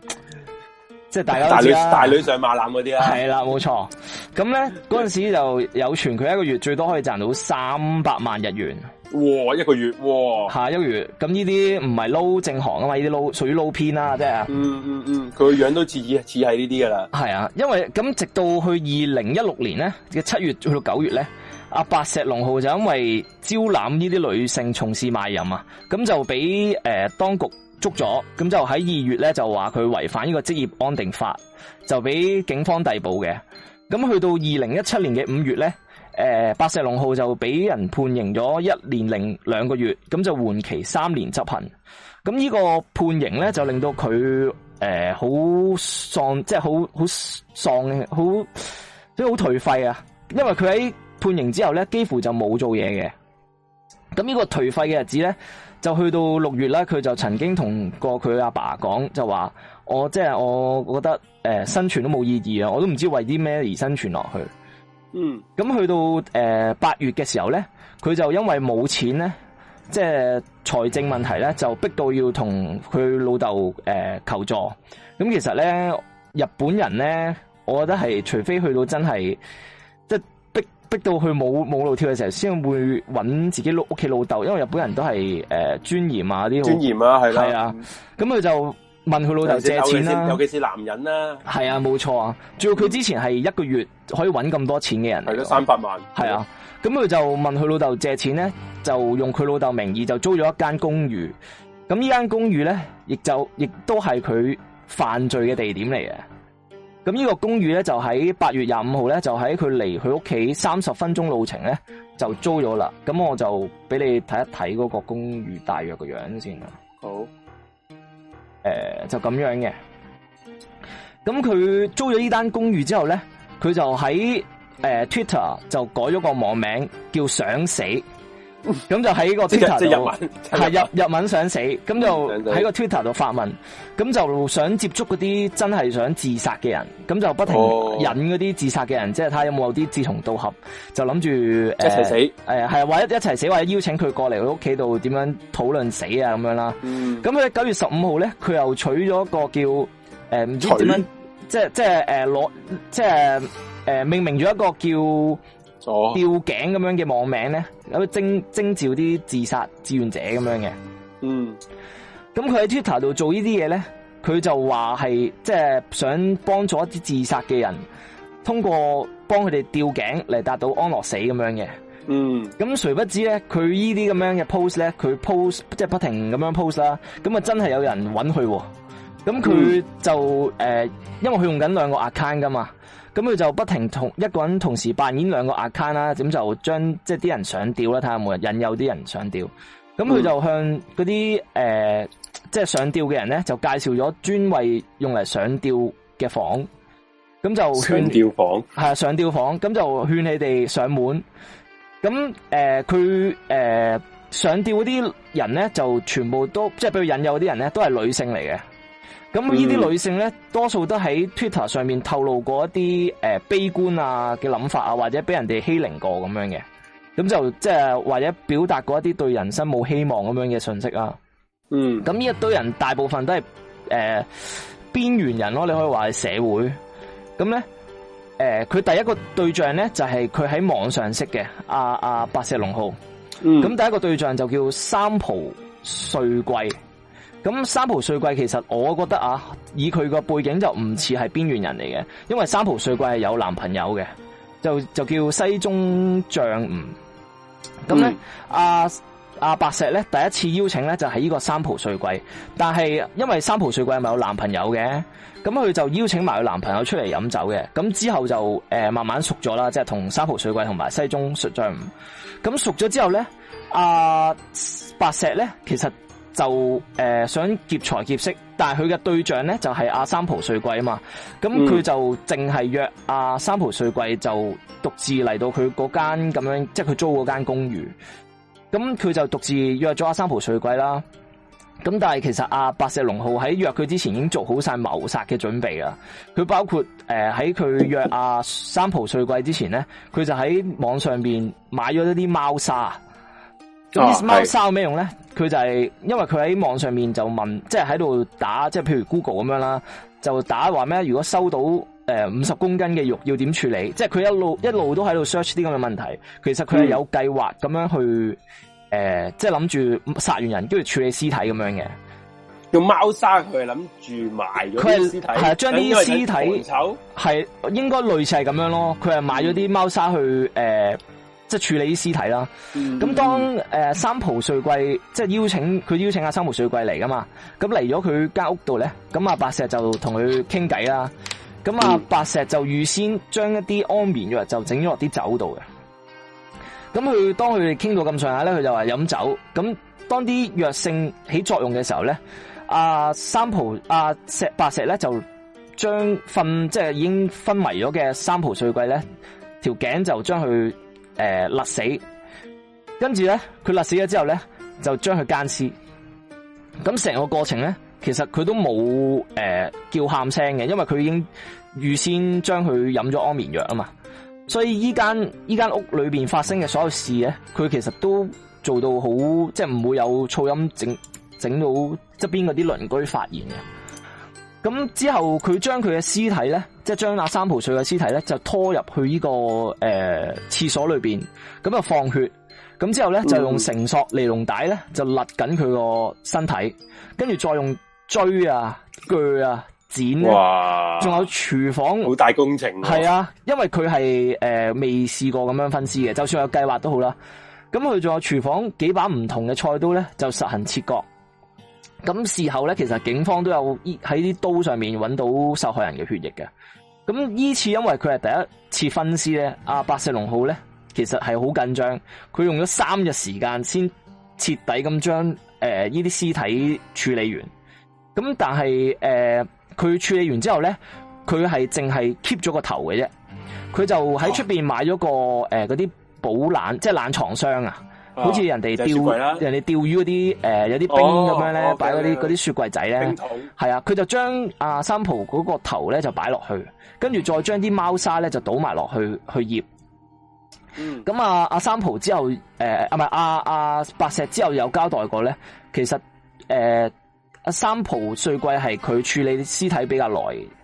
即係大家、啊，大女大女上馬攬嗰啲啊，係啦，冇錯。咁咧嗰陣時就有傳佢一個月最多可以賺到三百萬日元，哇，一個月哇，吓一個月。咁呢啲唔係撈正行啊嘛，呢啲撈屬於撈偏啦，即係、嗯。嗯嗯嗯，佢個樣都似似係呢啲噶啦。係啊，因為咁直到去二零一六年咧嘅七月去到九月咧。阿白石隆浩就因為招攬呢啲女性從事賣淫啊，咁就俾誒、呃、當局捉咗，咁就喺二月咧就話佢違反呢個職業安定法，就俾警方逮捕嘅。咁去到二零一七年嘅五月咧，誒、呃、白石隆浩就俾人判刑咗一年零兩個月，咁就緩期三年執行。咁呢個判刑咧就令到佢誒好喪，即係好好喪，好即係好頹廢啊，因為佢喺。判刑之後咧，幾乎就冇做嘢嘅。咁呢個頹廢嘅日子咧，就去到六月呢，佢就曾經同過佢阿爸講，就話：我即係、就是、我覺得誒、呃、生存都冇意義啊！我都唔知為啲咩而生存落去。嗯。咁去到誒八、呃、月嘅時候咧，佢就因為冇錢咧，即係財政問題咧，就逼到要同佢老豆誒求助。咁其實咧，日本人咧，我覺得係除非去到真係。逼到佢冇冇路跳嘅時候，先會揾自己屋企老豆，因為日本人都係誒、呃、尊嚴啊啲尊嚴啦，係啦，係啊，咁佢、啊、就問佢老豆借錢啦、啊，尤其是男人啦，係啊，冇錯啊，仲要佢之前係一個月可以搵咁多錢嘅人，係三百萬，係啊，咁佢就問佢老豆借錢咧，就用佢老豆名義就租咗一間公寓，咁呢間公寓咧，亦就亦都係佢犯罪嘅地點嚟嘅。咁呢個公寓咧，就喺八月廿五號咧，就喺佢離佢屋企三十分鐘路程咧，就租咗啦。咁我就俾你睇一睇嗰個公寓大約個樣先啊。好，誒、呃、就咁樣嘅。咁佢租咗呢單公寓之後咧，佢就喺誒、呃、Twitter 就改咗個網名叫想死。咁 就喺個 Twitter 度，係日文日文想死，咁就喺個 Twitter 度發問，咁、嗯、就想接觸嗰啲真係想自殺嘅人，咁、哦、就不停引嗰啲自殺嘅人，即係睇下有冇啲志同道合，就諗住一齊死，誒係啊，或者一一齊死，或者邀請佢過嚟屋企度點樣討論死啊咁樣啦。咁佢喺九月十五號咧，佢又取咗個叫誒唔知點樣，即係即係誒攞即係誒命名咗一個叫。呃取吊頸咁樣嘅網名咧，有冇徵徵召啲自殺志願者咁樣嘅？嗯，咁佢喺 Twitter 度做呢啲嘢咧，佢就話係即係想幫助一啲自殺嘅人，通過幫佢哋吊頸嚟達到安樂死咁樣嘅。嗯，咁誰不知咧，佢呢啲咁樣嘅 post 咧，佢 post 即係不停咁樣 post 啦，咁啊真係有人揾佢，啊，咁佢就誒，嗯呃，因為佢用緊兩個 account 噶嘛。咁佢就不停同一個人同時扮演兩個 account 啦，咁就將即係啲人上吊啦，睇下有冇人引誘啲人上吊。咁佢就向嗰啲誒，即係上吊嘅人咧，就介紹咗專為用嚟上吊嘅房。咁就上吊房係啊，上吊房，咁就勸你哋上門。咁誒，佢、呃、誒、呃、上吊嗰啲人咧，就全部都即係畀佢引誘嗰啲人咧，都係女性嚟嘅。咁呢啲女性咧，嗯、多數都喺 Twitter 上面透露過一啲誒、呃、悲觀啊嘅諗法啊，或者俾人哋欺凌過咁樣嘅，咁就即係或者表達過一啲對人生冇希望咁樣嘅信息啊。嗯，咁呢一堆人大部分都係誒邊緣人咯，你可以話係社會。咁咧，誒、呃、佢第一個對象咧就係佢喺網上識嘅阿阿白石隆浩。咁、嗯、第一個對象就叫三浦瑞貴。咁三浦碎貴其實我覺得啊，以佢個背景就唔似係邊緣人嚟嘅，因為三浦碎貴係有男朋友嘅，就就叫西中象悟。咁咧、嗯，阿阿、啊啊、白石咧第一次邀請咧就係、是、呢個三浦碎貴，但係因為三浦碎貴係咪有男朋友嘅，咁佢就邀請埋佢男朋友出嚟飲酒嘅，咁之後就誒、呃、慢慢熟咗啦，即係同三浦碎貴同埋西中象悟。咁熟咗之後咧，阿、啊、白石咧其實。就誒、呃、想劫財劫色，但係佢嘅對象咧就係、是、阿三浦瑞貴啊嘛，咁佢就淨係約阿三浦瑞貴就獨自嚟到佢嗰間咁樣，即係佢租嗰間公寓，咁佢就獨自約咗阿三浦瑞貴啦。咁但係其實阿、啊、白石隆浩喺約佢之前已經做好晒謀殺嘅準備啦，佢包括誒喺佢約阿三浦瑞貴之前咧，佢就喺網上邊買咗一啲貓砂。咁啲、哦、貓砂有咩用咧？佢就係因為佢喺網上面就問，即係喺度打，即、就、係、是、譬如 Google 咁樣啦，就打話咩？如果收到誒五十公斤嘅肉，要點處理？即係佢一路一路都喺度 search 啲咁嘅問題。其實佢係有計劃咁樣去誒，即係諗住殺完人，跟住處理屍體咁樣嘅。用貓砂佢係諗住埋咗啲屍體，係將啲屍體係應，應該類似係咁樣咯。佢係買咗啲貓砂去誒。呃即係處理屍體啦，咁、mm hmm. 當誒、呃、三浦瑞貴即係邀請佢邀請阿三浦瑞貴嚟噶嘛，咁嚟咗佢間屋度咧，咁阿白石就同佢傾偈啦，咁阿白石就預先將一啲安眠藥就整咗落啲酒度嘅，咁佢當佢哋傾到咁上下咧，佢就話飲酒，咁當啲藥性起作用嘅時候咧，阿、啊、三蒲阿、啊、石白石咧就將瞓即係已經昏迷咗嘅三浦瑞貴咧條頸就將佢。誒、呃，勒死，跟住咧，佢勒死咗之後咧，就將佢姦屍。咁成個過程咧，其實佢都冇誒、呃、叫喊聲嘅，因為佢已經預先將佢飲咗安眠藥啊嘛。所以依間依間屋裏邊發生嘅所有事咧，佢其實都做到好，即係唔會有噪音整整到側邊嗰啲鄰居發現嘅。咁之後佢將佢嘅屍體咧，即係將阿三蒲水嘅屍體咧，就拖入去呢、這個誒廁、呃、所裏邊，咁啊放血，咁之後咧就用繩索尼龍帶呢、尼龍帶咧就勒緊佢個身體，跟住再用錐啊、鋸啊、剪啊，哇！仲有廚房好大工程、啊，係啊，因為佢係誒未試過咁樣分屍嘅，就算有計劃都好啦。咁佢仲有廚房幾把唔同嘅菜刀咧，就實行切割。咁事後咧，其實警方都有喺啲刀上面揾到受害人嘅血液嘅。咁依次因為佢係第一次分屍咧，阿白石隆浩咧其實係好緊張，佢用咗三日時間先徹底咁將誒呢啲屍體處理完。咁但係誒佢處理完之後咧，佢係淨係 keep 咗個頭嘅啫。佢就喺出邊買咗個誒嗰啲保冷，即係冷藏箱啊。好似人哋釣、啊就是、人哋釣魚嗰啲誒，有啲冰咁樣咧，擺嗰啲啲雪櫃仔咧，係桶啊，佢就將阿、啊、三浦嗰個頭咧就擺落去，跟住再將啲貓砂咧就倒埋落去去醃。咁、mm. 啊，阿、啊、三浦之後誒，唔係阿阿白石之後有交代過咧，其實誒，阿、呃啊、三浦碎櫃係佢處理屍體比較耐，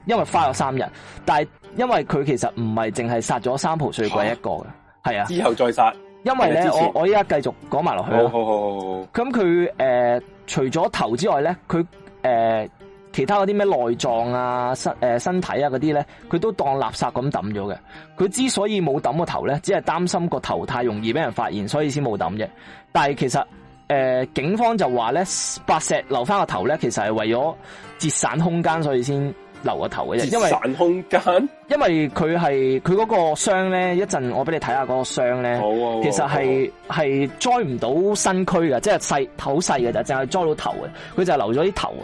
因為花咗三日，mm. 但係因為佢其實唔係淨係殺咗三浦碎櫃一個嘅，係、oh. 啊，之後再殺。因為咧之前，我我依家繼續講埋落去好好好好好。咁佢誒，除咗頭之外咧，佢誒、呃、其他嗰啲咩內臟啊、身誒、呃、身體啊嗰啲咧，佢都當垃圾咁抌咗嘅。佢之所以冇抌個頭咧，只係擔心個頭太容易俾人發現，所以先冇抌啫。但係其實誒、呃，警方就話咧，白石留翻個頭咧，其實係為咗節省空間，所以先。留個頭嘅啫，因為慳空間，因為佢係佢嗰個箱咧，一陣我俾你睇下嗰個箱咧，其實係係載唔到身軀嘅，即係細頭好細嘅就，淨係載到頭嘅，佢就留咗啲頭啊。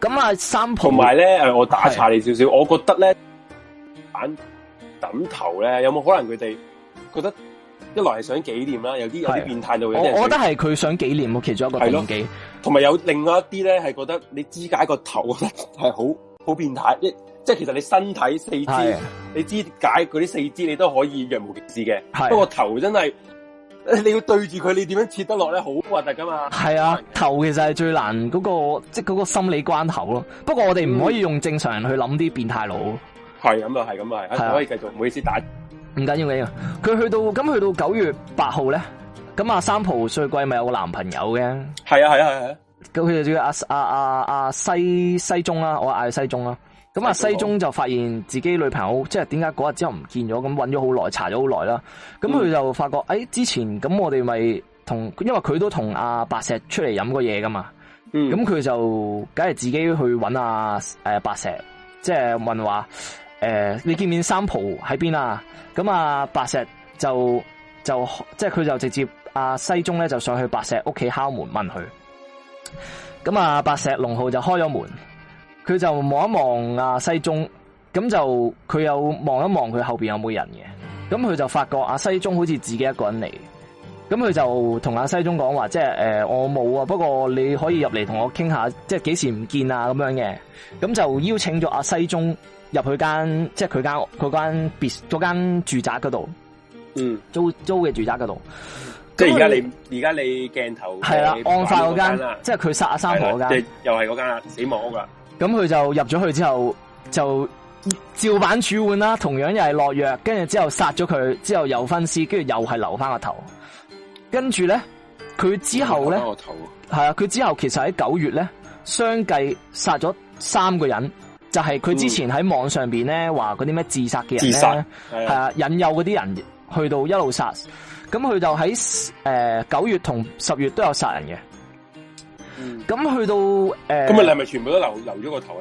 咁啊，三同埋咧，我打岔你少少是的，我覺得咧，板頂頭咧，有冇可能佢哋覺得一來係想紀念啦，有啲有啲變態到嘅，我我覺得係佢想紀念喎，其中一個動機，同埋有另外一啲咧係覺得你肢解個頭係好。好變態，即係其實你身體四肢，你肢解嗰啲四肢你都可以若無其事嘅，不過頭真係，你要對住佢，你點樣切得落咧，好核突噶嘛。係啊，頭其實係最難嗰個，即係嗰個心理關頭咯。不過我哋唔可以用正常人去諗啲變態佬。係咁啊，係咁啊，係可以繼續，唔好意思，打唔緊要嘅。佢去到咁去到九月八號咧，咁阿三浦瑞季咪有個男朋友嘅。係啊，係啊，係啊。咁佢就叫阿阿、啊啊啊、西西中啦，我嗌西中啦。咁啊西，西中就發現自己女朋友，即係點解嗰日之後唔見咗，咁搵咗好耐，查咗好耐啦。咁佢就發覺，誒、嗯欸、之前咁我哋咪同，因為佢都同阿白石出嚟飲過嘢噶嘛。咁佢、嗯、就梗係自己去搵阿誒白石，即係問話，誒、呃、你見面三浦喺邊啊？咁啊白石就就即係佢就直接阿、啊、西中咧就上去白石屋企敲門問佢。咁啊，白、嗯、石隆浩就開咗門，佢就望一望阿西中，咁就佢又望一望佢後邊有冇人嘅，咁佢就發覺阿西中好似自己一個人嚟，咁佢就同阿西中講話，即係誒、呃，我冇啊，不過你可以入嚟同我傾下，即係幾時唔見啊咁樣嘅，咁就邀請咗阿西中入去間，即係佢間佢間別間住宅嗰度，嗯，租租嘅住宅嗰度。即係而家你而家你鏡頭係啦，案發嗰間，即係佢殺阿三婆嗰間，又係嗰間啊，死亡屋啊。咁佢就入咗去之後，就照板煮碗啦。同樣又係落藥，跟住之後殺咗佢，之後又分屍，跟住又係留翻個頭。跟住咧，佢之後咧，係啊，佢之後其實喺九月咧，相繼殺咗三個人，就係、是、佢之前喺網上邊咧話嗰啲咩自殺嘅人自殺咧，係啊，引誘嗰啲人去到一路殺。咁佢就喺誒九月同十月都有殺人嘅，咁、嗯、去到誒，咁咪係咪全部都留留咗個頭？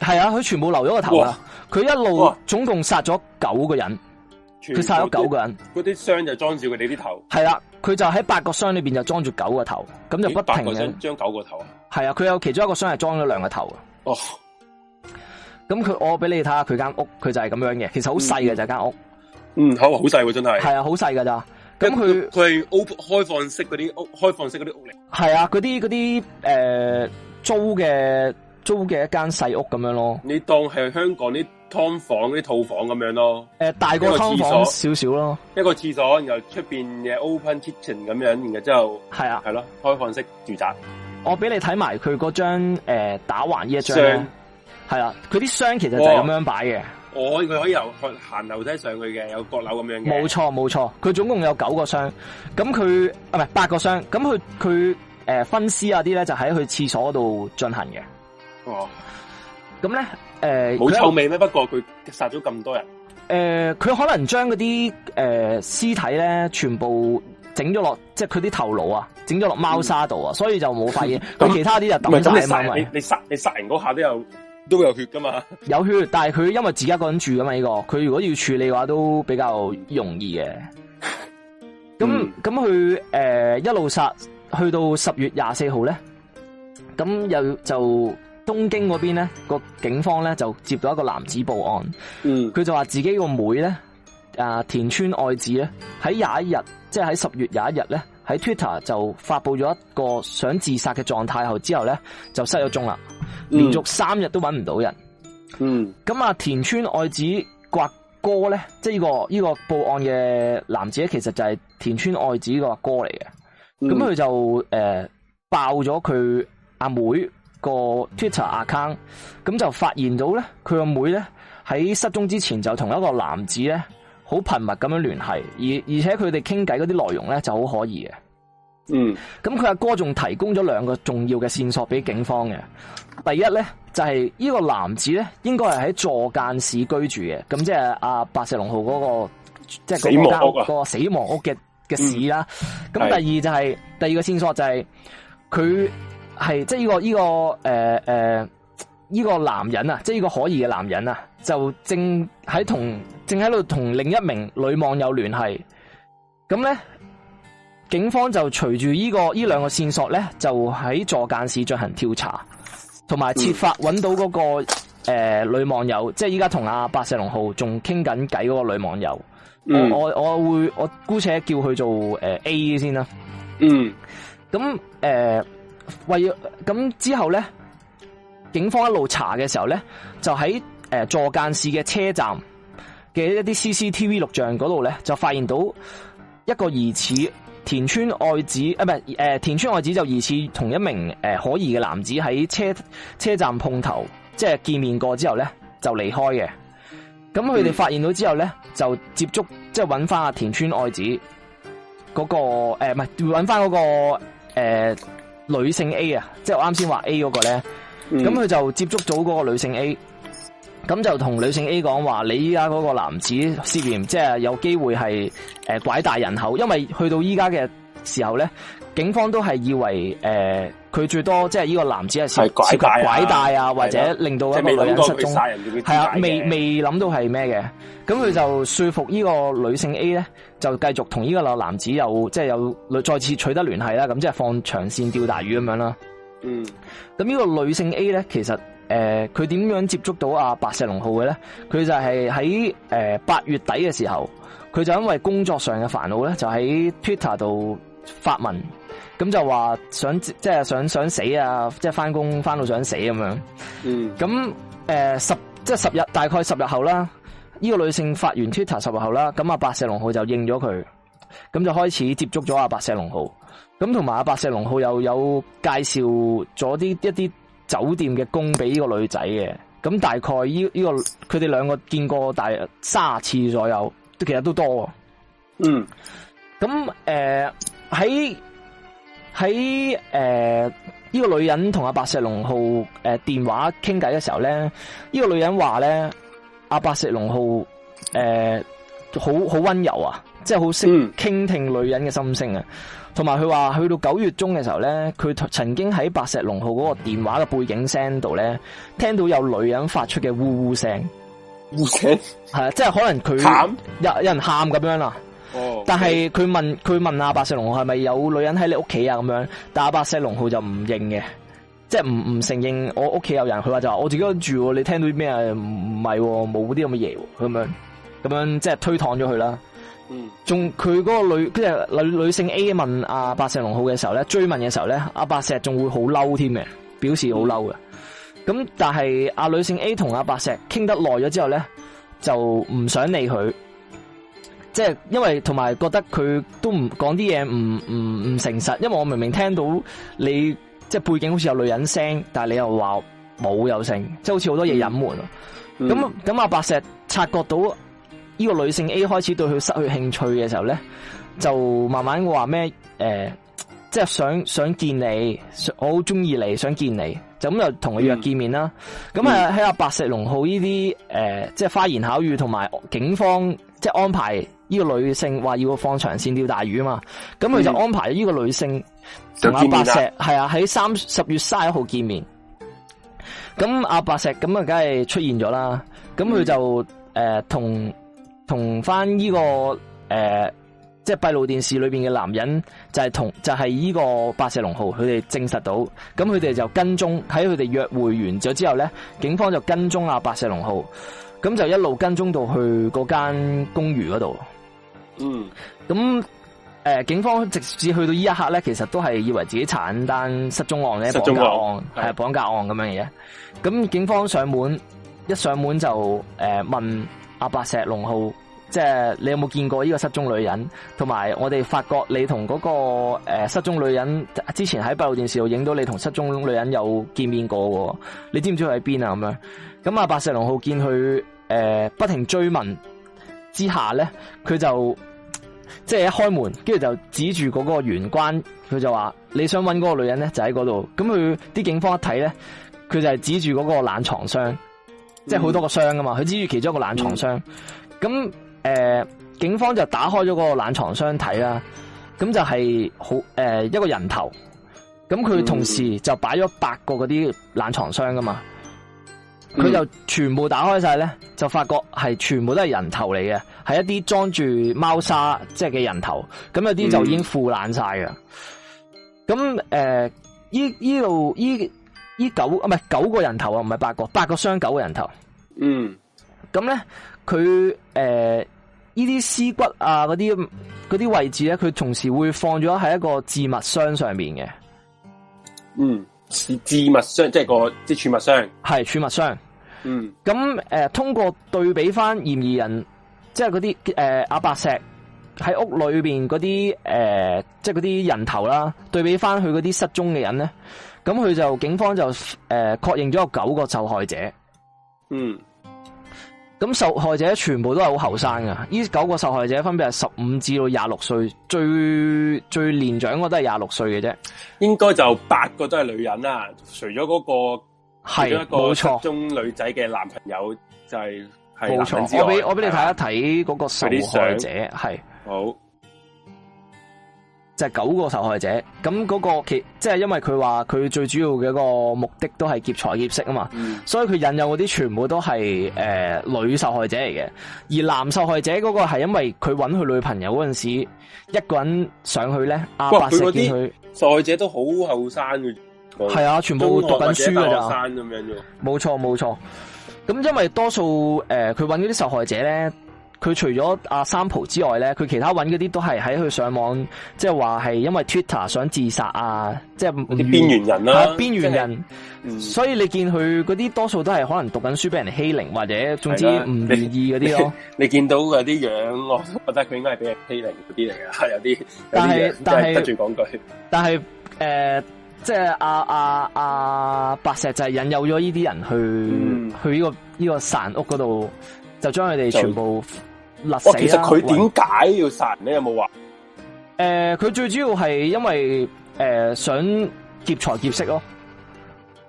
係啊，佢全部留咗個頭啊。佢哇一路總共殺咗九個人，佢殺咗九個人，嗰啲箱就裝住佢哋啲頭。係啦、啊，佢就喺八個箱裏邊就裝住九個頭，咁就不停嘅，將九個頭啊，係啊，佢有其中一個箱係裝咗兩個頭啊。哦，咁佢我俾你睇下佢間屋，佢就係咁樣嘅，其實好細嘅就係間屋。嗯，好好細喎，真係。係啊，好細噶咋。咁佢佢係 o 開放式嗰啲屋，開放式嗰啲屋嚟。係啊，嗰啲嗰啲誒租嘅租嘅一間細屋咁樣咯。你當係香港啲劏房啲套房咁樣咯。誒、呃，大個劏房少少咯，一個廁所，然後出邊嘅 open kitchen 咁樣，然之後係啊，係咯，開放式住宅。我俾你睇埋佢嗰張誒打橫呢一張，係雙啊，佢啲箱其實就係咁樣擺嘅。哦。我佢、哦、可以由行樓梯上去嘅，有閣樓咁樣嘅。冇錯，冇錯，佢總共有九個箱，咁佢唔係八個箱，咁佢佢誒分屍啊啲咧就喺佢廁所度進行嘅。哦，咁咧誒，冇臭味咧。錯有不過佢殺咗咁多人，誒、呃，佢可能將嗰啲誒屍體咧全部整咗落，即係佢啲頭顱啊，整咗落貓砂度啊，所以就冇發現。咁 其他啲就抌晒你殺殺貓你殺人嗰下都有。都有血㗎嘛，有血，但係佢因為自己一個人住㗎嘛，呢、這個佢如果要處理嘅話都比較容易嘅。咁咁佢誒一路殺去到十月廿四號咧，咁又就東京嗰邊咧個警方咧就接到一個男子報案，嗯，佢就話自己個妹咧啊、呃、田村愛子咧喺廿一日，即係喺十月廿一日咧。喺 Twitter 就發佈咗一個想自殺嘅狀態後之後咧就失咗蹤啦，連續三日都揾唔到人。嗯，咁啊田村愛子刮哥咧，即係、呢、呢個呢、呢個報案嘅男子咧,其實就係田村愛子個阿哥嚟嘅。咁佢、嗯、就誒、呃、爆咗佢阿妹個 Twitter account。咁就發現到咧佢阿妹咧喺失蹤之前就同一個男子咧。好頻密咁樣聯繫，而而且佢哋傾偈嗰啲內容咧就好可疑嘅。嗯，咁佢阿哥仲提供咗兩個重要嘅線索俾警方嘅。第一咧就係、是、呢個男子咧應該係喺座間市居住嘅，咁即係阿白石隆浩嗰個即係嗰個屋、啊，嗰個死亡屋嘅嘅市啦。咁、嗯、第二就係、是、的第二個線索就係佢係即係呢個呢、這個誒誒。呃呃呢個男人啊，即係呢個可疑嘅男人啊，就正喺同正喺度同另一名女網友聯繫，咁咧，警方就隨住呢、這個呢兩個線索咧，就喺座間市進行調查，同埋設法揾到嗰、那個誒、嗯呃、女網友，即係依家同阿白石龍浩仲傾緊偈嗰個女網友。嗯、我我，我會我姑且叫佢做誒、呃、A 先啦。嗯，咁誒為咁之後咧。警方一路查嘅時候咧，就喺誒、呃、座間市嘅車站嘅一啲 C C T V 錄像嗰度咧，就發現到一個疑似田村愛子啊，唔係誒，田村愛子就疑似同一名誒、呃、可疑嘅男子喺車車站碰頭，即係見面過之後咧就離開嘅。咁佢哋發現到之後咧，就接觸即係揾翻阿田村愛子嗰個誒，唔係揾翻嗰個誒、呃、女性 A 啊，即係我啱先話 A 嗰個咧。咁佢、嗯，就接觸到嗰個女性 A，咁就同女性 A 講話，你依家嗰個男子涉嫌，即係有機會係誒、呃、拐帶人口。因為去到依家嘅時候咧，警方都係以為誒佢、呃、最多即係呢個男子係涉拐、啊、拐帶啊，或者的令到一個女人失蹤。係啊，未未諗到係咩嘅。咁佢、嗯，就說服呢個女性 A 咧，就繼續同呢個男男子有即係有再次取得聯繫啦。咁即係放長綫釣大魚咁樣啦。嗯，咁呢個女性 A 咧，其實誒，佢、呃、點樣接觸到阿白石龍浩嘅咧？佢就係喺誒八月底嘅時候，佢就因為工作上嘅煩惱咧，就喺 Twitter 度發文，咁就話想即係想想死啊，即係翻工翻到想死咁樣。嗯，咁誒十即係十日，大概十日後啦，呢、這個女性發完 Twitter 十日後啦，咁阿白石龍浩就應咗佢，咁就開始接觸咗阿白石龍浩。咁同埋阿白石龍浩又有介紹咗啲一啲酒店嘅工俾呢個女仔嘅，咁大概呢、這、呢個佢哋兩個見過大約卅次左右，都其實都多。嗯，咁誒喺喺誒呢個女人同阿白石龍浩誒電話傾偈嘅時候咧，呢、這個女人話咧阿白石龍浩誒好好溫柔啊，即係好識傾聽女人嘅心聲啊。嗯嗯同埋佢話去到九月中嘅時候咧，佢曾經喺白石隆浩嗰個電話嘅背景聲度咧，聽到有女人發出嘅嗚嗚聲。嗚聲係啊，即係可能佢哭有有人喊咁樣啦。哦、oh, okay.，但係佢問佢問阿白石隆浩係咪有女人喺你屋企啊？咁樣，但阿白石隆浩就唔認嘅，即係唔唔承認我屋企有人。佢話就話我自己住，你聽到啲咩？唔唔係，冇啲咁嘅嘢咁樣，咁樣即係推搪咗佢啦。嗯，仲佢嗰個女，即係女女性 A 問阿、啊、白石龍浩嘅時候咧，追問嘅時候咧，阿、啊、白石仲會好嬲添嘅，表示好嬲嘅。咁但係阿女性 A 同阿、啊、白石傾得耐咗之後咧，就唔想理佢，即、就、係、是、因為同埋覺得佢都唔講啲嘢唔唔唔誠實，因為我明明聽到你即係、就是、背景好似有女人聲，但係你又話冇有聲，即、就、係、是、好似好多嘢隱瞞。咁咁阿白石察覺到。呢個女性 A 開始對佢失去興趣嘅時候咧，就慢慢話咩？誒、呃，即係想想見你，我好中意你，想見你，就咁就同佢約見面啦。咁啊喺阿白石龍號呢啲誒，即係花言巧語同埋警方即係安排呢個女性話要放長線釣大魚啊嘛。咁佢就安排呢個女性同阿白石係啊，喺十月三十一號見面。咁阿白石咁啊，梗係出現咗啦。咁佢就誒同。嗯呃同翻呢個誒，即係閉路電視裏邊嘅男人，就係、是、同就係、是、呢個白石隆浩。佢哋證實到，咁佢哋就跟蹤喺佢哋約會完咗之後咧，警方就跟蹤阿白石隆浩，咁就一路跟蹤到去嗰間公寓嗰度。嗯，咁、呃、誒，警方直至去到呢一刻咧，其實都係以為自己查緊單失蹤案咧，綁架案係綁對 架案咁樣嘢。咁警方上門一上門就誒、呃、問。阿白石龍浩，即係你有冇見過呢個失蹤女人？同埋我哋發覺你同嗰個誒失蹤女人之前喺閉路電視度影到你同失蹤女人有見面過嘅，你知唔知佢喺邊啊？咁樣咁阿白石龍浩見佢誒、呃、不停追問之下咧，佢就即係一開門，跟住就指住嗰個玄關，佢就話你想揾嗰個女人咧就喺嗰度。咁佢啲警方一睇咧，佢就係指住嗰個冷藏箱。即係好多個箱噶嘛佢指住其中一個冷藏箱，咁誒、呃，警方就打開咗個冷藏箱睇啦，咁就係好誒一個人頭，咁佢同時就擺咗八個嗰啲冷藏箱噶嘛佢就全部打開晒咧，嗯、就發覺係全部都係人頭嚟嘅，係一啲裝住貓砂即係嘅人頭，咁有啲就已經腐爛晒噶咁誒、呃，依依度依。依九啊，唔係九個人頭啊，唔係八個，八個箱九個人頭。嗯呢，咁咧佢誒，依啲屍骨啊，嗰啲嗰啲位置咧，佢同時會放咗喺一個置物箱上面嘅。嗯，置物箱即係個即係儲物箱，係儲物箱。嗯，咁、呃、誒，通過對比翻嫌疑人，即係嗰啲誒阿伯石喺屋裏邊嗰啲誒，即係嗰啲人頭啦，對比翻佢嗰啲失蹤嘅人咧。咁佢就警方就誒確認咗有九個受害者。嗯，咁受害者全部都係好後生噶呢九個受害者分別係十五至到廿六歲，最最年長個都係廿六歲嘅啫。應該就八個都係女人啦，除咗嗰個係其中女仔嘅男朋友，就係冇錯，我俾我俾你睇一睇嗰個受害者係是好。就係九個受害者，咁嗰、那個其即係因為佢話佢最主要嘅一個目的都係劫財劫色啊嘛，嗯、所以佢引誘嗰啲全部都係誒、呃、女受害者嚟嘅，而男受害者嗰個係因為佢揾佢女朋友嗰陣時，一個人上去咧阿、呃、八先見佢。受害者都好後生嘅，係啊，全部讀緊書噶咋，後生咁樣，冇錯冇錯。咁因為多數誒佢揾嗰啲受害者咧。佢除咗阿三浦之外咧，佢其他揾嗰啲都係喺佢上網，即係話係因為 Twitter 想自殺啊，即係啲邊緣人啦、啊，邊緣人。就是嗯、所以你見佢嗰啲多數都係可能讀緊書俾人欺凌，或者總之唔願意嗰啲咯。你見到嗰啲樣咯，我覺得佢應該係俾人欺凌嗰啲嚟噶，係有啲有啲嘢，即係得罪講句。但係誒，即係阿阿阿白石就係引誘咗呢啲人去、嗯、去呢、這個呢、這個山屋嗰度，就將佢哋全部。哦，其實佢點解要殺？你有冇話？誒、嗯，佢、呃、最主要係因為誒、呃、想劫財劫色咯，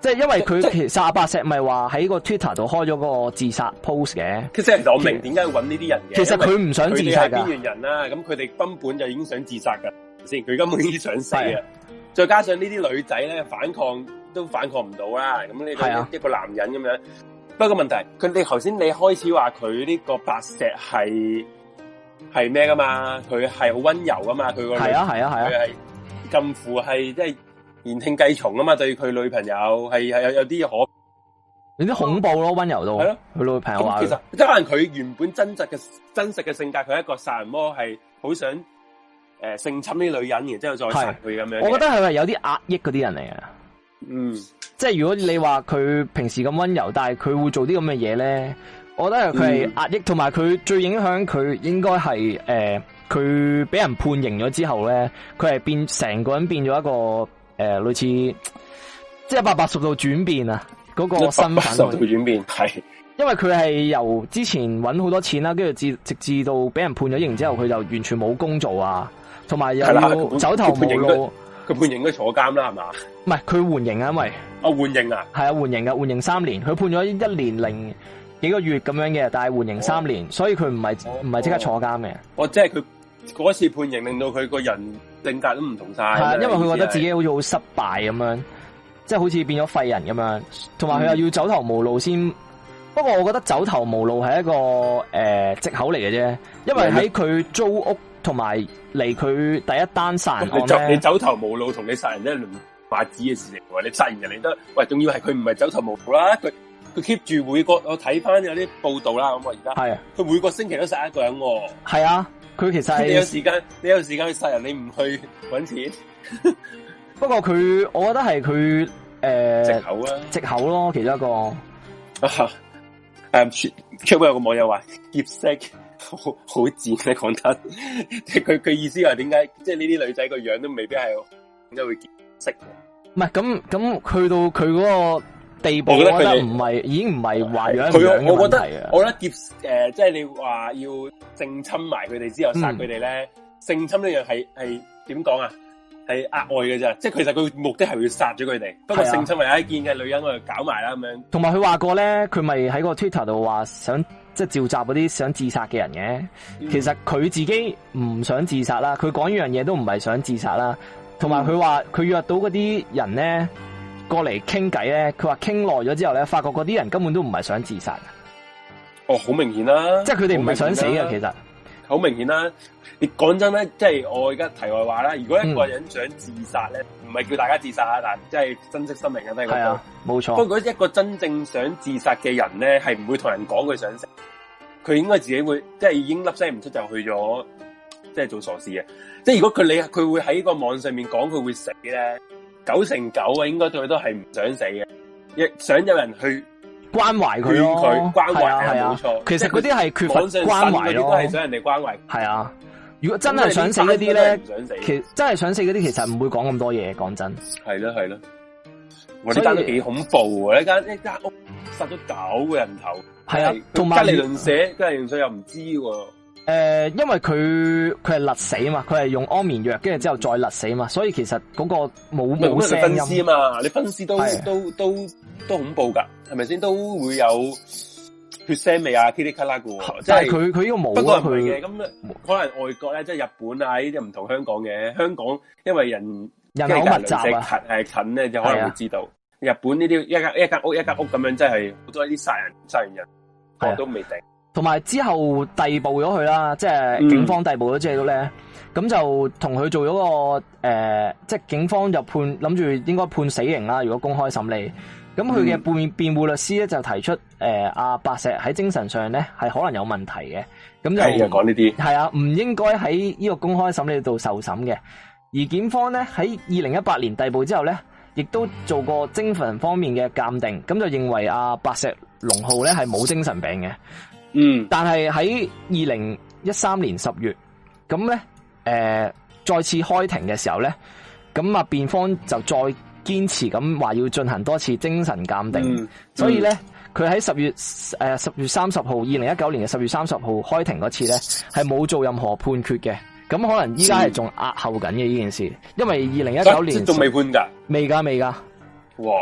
即、就、係、是、因為佢其實阿白石咪話喺個 Twitter 度開咗個自殺 post 嘅。其實我明點解要揾呢啲人嘅。其實佢唔、啊、想自殺嘅邊緣人啦，咁佢哋根本就已經想自殺噶，先佢根本已經想死啊！的再加上呢啲女仔咧反抗都反抗唔到啦，咁呢你一個男人咁樣。不過問題，佢你頭先你開始話佢呢個白石係係咩噶嘛？佢係好溫柔噶嘛？佢個女係啊係啊係啊係，近乎係即係言聽計從啊嘛？對佢女朋友係係有有啲可有啲恐怖咯、啊，溫我柔到係咯佢女朋友話，啊、他其實即可能佢原本真實嘅真實嘅性格，佢係一個殺人魔係好想誒、呃、性侵啲女人，然之後再殺佢咁是樣。我覺得係咪有啲壓抑嗰啲人嚟啊？嗯，即係如果你話佢平時咁温柔，但係佢會做啲咁嘅嘢咧，我覺得佢係壓抑，同埋佢最影響佢應該係誒，佢俾人判刑咗之後咧，佢係變成個人變咗一個誒、呃，類似即係一百八十度轉變啊，嗰，那個身份一百八十度轉變係，的因為佢係由之前揾好多錢啦，跟住至直至到俾人判咗刑之後，佢就完全冇工做啊，同埋又走投無路。佢判刑都坐監啦，係嘛？唔係佢緩刑啊，因為哦，緩刑啊，係啊，緩刑啊，緩刑三年。佢判咗一年零幾個月咁樣嘅，但係緩刑三年，哦、所以佢唔係唔係即刻坐監嘅、哦。我、哦哦哦、即係佢嗰次判刑令到佢個人性格都唔同晒。係啊，因為佢覺得自己好似好失敗咁樣，即係好似變咗廢人咁樣。同埋佢又要走投無路先。嗯、不過我覺得走投無路係一個誒借、呃、口嚟嘅啫，因為喺佢租屋。同埋嚟，佢第一單殺人，你走你走投無路殺，同你殺人都係輪把子嘅事情。你殺人人嚟都，喂，仲要係佢唔係走投無路啦。佢佢 keep 住每個我睇翻，有啲報道啦。咁啊，而家係啊，佢每個星期都殺一個人、哦。係啊，佢其實你有時間，你有時間去殺人，你唔去搵錢。 不過佢，我覺得係佢誒借口啦、啊，借口咯，其中一個。誒 Twitter 有個網友話劫色。好好賤咧！你講得即係佢佢意思係點解？即係呢啲女仔個樣都未必係點解會結識唔係咁咁去到佢嗰個地步，我覺得唔係，已經唔係話樣樣嘅問題啊！我覺得，我覺得劫誒，即、呃、係、就是、你話要性侵埋佢哋之後殺佢哋咧，嗯、性侵呢樣係係點講啊？係額外嘅啫，即係其實佢目的係要殺咗佢哋，不過性侵咪一見嘅女人、啊、我就搞埋啦咁樣。同埋佢話過咧，佢咪喺個 Twitter 度話想即係召集嗰啲想自殺嘅人嘅。嗯、其實佢自己唔想自殺啦，佢講呢樣嘢都唔係想自殺啦。同埋佢話佢約到嗰啲人咧過嚟傾偈咧，佢話傾耐咗之後咧，發覺嗰啲人根本都唔係想自殺嘅。哦，好明顯啦、啊，即係佢哋唔係想死嘅其實。好明顯啦、啊，你講真咧，即係我而家題外話啦。如果一個人想自殺咧，唔係、嗯、叫大家自殺、那個、啊，但即係珍惜生命嘅。係啊，冇錯。不過如果一個真正想自殺嘅人咧，係唔會同人講佢想死，佢應該自己會即係已經粒聲唔出就去咗，即係做傻事嘅。即係如果佢你佢會喺個網上面講佢會死咧，九成九啊，應該對佢都係唔想死嘅，亦想有人去。關懷佢，勸佢，關懷係冇錯。其實嗰啲係缺乏關懷咯。想人哋關懷，係啊。如果真係想死嗰啲咧，唔想死。其真係想死嗰啲，其實唔會講咁多嘢。講真，係咯，係咯。我覺得幾恐怖啊！一間一間屋殺咗九個人頭，係啊，同埋隔離鄰舍、嗯、舍，隔離鄰舍又唔知、啊。誒、呃，因為佢佢係勒死啊嘛，佢係用安眠藥，跟住之後再勒死啊嘛，所以其實嗰個冇冇分屍啊嘛，分屍嘛你分屍都的都都都恐怖噶，係咪先？都會有血腥味啊，噼里咔啦嘅。但係佢佢呢個冇不過係嘅，咁他可能外國咧，即係日本啊呢啲唔同香港嘅。香港因為人人口密集、啊，誒近咧就可能會知道。的日本呢啲一間一間屋一間屋咁樣，真係好多啲殺人殺人人，我的都未定。同埋之後逮捕咗佢啦，即係警方逮捕咗之後咧，咁、嗯、就同佢做咗個、呃、即係警方就判，諗住應該判死刑啦。如果公開審理，咁佢嘅辯辯護律師咧就提出誒，阿、呃、白石喺精神上咧係可能有問題嘅，咁就講呢啲，係啊，唔應該喺呢個公開審理度受審嘅。而檢方咧喺二零一八年逮捕之後咧，亦都做過精神方面嘅鑑定，咁就認為阿、啊、白石龍浩咧係冇精神病嘅。嗯，但係喺二零一三年十月，咁咧，誒、呃，再次開庭嘅時候咧，咁啊，辯方就再堅持咁話要進行多次精神鑑定，嗯、所以咧，佢喺十月誒十、呃、月三十號二零一九年嘅十月三十號開庭嗰次咧，係冇做任何判決嘅，咁可能依家係仲押後緊嘅呢件事，因為二零一九年仲未判噶，未噶未噶，哇，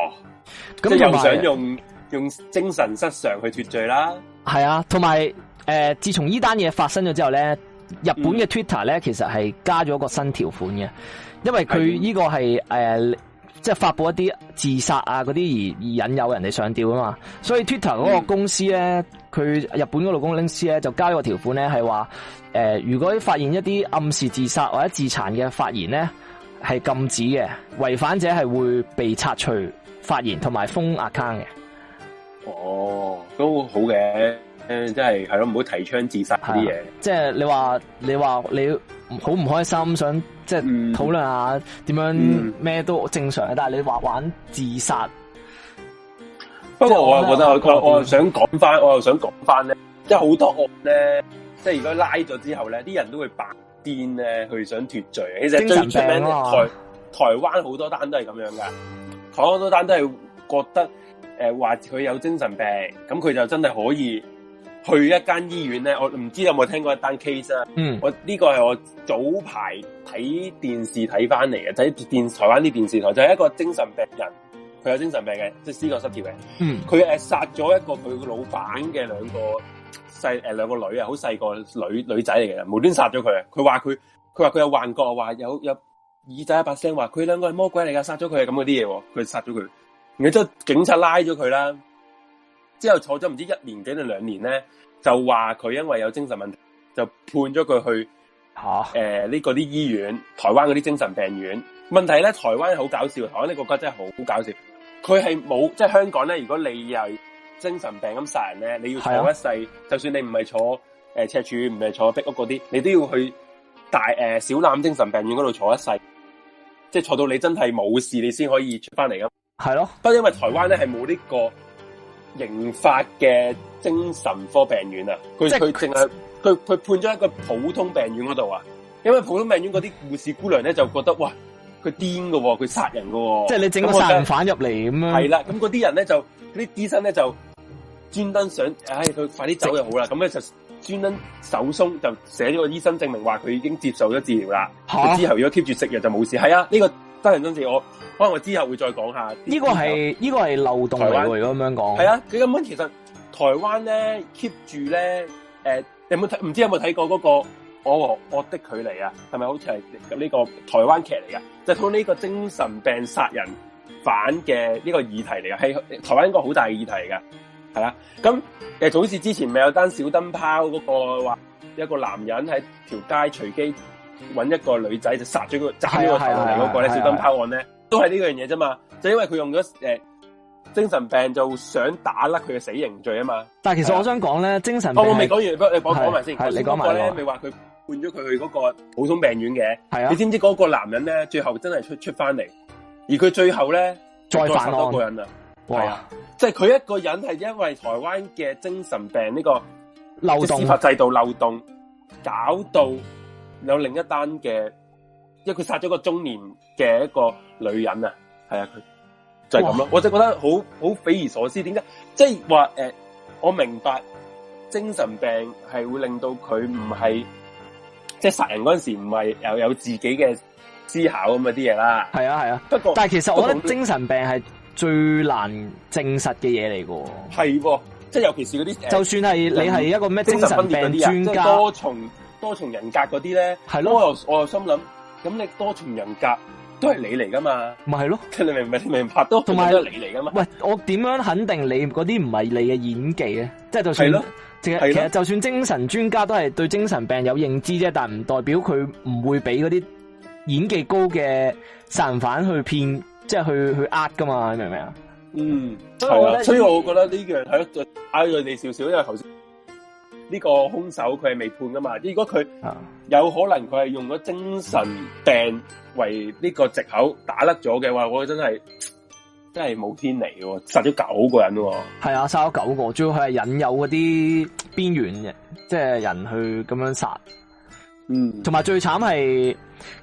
咁、就是，又想用用精神失常去脱罪啦。係啊，同埋誒，自從呢單嘢發生咗之後咧，日本嘅 Twitter 咧其實係加咗個新條款嘅，因為佢呢個係誒，即、呃、係、就是、發布一啲自殺啊嗰啲而，而引誘人哋上吊啊嘛，所以 Twitter 嗰個公司咧，佢、嗯、日本嗰工公、公司咧就加咗個條款咧係話，誒、呃，如果發現一啲暗示自殺或者自殘嘅發言咧係禁止嘅，違反者係會被拆除發言同埋封 account 嘅。哦，都好嘅。誒、嗯，即係係咯，唔好提倡自殺啲嘢。即係你話，你話你好唔開心，想即係討論下點樣咩、嗯、都正常，但係你話玩自殺。不過我又覺得，我又想講翻，我又想講翻咧，即係好多案咧，即係如果拉咗之後咧，啲人都會扮癲咧，去想脫罪。啊、其實最出名台灣台灣好多單都係咁樣噶台灣好多單都係覺得。誒，話佢有精神病，咁佢就真係可以去一間醫院咧。我唔知有冇聽過一單 case 啦。嗯，我呢個係我早排睇電視睇翻嚟嘅，就喺電台灣啲電視台，就係一個精神病人，佢有精神病嘅，即係思覺失調嘅。嗯，佢誒殺咗一個佢嘅老闆嘅兩個細誒兩個女啊，好細個女女仔嚟嘅，無端殺咗佢啊！佢話佢佢話佢有幻覺啊，話有有耳仔一把聲話佢兩個係魔鬼嚟噶，殺咗佢係咁嗰啲嘢，佢殺咗佢。然之後警察拉咗佢啦，之後坐咗唔知一年幾定兩年咧，就話佢因為有精神問題，就判咗佢去吓誒呢啲醫院，台灣嗰啲精神病院。問題咧，台灣好搞笑，台灣呢個國家真係好搞笑。佢係冇即係香港咧，如果你又精神病咁殺人咧，你要坐一世，是啊，就算你唔係坐誒、呃、赤柱唔係坐壁屋嗰啲，你都要去大誒、呃、小欖精神病院嗰度坐一世，即係坐到你真係冇事，你先可以出翻嚟咁。係是咯，不過因為台灣咧係冇呢個刑法嘅精神科病院啊，佢佢淨係佢佢判咗一個普通病院嗰度啊。因為普通病院嗰啲護士姑娘咧就覺得哇，佢癲噶，佢殺人噶，即係你整個殺人犯入嚟咁樣，係啦，咁嗰啲人咧就嗰啲醫生咧就專登想，唉、哎，佢快啲走就好啦，咁咧吃 就專登手鬆就寫咗個醫生證明話佢已經接受咗治療啦，蛤之後如果 keep 住食藥就冇事，係啊，呢、這個真人真事我。可能我之後會再講下這是，呢、這個係呢個係漏洞嚟咁灣樣講，係啊，佢根本其實台灣咧 keep 住咧，誒，呃、你有冇睇？唔知有冇睇過嗰、那個《我和惡的距離》啊？係咪好似係呢個台灣劇嚟嘅？就係講呢個精神病殺人犯嘅呢個議題嚟嘅，係台灣一個好大嘅議題嚟嘅，係啦、啊。咁誒，就好似之前咪有單小燈泡嗰、那個話，說一個男人喺條街隨機揾一個女仔就殺咗、這個，殺呢、啊、個逃、那個咧，啊啊啊、小燈泡案咧。都係呢個樣嘢啫嘛，就因為佢用咗誒、欸、精神病，就想打甩佢嘅死刑罪啊嘛。但係其實我想講咧，啊、精神病我我未講完，是你你講埋先。係係你講埋。嗰個咧，未話佢判咗佢去嗰個普通病院嘅。係啊。你知唔知嗰個男人咧，最後真係出出翻嚟而佢最後咧再殺多個人啊？係啊，即係佢一個人係、啊、哇因為台灣嘅精神病呢、呢個漏洞司法制度漏洞，搞到有另一單嘅，因為佢殺咗個中年嘅一個女人啊，係啊，佢就係咁咯。我就覺得好好匪夷所思，點解即係話誒，我明白精神病係會令到佢唔係即係殺人嗰陣時唔係又有自己嘅思考咁啲嘢啦。係啊係啊，不過但係其實我覺得精神病係最難證實嘅嘢嚟噶，係喎，即係尤其是嗰啲就算係你係一個咩精神病專家，多重多重人格嗰啲咧，係咯，我又我又心諗，咁你多重人格？都係你嚟噶嘛？咪係咯，即係你明唔明，明拍都都你？明白都同埋你嚟噶嘛？喂，我點樣肯定你嗰啲唔係你嘅演技咧？即係就算，其實其實就算精神專家都係對精神病有認知啫，但唔代表佢唔會俾嗰啲演技高嘅殺人犯去騙，即係去去呃噶嘛？你明唔明啊？嗯，所以所以我覺得呢樣係啊，嗌佢哋少少，因為頭先。呢個兇手佢係未判㗎嘛？如果佢有可能佢係用咗精神病為呢個藉口打甩咗嘅話，我真係真係冇天理喎！殺咗九個人喎，係啊，殺咗九個，主要佢係引誘嗰啲邊緣嘅即係人去咁樣殺，嗯，同埋最慘係。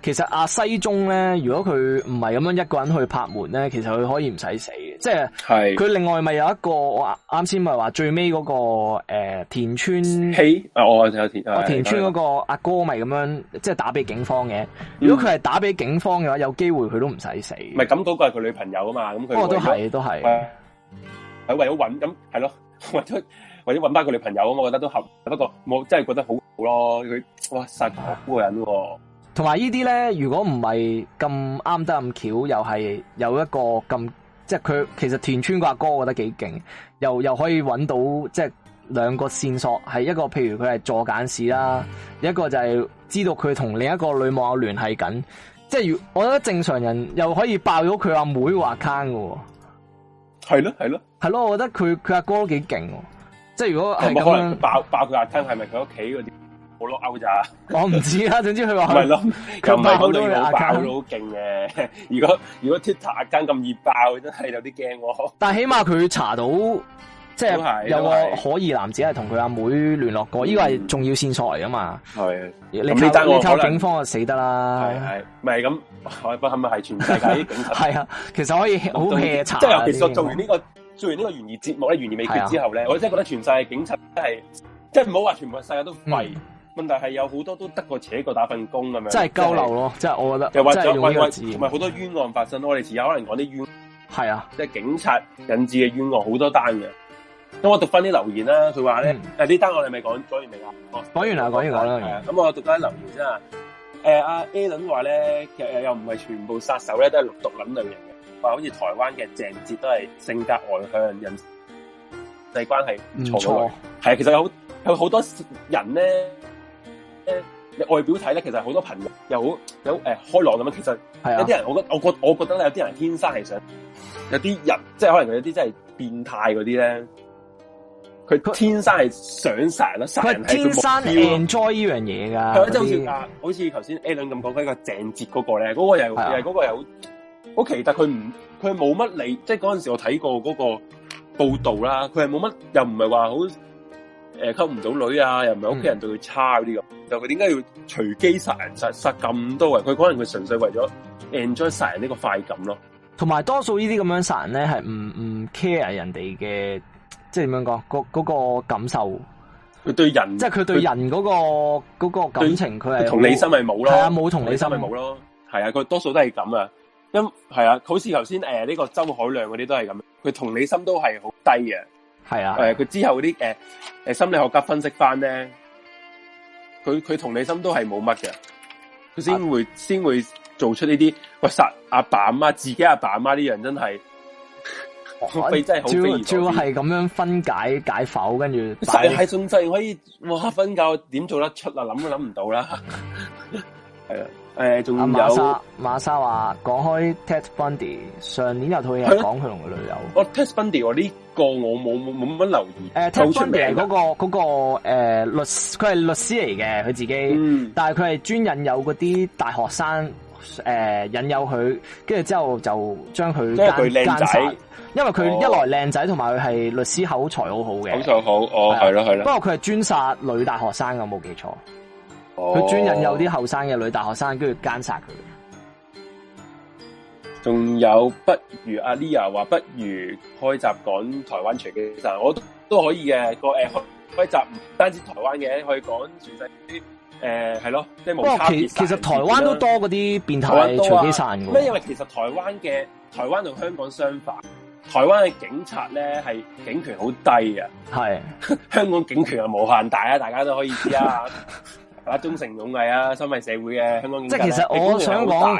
其實阿西中咧，如果佢唔係咁樣一個人去拍門咧，其實佢可以唔使死嘅。即係佢是另外咪有一個，我啱先咪話最尾嗰個，欸、田村喜，哦有田，啊田村嗰個阿哥咪咁樣即係打俾警方嘅。嗯、如果佢係打俾警方嘅話，有機會佢都唔使死。咪咁嗰個係佢女朋友啊嘛，咁佢不過都係都係係為咗揾咁係咯，為咗為咗揾翻個女朋友，我覺得都合。不過我真係覺得好好咯，佢哇殺咁多個人。同埋呢啲咧，如果唔係咁啱得咁巧，又係有一個咁即係佢其實田村個阿哥，哥，我覺得幾勁，又又可以揾到即係兩個線索，係一個譬如佢係座間市啦，一個就係知道佢同另一個女網友聯繫緊，即係如果我覺得正常人又可以爆咗佢阿妹話坑㗎喎。係係咯係咯係咯，我覺得佢佢阿哥都幾勁，即係如果係可能爆爆佢阿聽係咪佢屋企嗰啲？冇攞歐咋，我唔知啦。總之佢話唔係咯，咁爆女牙膠都好勁嘅。如果如果 Twitter 阿更咁熱爆，真係有啲驚喎。但係起碼佢查到，即係有個可疑男子係同佢阿妹聯絡過，呢個係重要線索嚟㗎嘛。係，咁你等我靠警方就死得啦。係係，咪係咁，不係咪係全世界啲警察？係啊，其實可以好 hea 查。即係其實做完呢個做完呢個懸疑節目咧、懸疑未決之後咧，我真係覺得全世界警察都係即係唔好話全部世界都廢。問題係有好多都得過且過，打份工咁樣，即係交流咯，即係我覺得，又或者同埋好多冤案發生，我哋遲下可能講啲冤案，係啊，即係警察引致嘅冤案好多單嘅。咁我讀翻啲留言啦，佢話咧，誒呢單我哋咪講講完未啊？哦，講完啦，講完啦，咁我讀翻留言先啊。誒阿阿倫話咧，又又唔係全部殺手咧都係毒癮類型嘅，話好似台灣嘅鄭捷都係性格外向，人際關係唔錯，係啊，其實有有好多人咧。你外表睇咧，其實好多朋友又好，又誒、欸、開朗咁樣。其實有啲人是、啊、我覺我覺，我覺得有啲人天生係想有啲人，即係可能有啲真係變態嗰啲咧，佢天生係想殺人，殺它人係目標咯。enjoy 依樣嘢噶、那個，係、那、咯、個，就好似好似頭先 Alan 咁講開個鄭捷嗰個咧，嗰個又又嗰個又好，好奇特。佢唔佢冇乜理，即係嗰陣時我睇過嗰個報道啦，佢係冇乜，又唔係話好誒溝唔到女啊，又唔係屋企人對佢差嗰啲咁。嗯這個就佢點解要隨機殺人，殺殺咁多個人？佢可能佢純粹為咗 enjoy 殺人呢個快感咯。同埋多數呢啲咁樣殺人咧，係唔唔 care 人哋嘅，即係點樣講？嗰嗰、嗰個感受，佢對人，即係佢對人嗰個嗰個感情，佢係同理心係冇咯。係啊，冇同理心係冇咯。係啊，佢多數都係咁啊。因係啊，好似頭先誒呢個周凱亮嗰啲都係咁。佢同理心都係好低嘅。係啊，誒、啊，佢之後嗰啲誒誒心理學家分析翻咧。佢佢同理心都係冇乜嘅，佢先會、啊、先會做出呢啲喂，殺阿爸阿媽，自己阿爸阿媽呢樣真係，最最係咁樣分解解剖，跟住就係仲就可以哇，瞓覺，點做得出啊，諗都諗唔到啦。係、 哎、啊，誒仲有馬莎馬莎話，講開 Ted Bundy 上年有套戲講，講佢同佢女友，我 Ted Bundy 我呢個我冇冇冇乜留意。誒，Tiffany 嗰個嗰、嗰個誒律，佢、嗰、係、個呃、律師嚟嘅，佢自己。嗯。但係佢係專引誘嗰啲大學生誒、呃、引誘佢，跟住之後就將佢。因為佢靚仔。奸殺，因為佢一來靚仔，同埋佢係律師口才好好嘅。口才好，哦，係咯，係咯。不過佢係專殺女大學生，我冇記錯。哦。佢專引誘啲後生嘅女大學生，跟住奸殺佢。仲有，不如阿 Lea 話不如開集講台灣隨機殺人，我都都可以嘅，個誒開開集唔單止台灣嘅，可以講全世界啲誒係咯。即係冇其其實台灣都多嗰啲變態隨機殺人嘅咩？因為其實台灣嘅台灣同香港相反，台灣嘅警察咧係警權好低嘅，係是的 香港警權係無限大啊，大家都可以知啊，啊 忠誠勇毅啊，心繫社會嘅、啊、香港警察，即係其實我想講。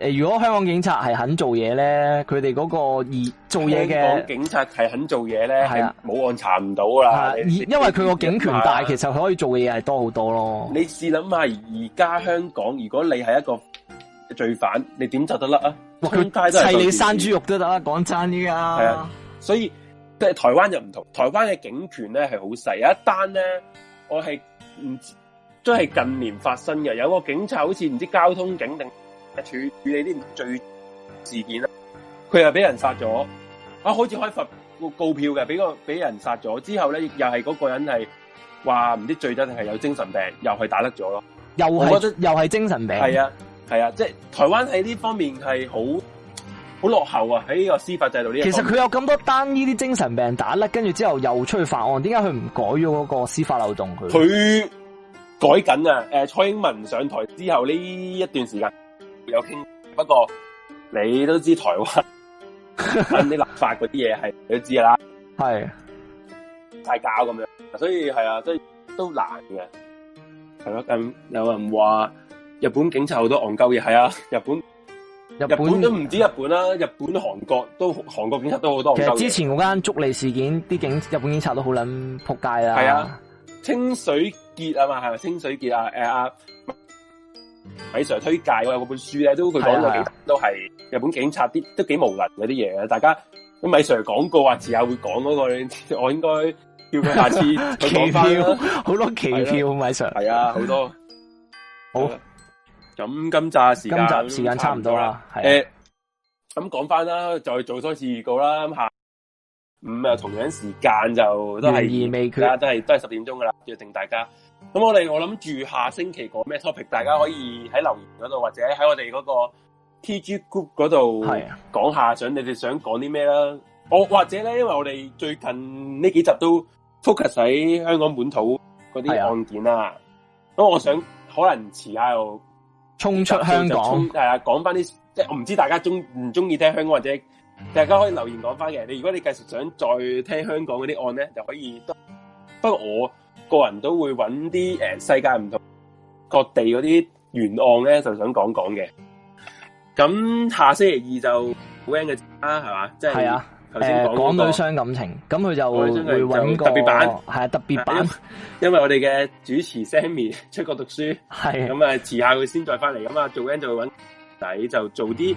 誒，如果香港警察係肯做嘢咧，佢哋嗰個而做嘢嘅警察係肯做嘢咧，係冇案查唔到啦。啊、你因為佢個警權大，啊、其實可以做嘅嘢係多好多咯。你試諗下，而家香港，如果你係一個罪犯，你點就得甩啊？佢砌它你生豬肉都得，講真啲啊。係啊，所以即係台灣就唔同，台灣嘅警權咧係好細。有一單咧，我係唔知都係近年發生嘅，有個警察好似唔知交通警定。處理啲罪事件啦，佢又俾人殺咗啊！好似開罰告票嘅，俾個俾人殺咗之後咧，又係嗰個人係話唔知醉酒定係有精神病，又係打甩咗咯，又係又係精神病，係啊係啊，即係、啊就是、台灣喺呢方面係好好落後啊！喺呢個司法制度呢，其實佢有咁多單呢啲精神病打甩，跟住之後又出去犯案，點解佢唔改咗嗰個司法漏洞？佢改緊啊！誒，蔡英文上台之後呢一段時間。有傾，不過你都知台灣啲 立法嗰啲嘢係，你都知㗎啦，係打交咁樣，所以係啊，都都難嘅，係咯。咁有人話日本警察好多憨鳩嘢，係啊，日本日本都唔止日本啦，日本，的日本韓國都韓國警察都好多。其實之前嗰間足利事件，啲警日本警察都好撚仆街啊。係啊，清水潔啊嘛，係咪清水潔啊？啊！呃米 Sir 推介我有本書咧，他過都佢講過幾都係日本警察啲，都幾無能嗰啲嘢，大家咁米 Sir 講過話，遲下會講嗰、那個，我應該叫佢下次講翻啦。好 妙、啊、多奇票，米 Sir 係啊，好多 好。咁、嗯、今集時間時間差唔多啦，係誒咁講翻啦，再做多次預告啦。咁下五啊，同樣時間就都係懸疑未決都係都係十點鐘噶啦，約定大家。咁我哋我諗住下星期講咩 topic，大家可以喺留言嗰度或者喺我哋嗰個 TG group 嗰度講下，係啊、想你哋想講啲咩啦。我或者咧，因為我哋最近呢幾集都 focus 喺香港本土嗰啲案件啦，咁、啊、我想可能遲下又衝出香港，係啊，講翻啲即係我唔知大家中唔中意聽香港，或者大家可以留言講翻嘅。你如果你繼續想再聽香港嗰啲案咧，就可以。不過我。個人都會揾啲誒世界唔同各地嗰啲原案咧，就想講講嘅。咁下星期二就 Van 嘅啦，係嘛？係、就是那個、啊，頭先講到。港女傷感情，咁佢就會揾個特別版，係啊，特別版因。因為我哋嘅主持 Sammy 出國讀書，係咁的啊，遲下佢先再翻嚟，咁啊做 Van 就揾底，就做啲。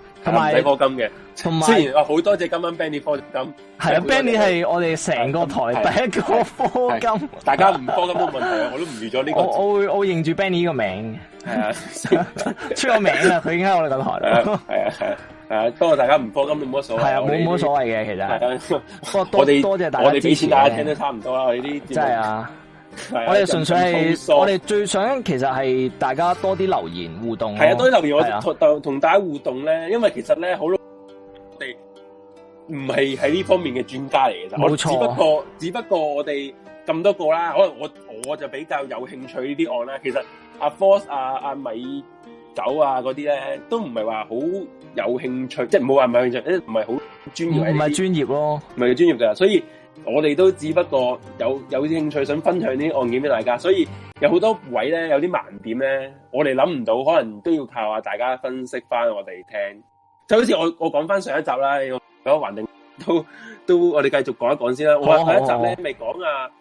同埋科金嘅，雖然啊，好多謝今晚 Benny 科金。係啊，Benny 係我哋成個台第一個科金，大家唔科金冇問題，我都唔預咗呢個。我我認住 Benny 個名，係啊，出咗名啦，佢已經喺我哋個台啦。係啊係啊，不過大家唔科金都冇乜所謂，係啊，冇冇所謂嘅，其實。我哋多謝大家，我哋俾錢大家聽都差唔多啦，我哋啲真係啊。啊、我哋純粹係，我哋最想其實係大家多啲留言互動。係啊，多啲留言我同大家互動咧，因為其實咧好，啊、我哋唔係喺呢方面嘅專家嚟嘅。冇錯，只不過只不過我哋咁多個啦，可能我我就比較有興趣呢啲案啦。其實阿 Fox、啊、阿阿米狗啊嗰啲咧，都唔係話好有興趣，即係唔好話唔係興趣，唔係好專業，唔係專業咯，唔係專業嘅，所以。我哋都只不過有有啲興趣想分享啲案件俾大家，所以有好多位咧有啲盲點咧，我哋諗唔到，可能都要靠大家分析翻我哋聽。就好似我我講翻上一集啦，有個環境都都我哋繼續講一講先啦。我，講一講我上一集咧未講啊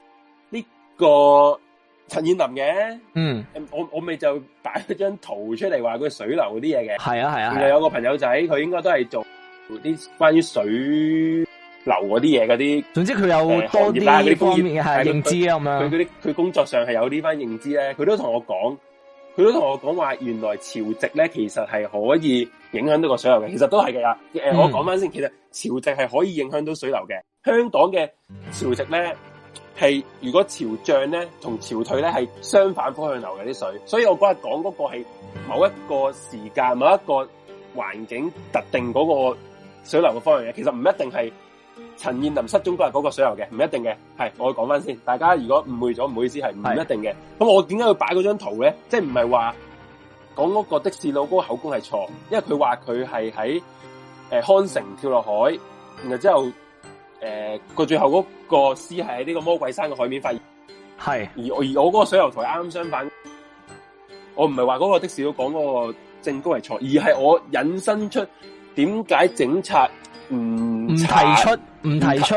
呢、這個陳彥霖嘅，嗯，我我咪就擺咗張圖出嚟話佢水流嗰啲嘢嘅，係啊係啊，仲、啊啊、有個朋友仔佢應該都係做啲關於水。流嗰啲嘢嗰啲，總之佢有多啲嗰啲方面嘅他認知咁樣。佢啲佢工作上係有呢番認知咧，佢都同我講，佢都同我講話，原來潮汐咧其實係可以影響到個水流嘅。其實都係嘅啦。誒、嗯，我講翻先，其實潮汐係可以影響到水流嘅。香港嘅潮汐咧係如果潮漲咧同潮退咧係相反方向流嘅啲水，所以我嗰日講嗰個係某一個時間、某一個環境特定嗰個水流嘅方向嘅，其實唔一定係。陳燕林失蹤都係嗰個水油嘅，唔一定嘅。係，我講翻先，大家如果誤會咗，唔好意思，係唔一定嘅。咁是我點解要擺嗰張圖咧？即係唔係話講嗰個的士佬嗰口供係錯，因為佢話佢係喺誒康城跳落海，然後之後誒個、呃、最後嗰個屍係喺呢個魔鬼山嘅海面發現。係是。而而我嗰個水油台啱相反，我唔係話嗰個的士佬講嗰個證據係錯，而係我引申出點解警察。唔唔提出唔提出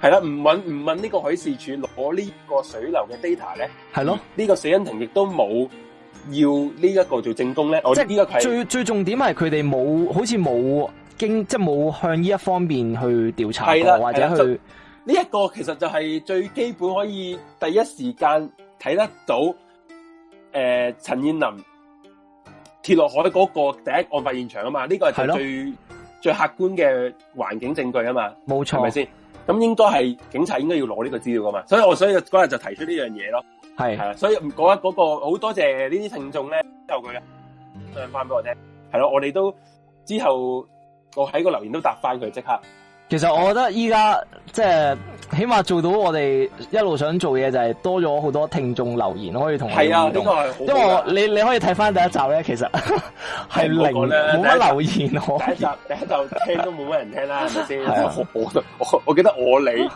係啦，唔問唔問呢個海事處攞呢個水流嘅 data 咧，係咯的？呢、嗯這個死因庭亦都冇要呢一個做證供咧。即係呢個是最最重點係佢哋冇，好似冇經即係冇向呢一方面去調查過，或者去呢一、這個其實就係最基本可以第一時間睇得到。誒、呃，陳彥霖跌落海嗰個第一案發現場啊嘛，呢、這個係最，最。是最客觀嘅環境證據啊嘛，冇錯，係咪先？咁應該係警察應該要攞呢個資料噶嘛，所以我所以嗰日就提出呢樣嘢咯。係係啦，所以講一嗰個好多、那個、謝呢啲聽眾咧，之後佢上翻俾我聽。係咯，我哋都之後我喺個留言都答翻佢，即刻。其實我覺得依家即係起碼做到我哋一路想做嘢就係多咗好多聽眾留言可以同我，係啊、這個、好因為我你你可以睇翻第一集咧，其實係是零冇乜呢留言第，第一集第一集聽都冇乜人聽啦，係咪先？我我記得我你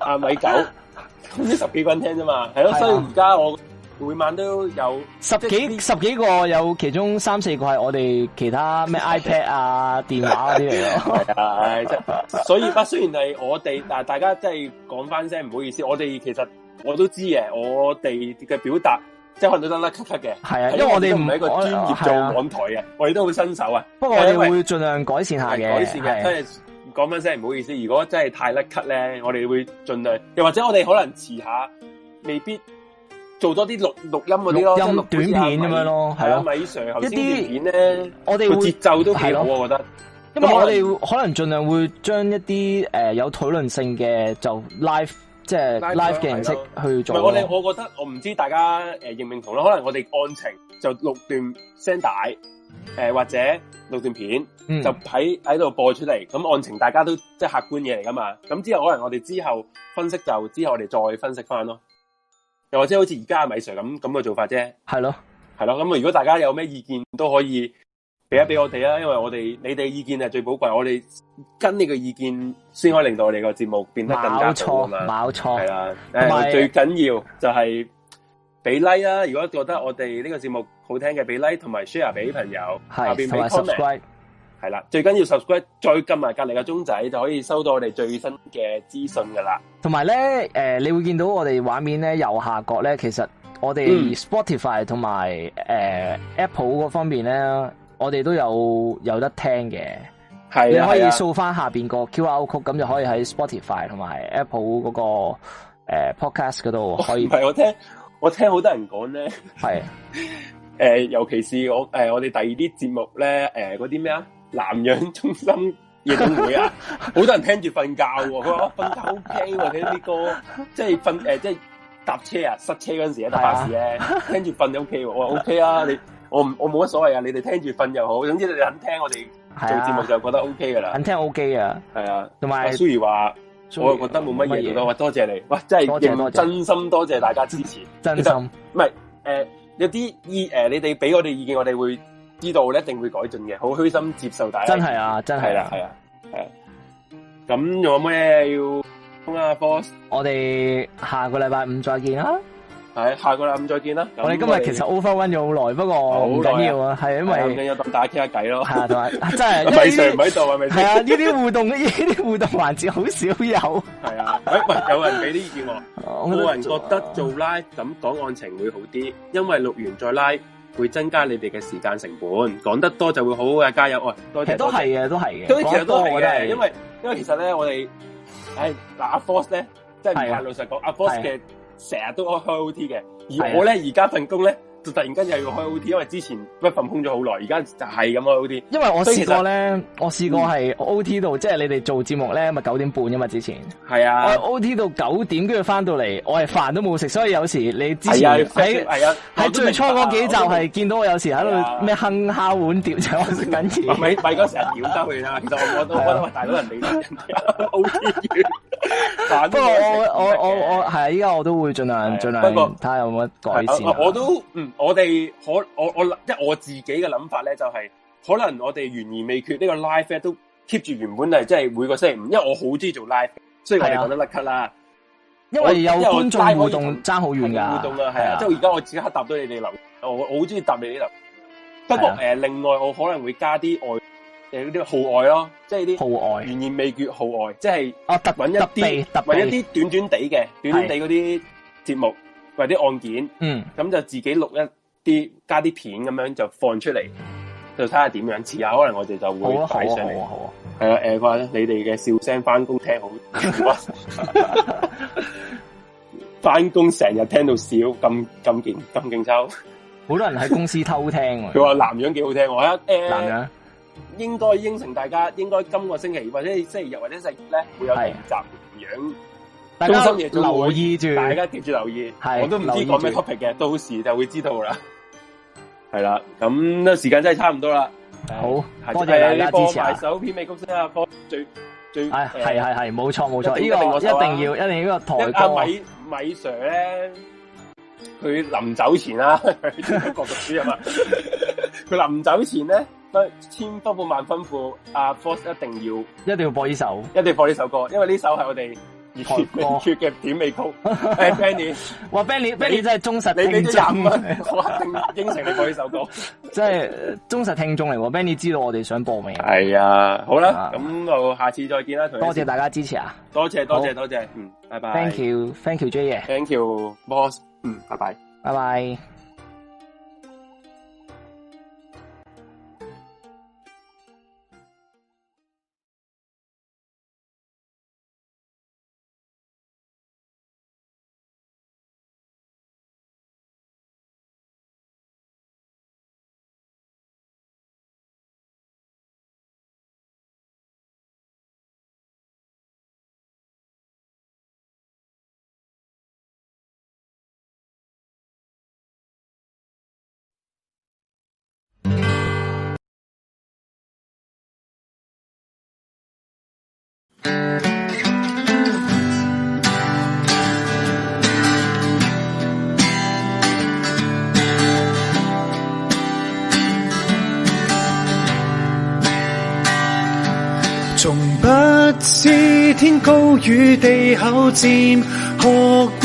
阿、 啊、米狗呢十幾個人聽啫嘛，係咯、啊，所以而家我。每晚都有十幾十幾個有，其中三四個係我哋其他咩 iPad 啊、電話嗰啲嘢咯。係，所以不雖然係我哋，但係大家即係講翻聲唔好意思，我哋其實我都知嘅，我哋嘅表達即係可能都得甩咳嘅，係啊，因為我哋唔係一個專業做網台嘅，我哋都好新手啊。不過我哋會盡量改善下嘅，改善嘅。即係講翻聲唔好意思，如果真係太甩咳呢，咧，我哋會盡量，又或者我哋可能遲下未必。做多啲錄錄音嗰啲咯， 短片咁米樣咯，係咯了，一啲片咧，我哋節奏都好，我覺得。咁我哋可能盡量會將一啲誒有討論性嘅就 live，即係 live 嘅形式去做。我哋我覺得我唔知大家誒認唔認同囉。可能我哋案情就錄段聲帶，誒、呃、或者錄段片，就喺喺度播出嚟。咁案情大家都即係、就是、客觀嘢嚟噶嘛。咁之後可能我哋之後分析就之後我哋再分析翻咯。又或者好似而家阿米 Sir 咁咁嘅做法啫，係咯的，係咯。咁啊，如果大家有咩意見都可以俾一俾我哋啊，的因為我哋你哋意見係最寶貴，我哋跟你嘅意見先可以令到我哋個節目變得更加好，冇錯，冇錯，係啦。的是最緊要就係俾 like 啊，如果覺得我哋呢個節目好聽嘅，俾 like 同埋 share 俾朋友，的下係啦，最緊要 subscribe，再撳埋隔籬個鐘仔，就可以收到我哋最新嘅資訊噶啦。同埋咧，誒、呃，你會見到我哋畫面咧，右下角咧，其實我哋 Spotify 同埋誒、嗯呃、Apple 嗰方面咧，我哋都有有得聽嘅。係、啊，你可以掃翻下邊個 QR Code 咁、啊、就可以喺 Spotify 同埋 Apple 嗰、那個誒、呃、Podcast 嗰度可以。係、哦，我聽我聽好多人講咧，係誒、啊 呃，尤其是我誒、呃，我哋第二啲節目咧，誒、呃，嗰啲咩啊？南洋中心夜總會啊，好多人聽住瞓覺喎，佢話瞓覺 O K 喎，聽啲歌，即係瞓誒，即係搭車啊，塞車嗰陣時啊，搭巴士咧，聽住瞓又 O K 喎，我話 O K 啊，你我我冇乜所謂啊，你哋聽住瞓又好，總之你肯聽我哋做節目就覺得 O K 噶啦，肯聽 O K 啊，係啊，同埋蘇怡話，我又覺得冇乜嘢咯，我多謝你，哇，真係真心多謝大家支持，真心，唔係誒，有啲意誒，你哋俾我哋意見，我哋會。知道你一定會改進嘅，好虛心接受大家。真係啊，真係啦，係啊，係。咁有咩要？咁啊 Fox 我哋下個禮拜五再見啦。係，下個禮拜五再見啦。我哋今日其實 overrun 咗好耐，不過唔緊要啊，係因為有咁大傾下偈咯。係同埋，真係。咪常唔喺度啊？係啊，呢啲互動，呢啲互動環節好少有。係啊，喂，有人俾啲意見？冇人覺得做拉咁講案情會好啲，因為錄完再拉。會增加你哋嘅時間成本，講得多就會好好嘅。加油，喂！其實都係嘅，都係嘅。嗰啲其實都係，因為因為其實咧，我哋誒，嗱阿 Force 咧，即係老實講，阿 Force 嘅成日都開 OT 嘅，而我咧而家份工咧。就突然間又要開 O T，因為之前一份空咗好耐，而家就係咁開 O T。因為我試過咧，我試過係 O T 度，嗯、即係你哋做節目咧，咪九點半噶、啊、嘛？之前係啊，O T 到九點，跟住翻到嚟，我係飯都冇食，所以有時你之前喺啊，喺、啊啊啊、最初嗰幾集係見到我有時喺度咩哼敲碗碟，碟、啊，就我食緊嘢。咪咪嗰時係擾得你啦，到 其實我都我覺得為大佬人哋 O T。 不過我是但我我我係依家，我都會盡量盡量睇下有冇改善我我。我都嗯，我哋我我我即係我自己嘅諗法咧，就係可能我哋懸而未決呢個 live 都 keep 住原本係即係每個星期五。因為我好中意做 live，所以我哋覺得甩 cut 啦。因為有觀眾互動，爭好遠噶。互動啊，係啊，即係而家我即刻答到你哋留我我好中意答你哋留言。不過誒，另外我可能會加啲外。誒，啲號外咯，即係啲號外，懸疑未決，號外，即係揾一啲揾一啲短短地嘅，短短地嗰啲節目是或者案件，嗯，咁就自己錄一啲加啲片咁樣就放出嚟，就睇下點樣。遲下可能我哋就會睇上嚟。係啊，誒你哋嘅笑聲返工聽好，返工成日聽到笑，咁咁勁，咁勁抽。好 多人喺公司偷聽。佢話男人幾好聽，我一男人。呃應該應承大家，應該今個星期或者星期日或者星期咧會有第二集同樣。大家都留意住，大家記住留意。我都唔知講咩 topic 嘅，到時就會知道啦。係啦，咁時間真係差唔多啦。好，多謝大家支持。首片尾曲先啦。科最最係係係，冇錯冇錯，呢個一定要一定要呢個台阿米米 Sir 咧，佢臨走前啦，英國讀書啊佢臨走前咧。千多咐萬吩咐，阿 Boss 一定要，一定要播呢首，一定要播呢首歌，因為呢首係我哋熱血嘅片尾曲。係 Benny，哇 Benny，Benny 真係忠實聽眾啊！我一定應承你播呢首歌，真係忠實聽眾嚟。Benny 知道我哋想播咩，係啊，好啦，咁就下次再見啦。多謝大家支持啊！多謝多謝多謝，嗯，拜拜。Thank you，Thank you，J，Thank you，Boss，嗯，拜拜，拜拜。是天高與地厚，漸學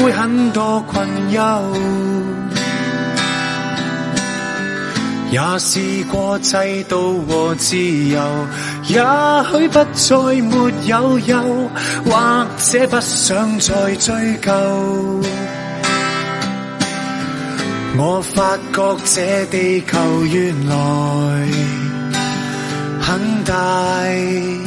會很多困憂。也試過制度和自由，也許不再沒有憂，或者不想再追究。我發覺這地球原來很大。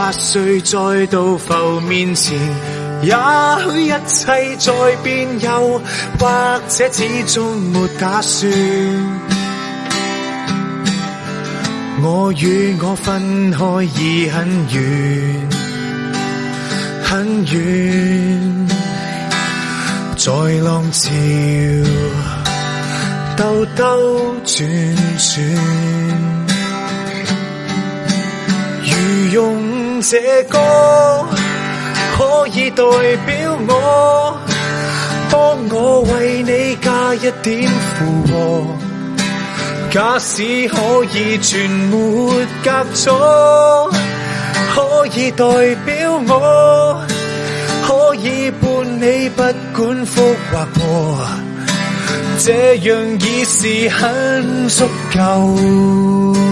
八歲再到浮面前，也許一切在變悠，或者始終沒打算。我與我分開已很遠，很遠，在浪潮兜兜轉轉，逗逗轉轉。這歌可以代表我，幫我為你加一點負荷。假使可以全沒隔阻，可以代表我，可以伴你不管福或禍，這樣已是很足夠。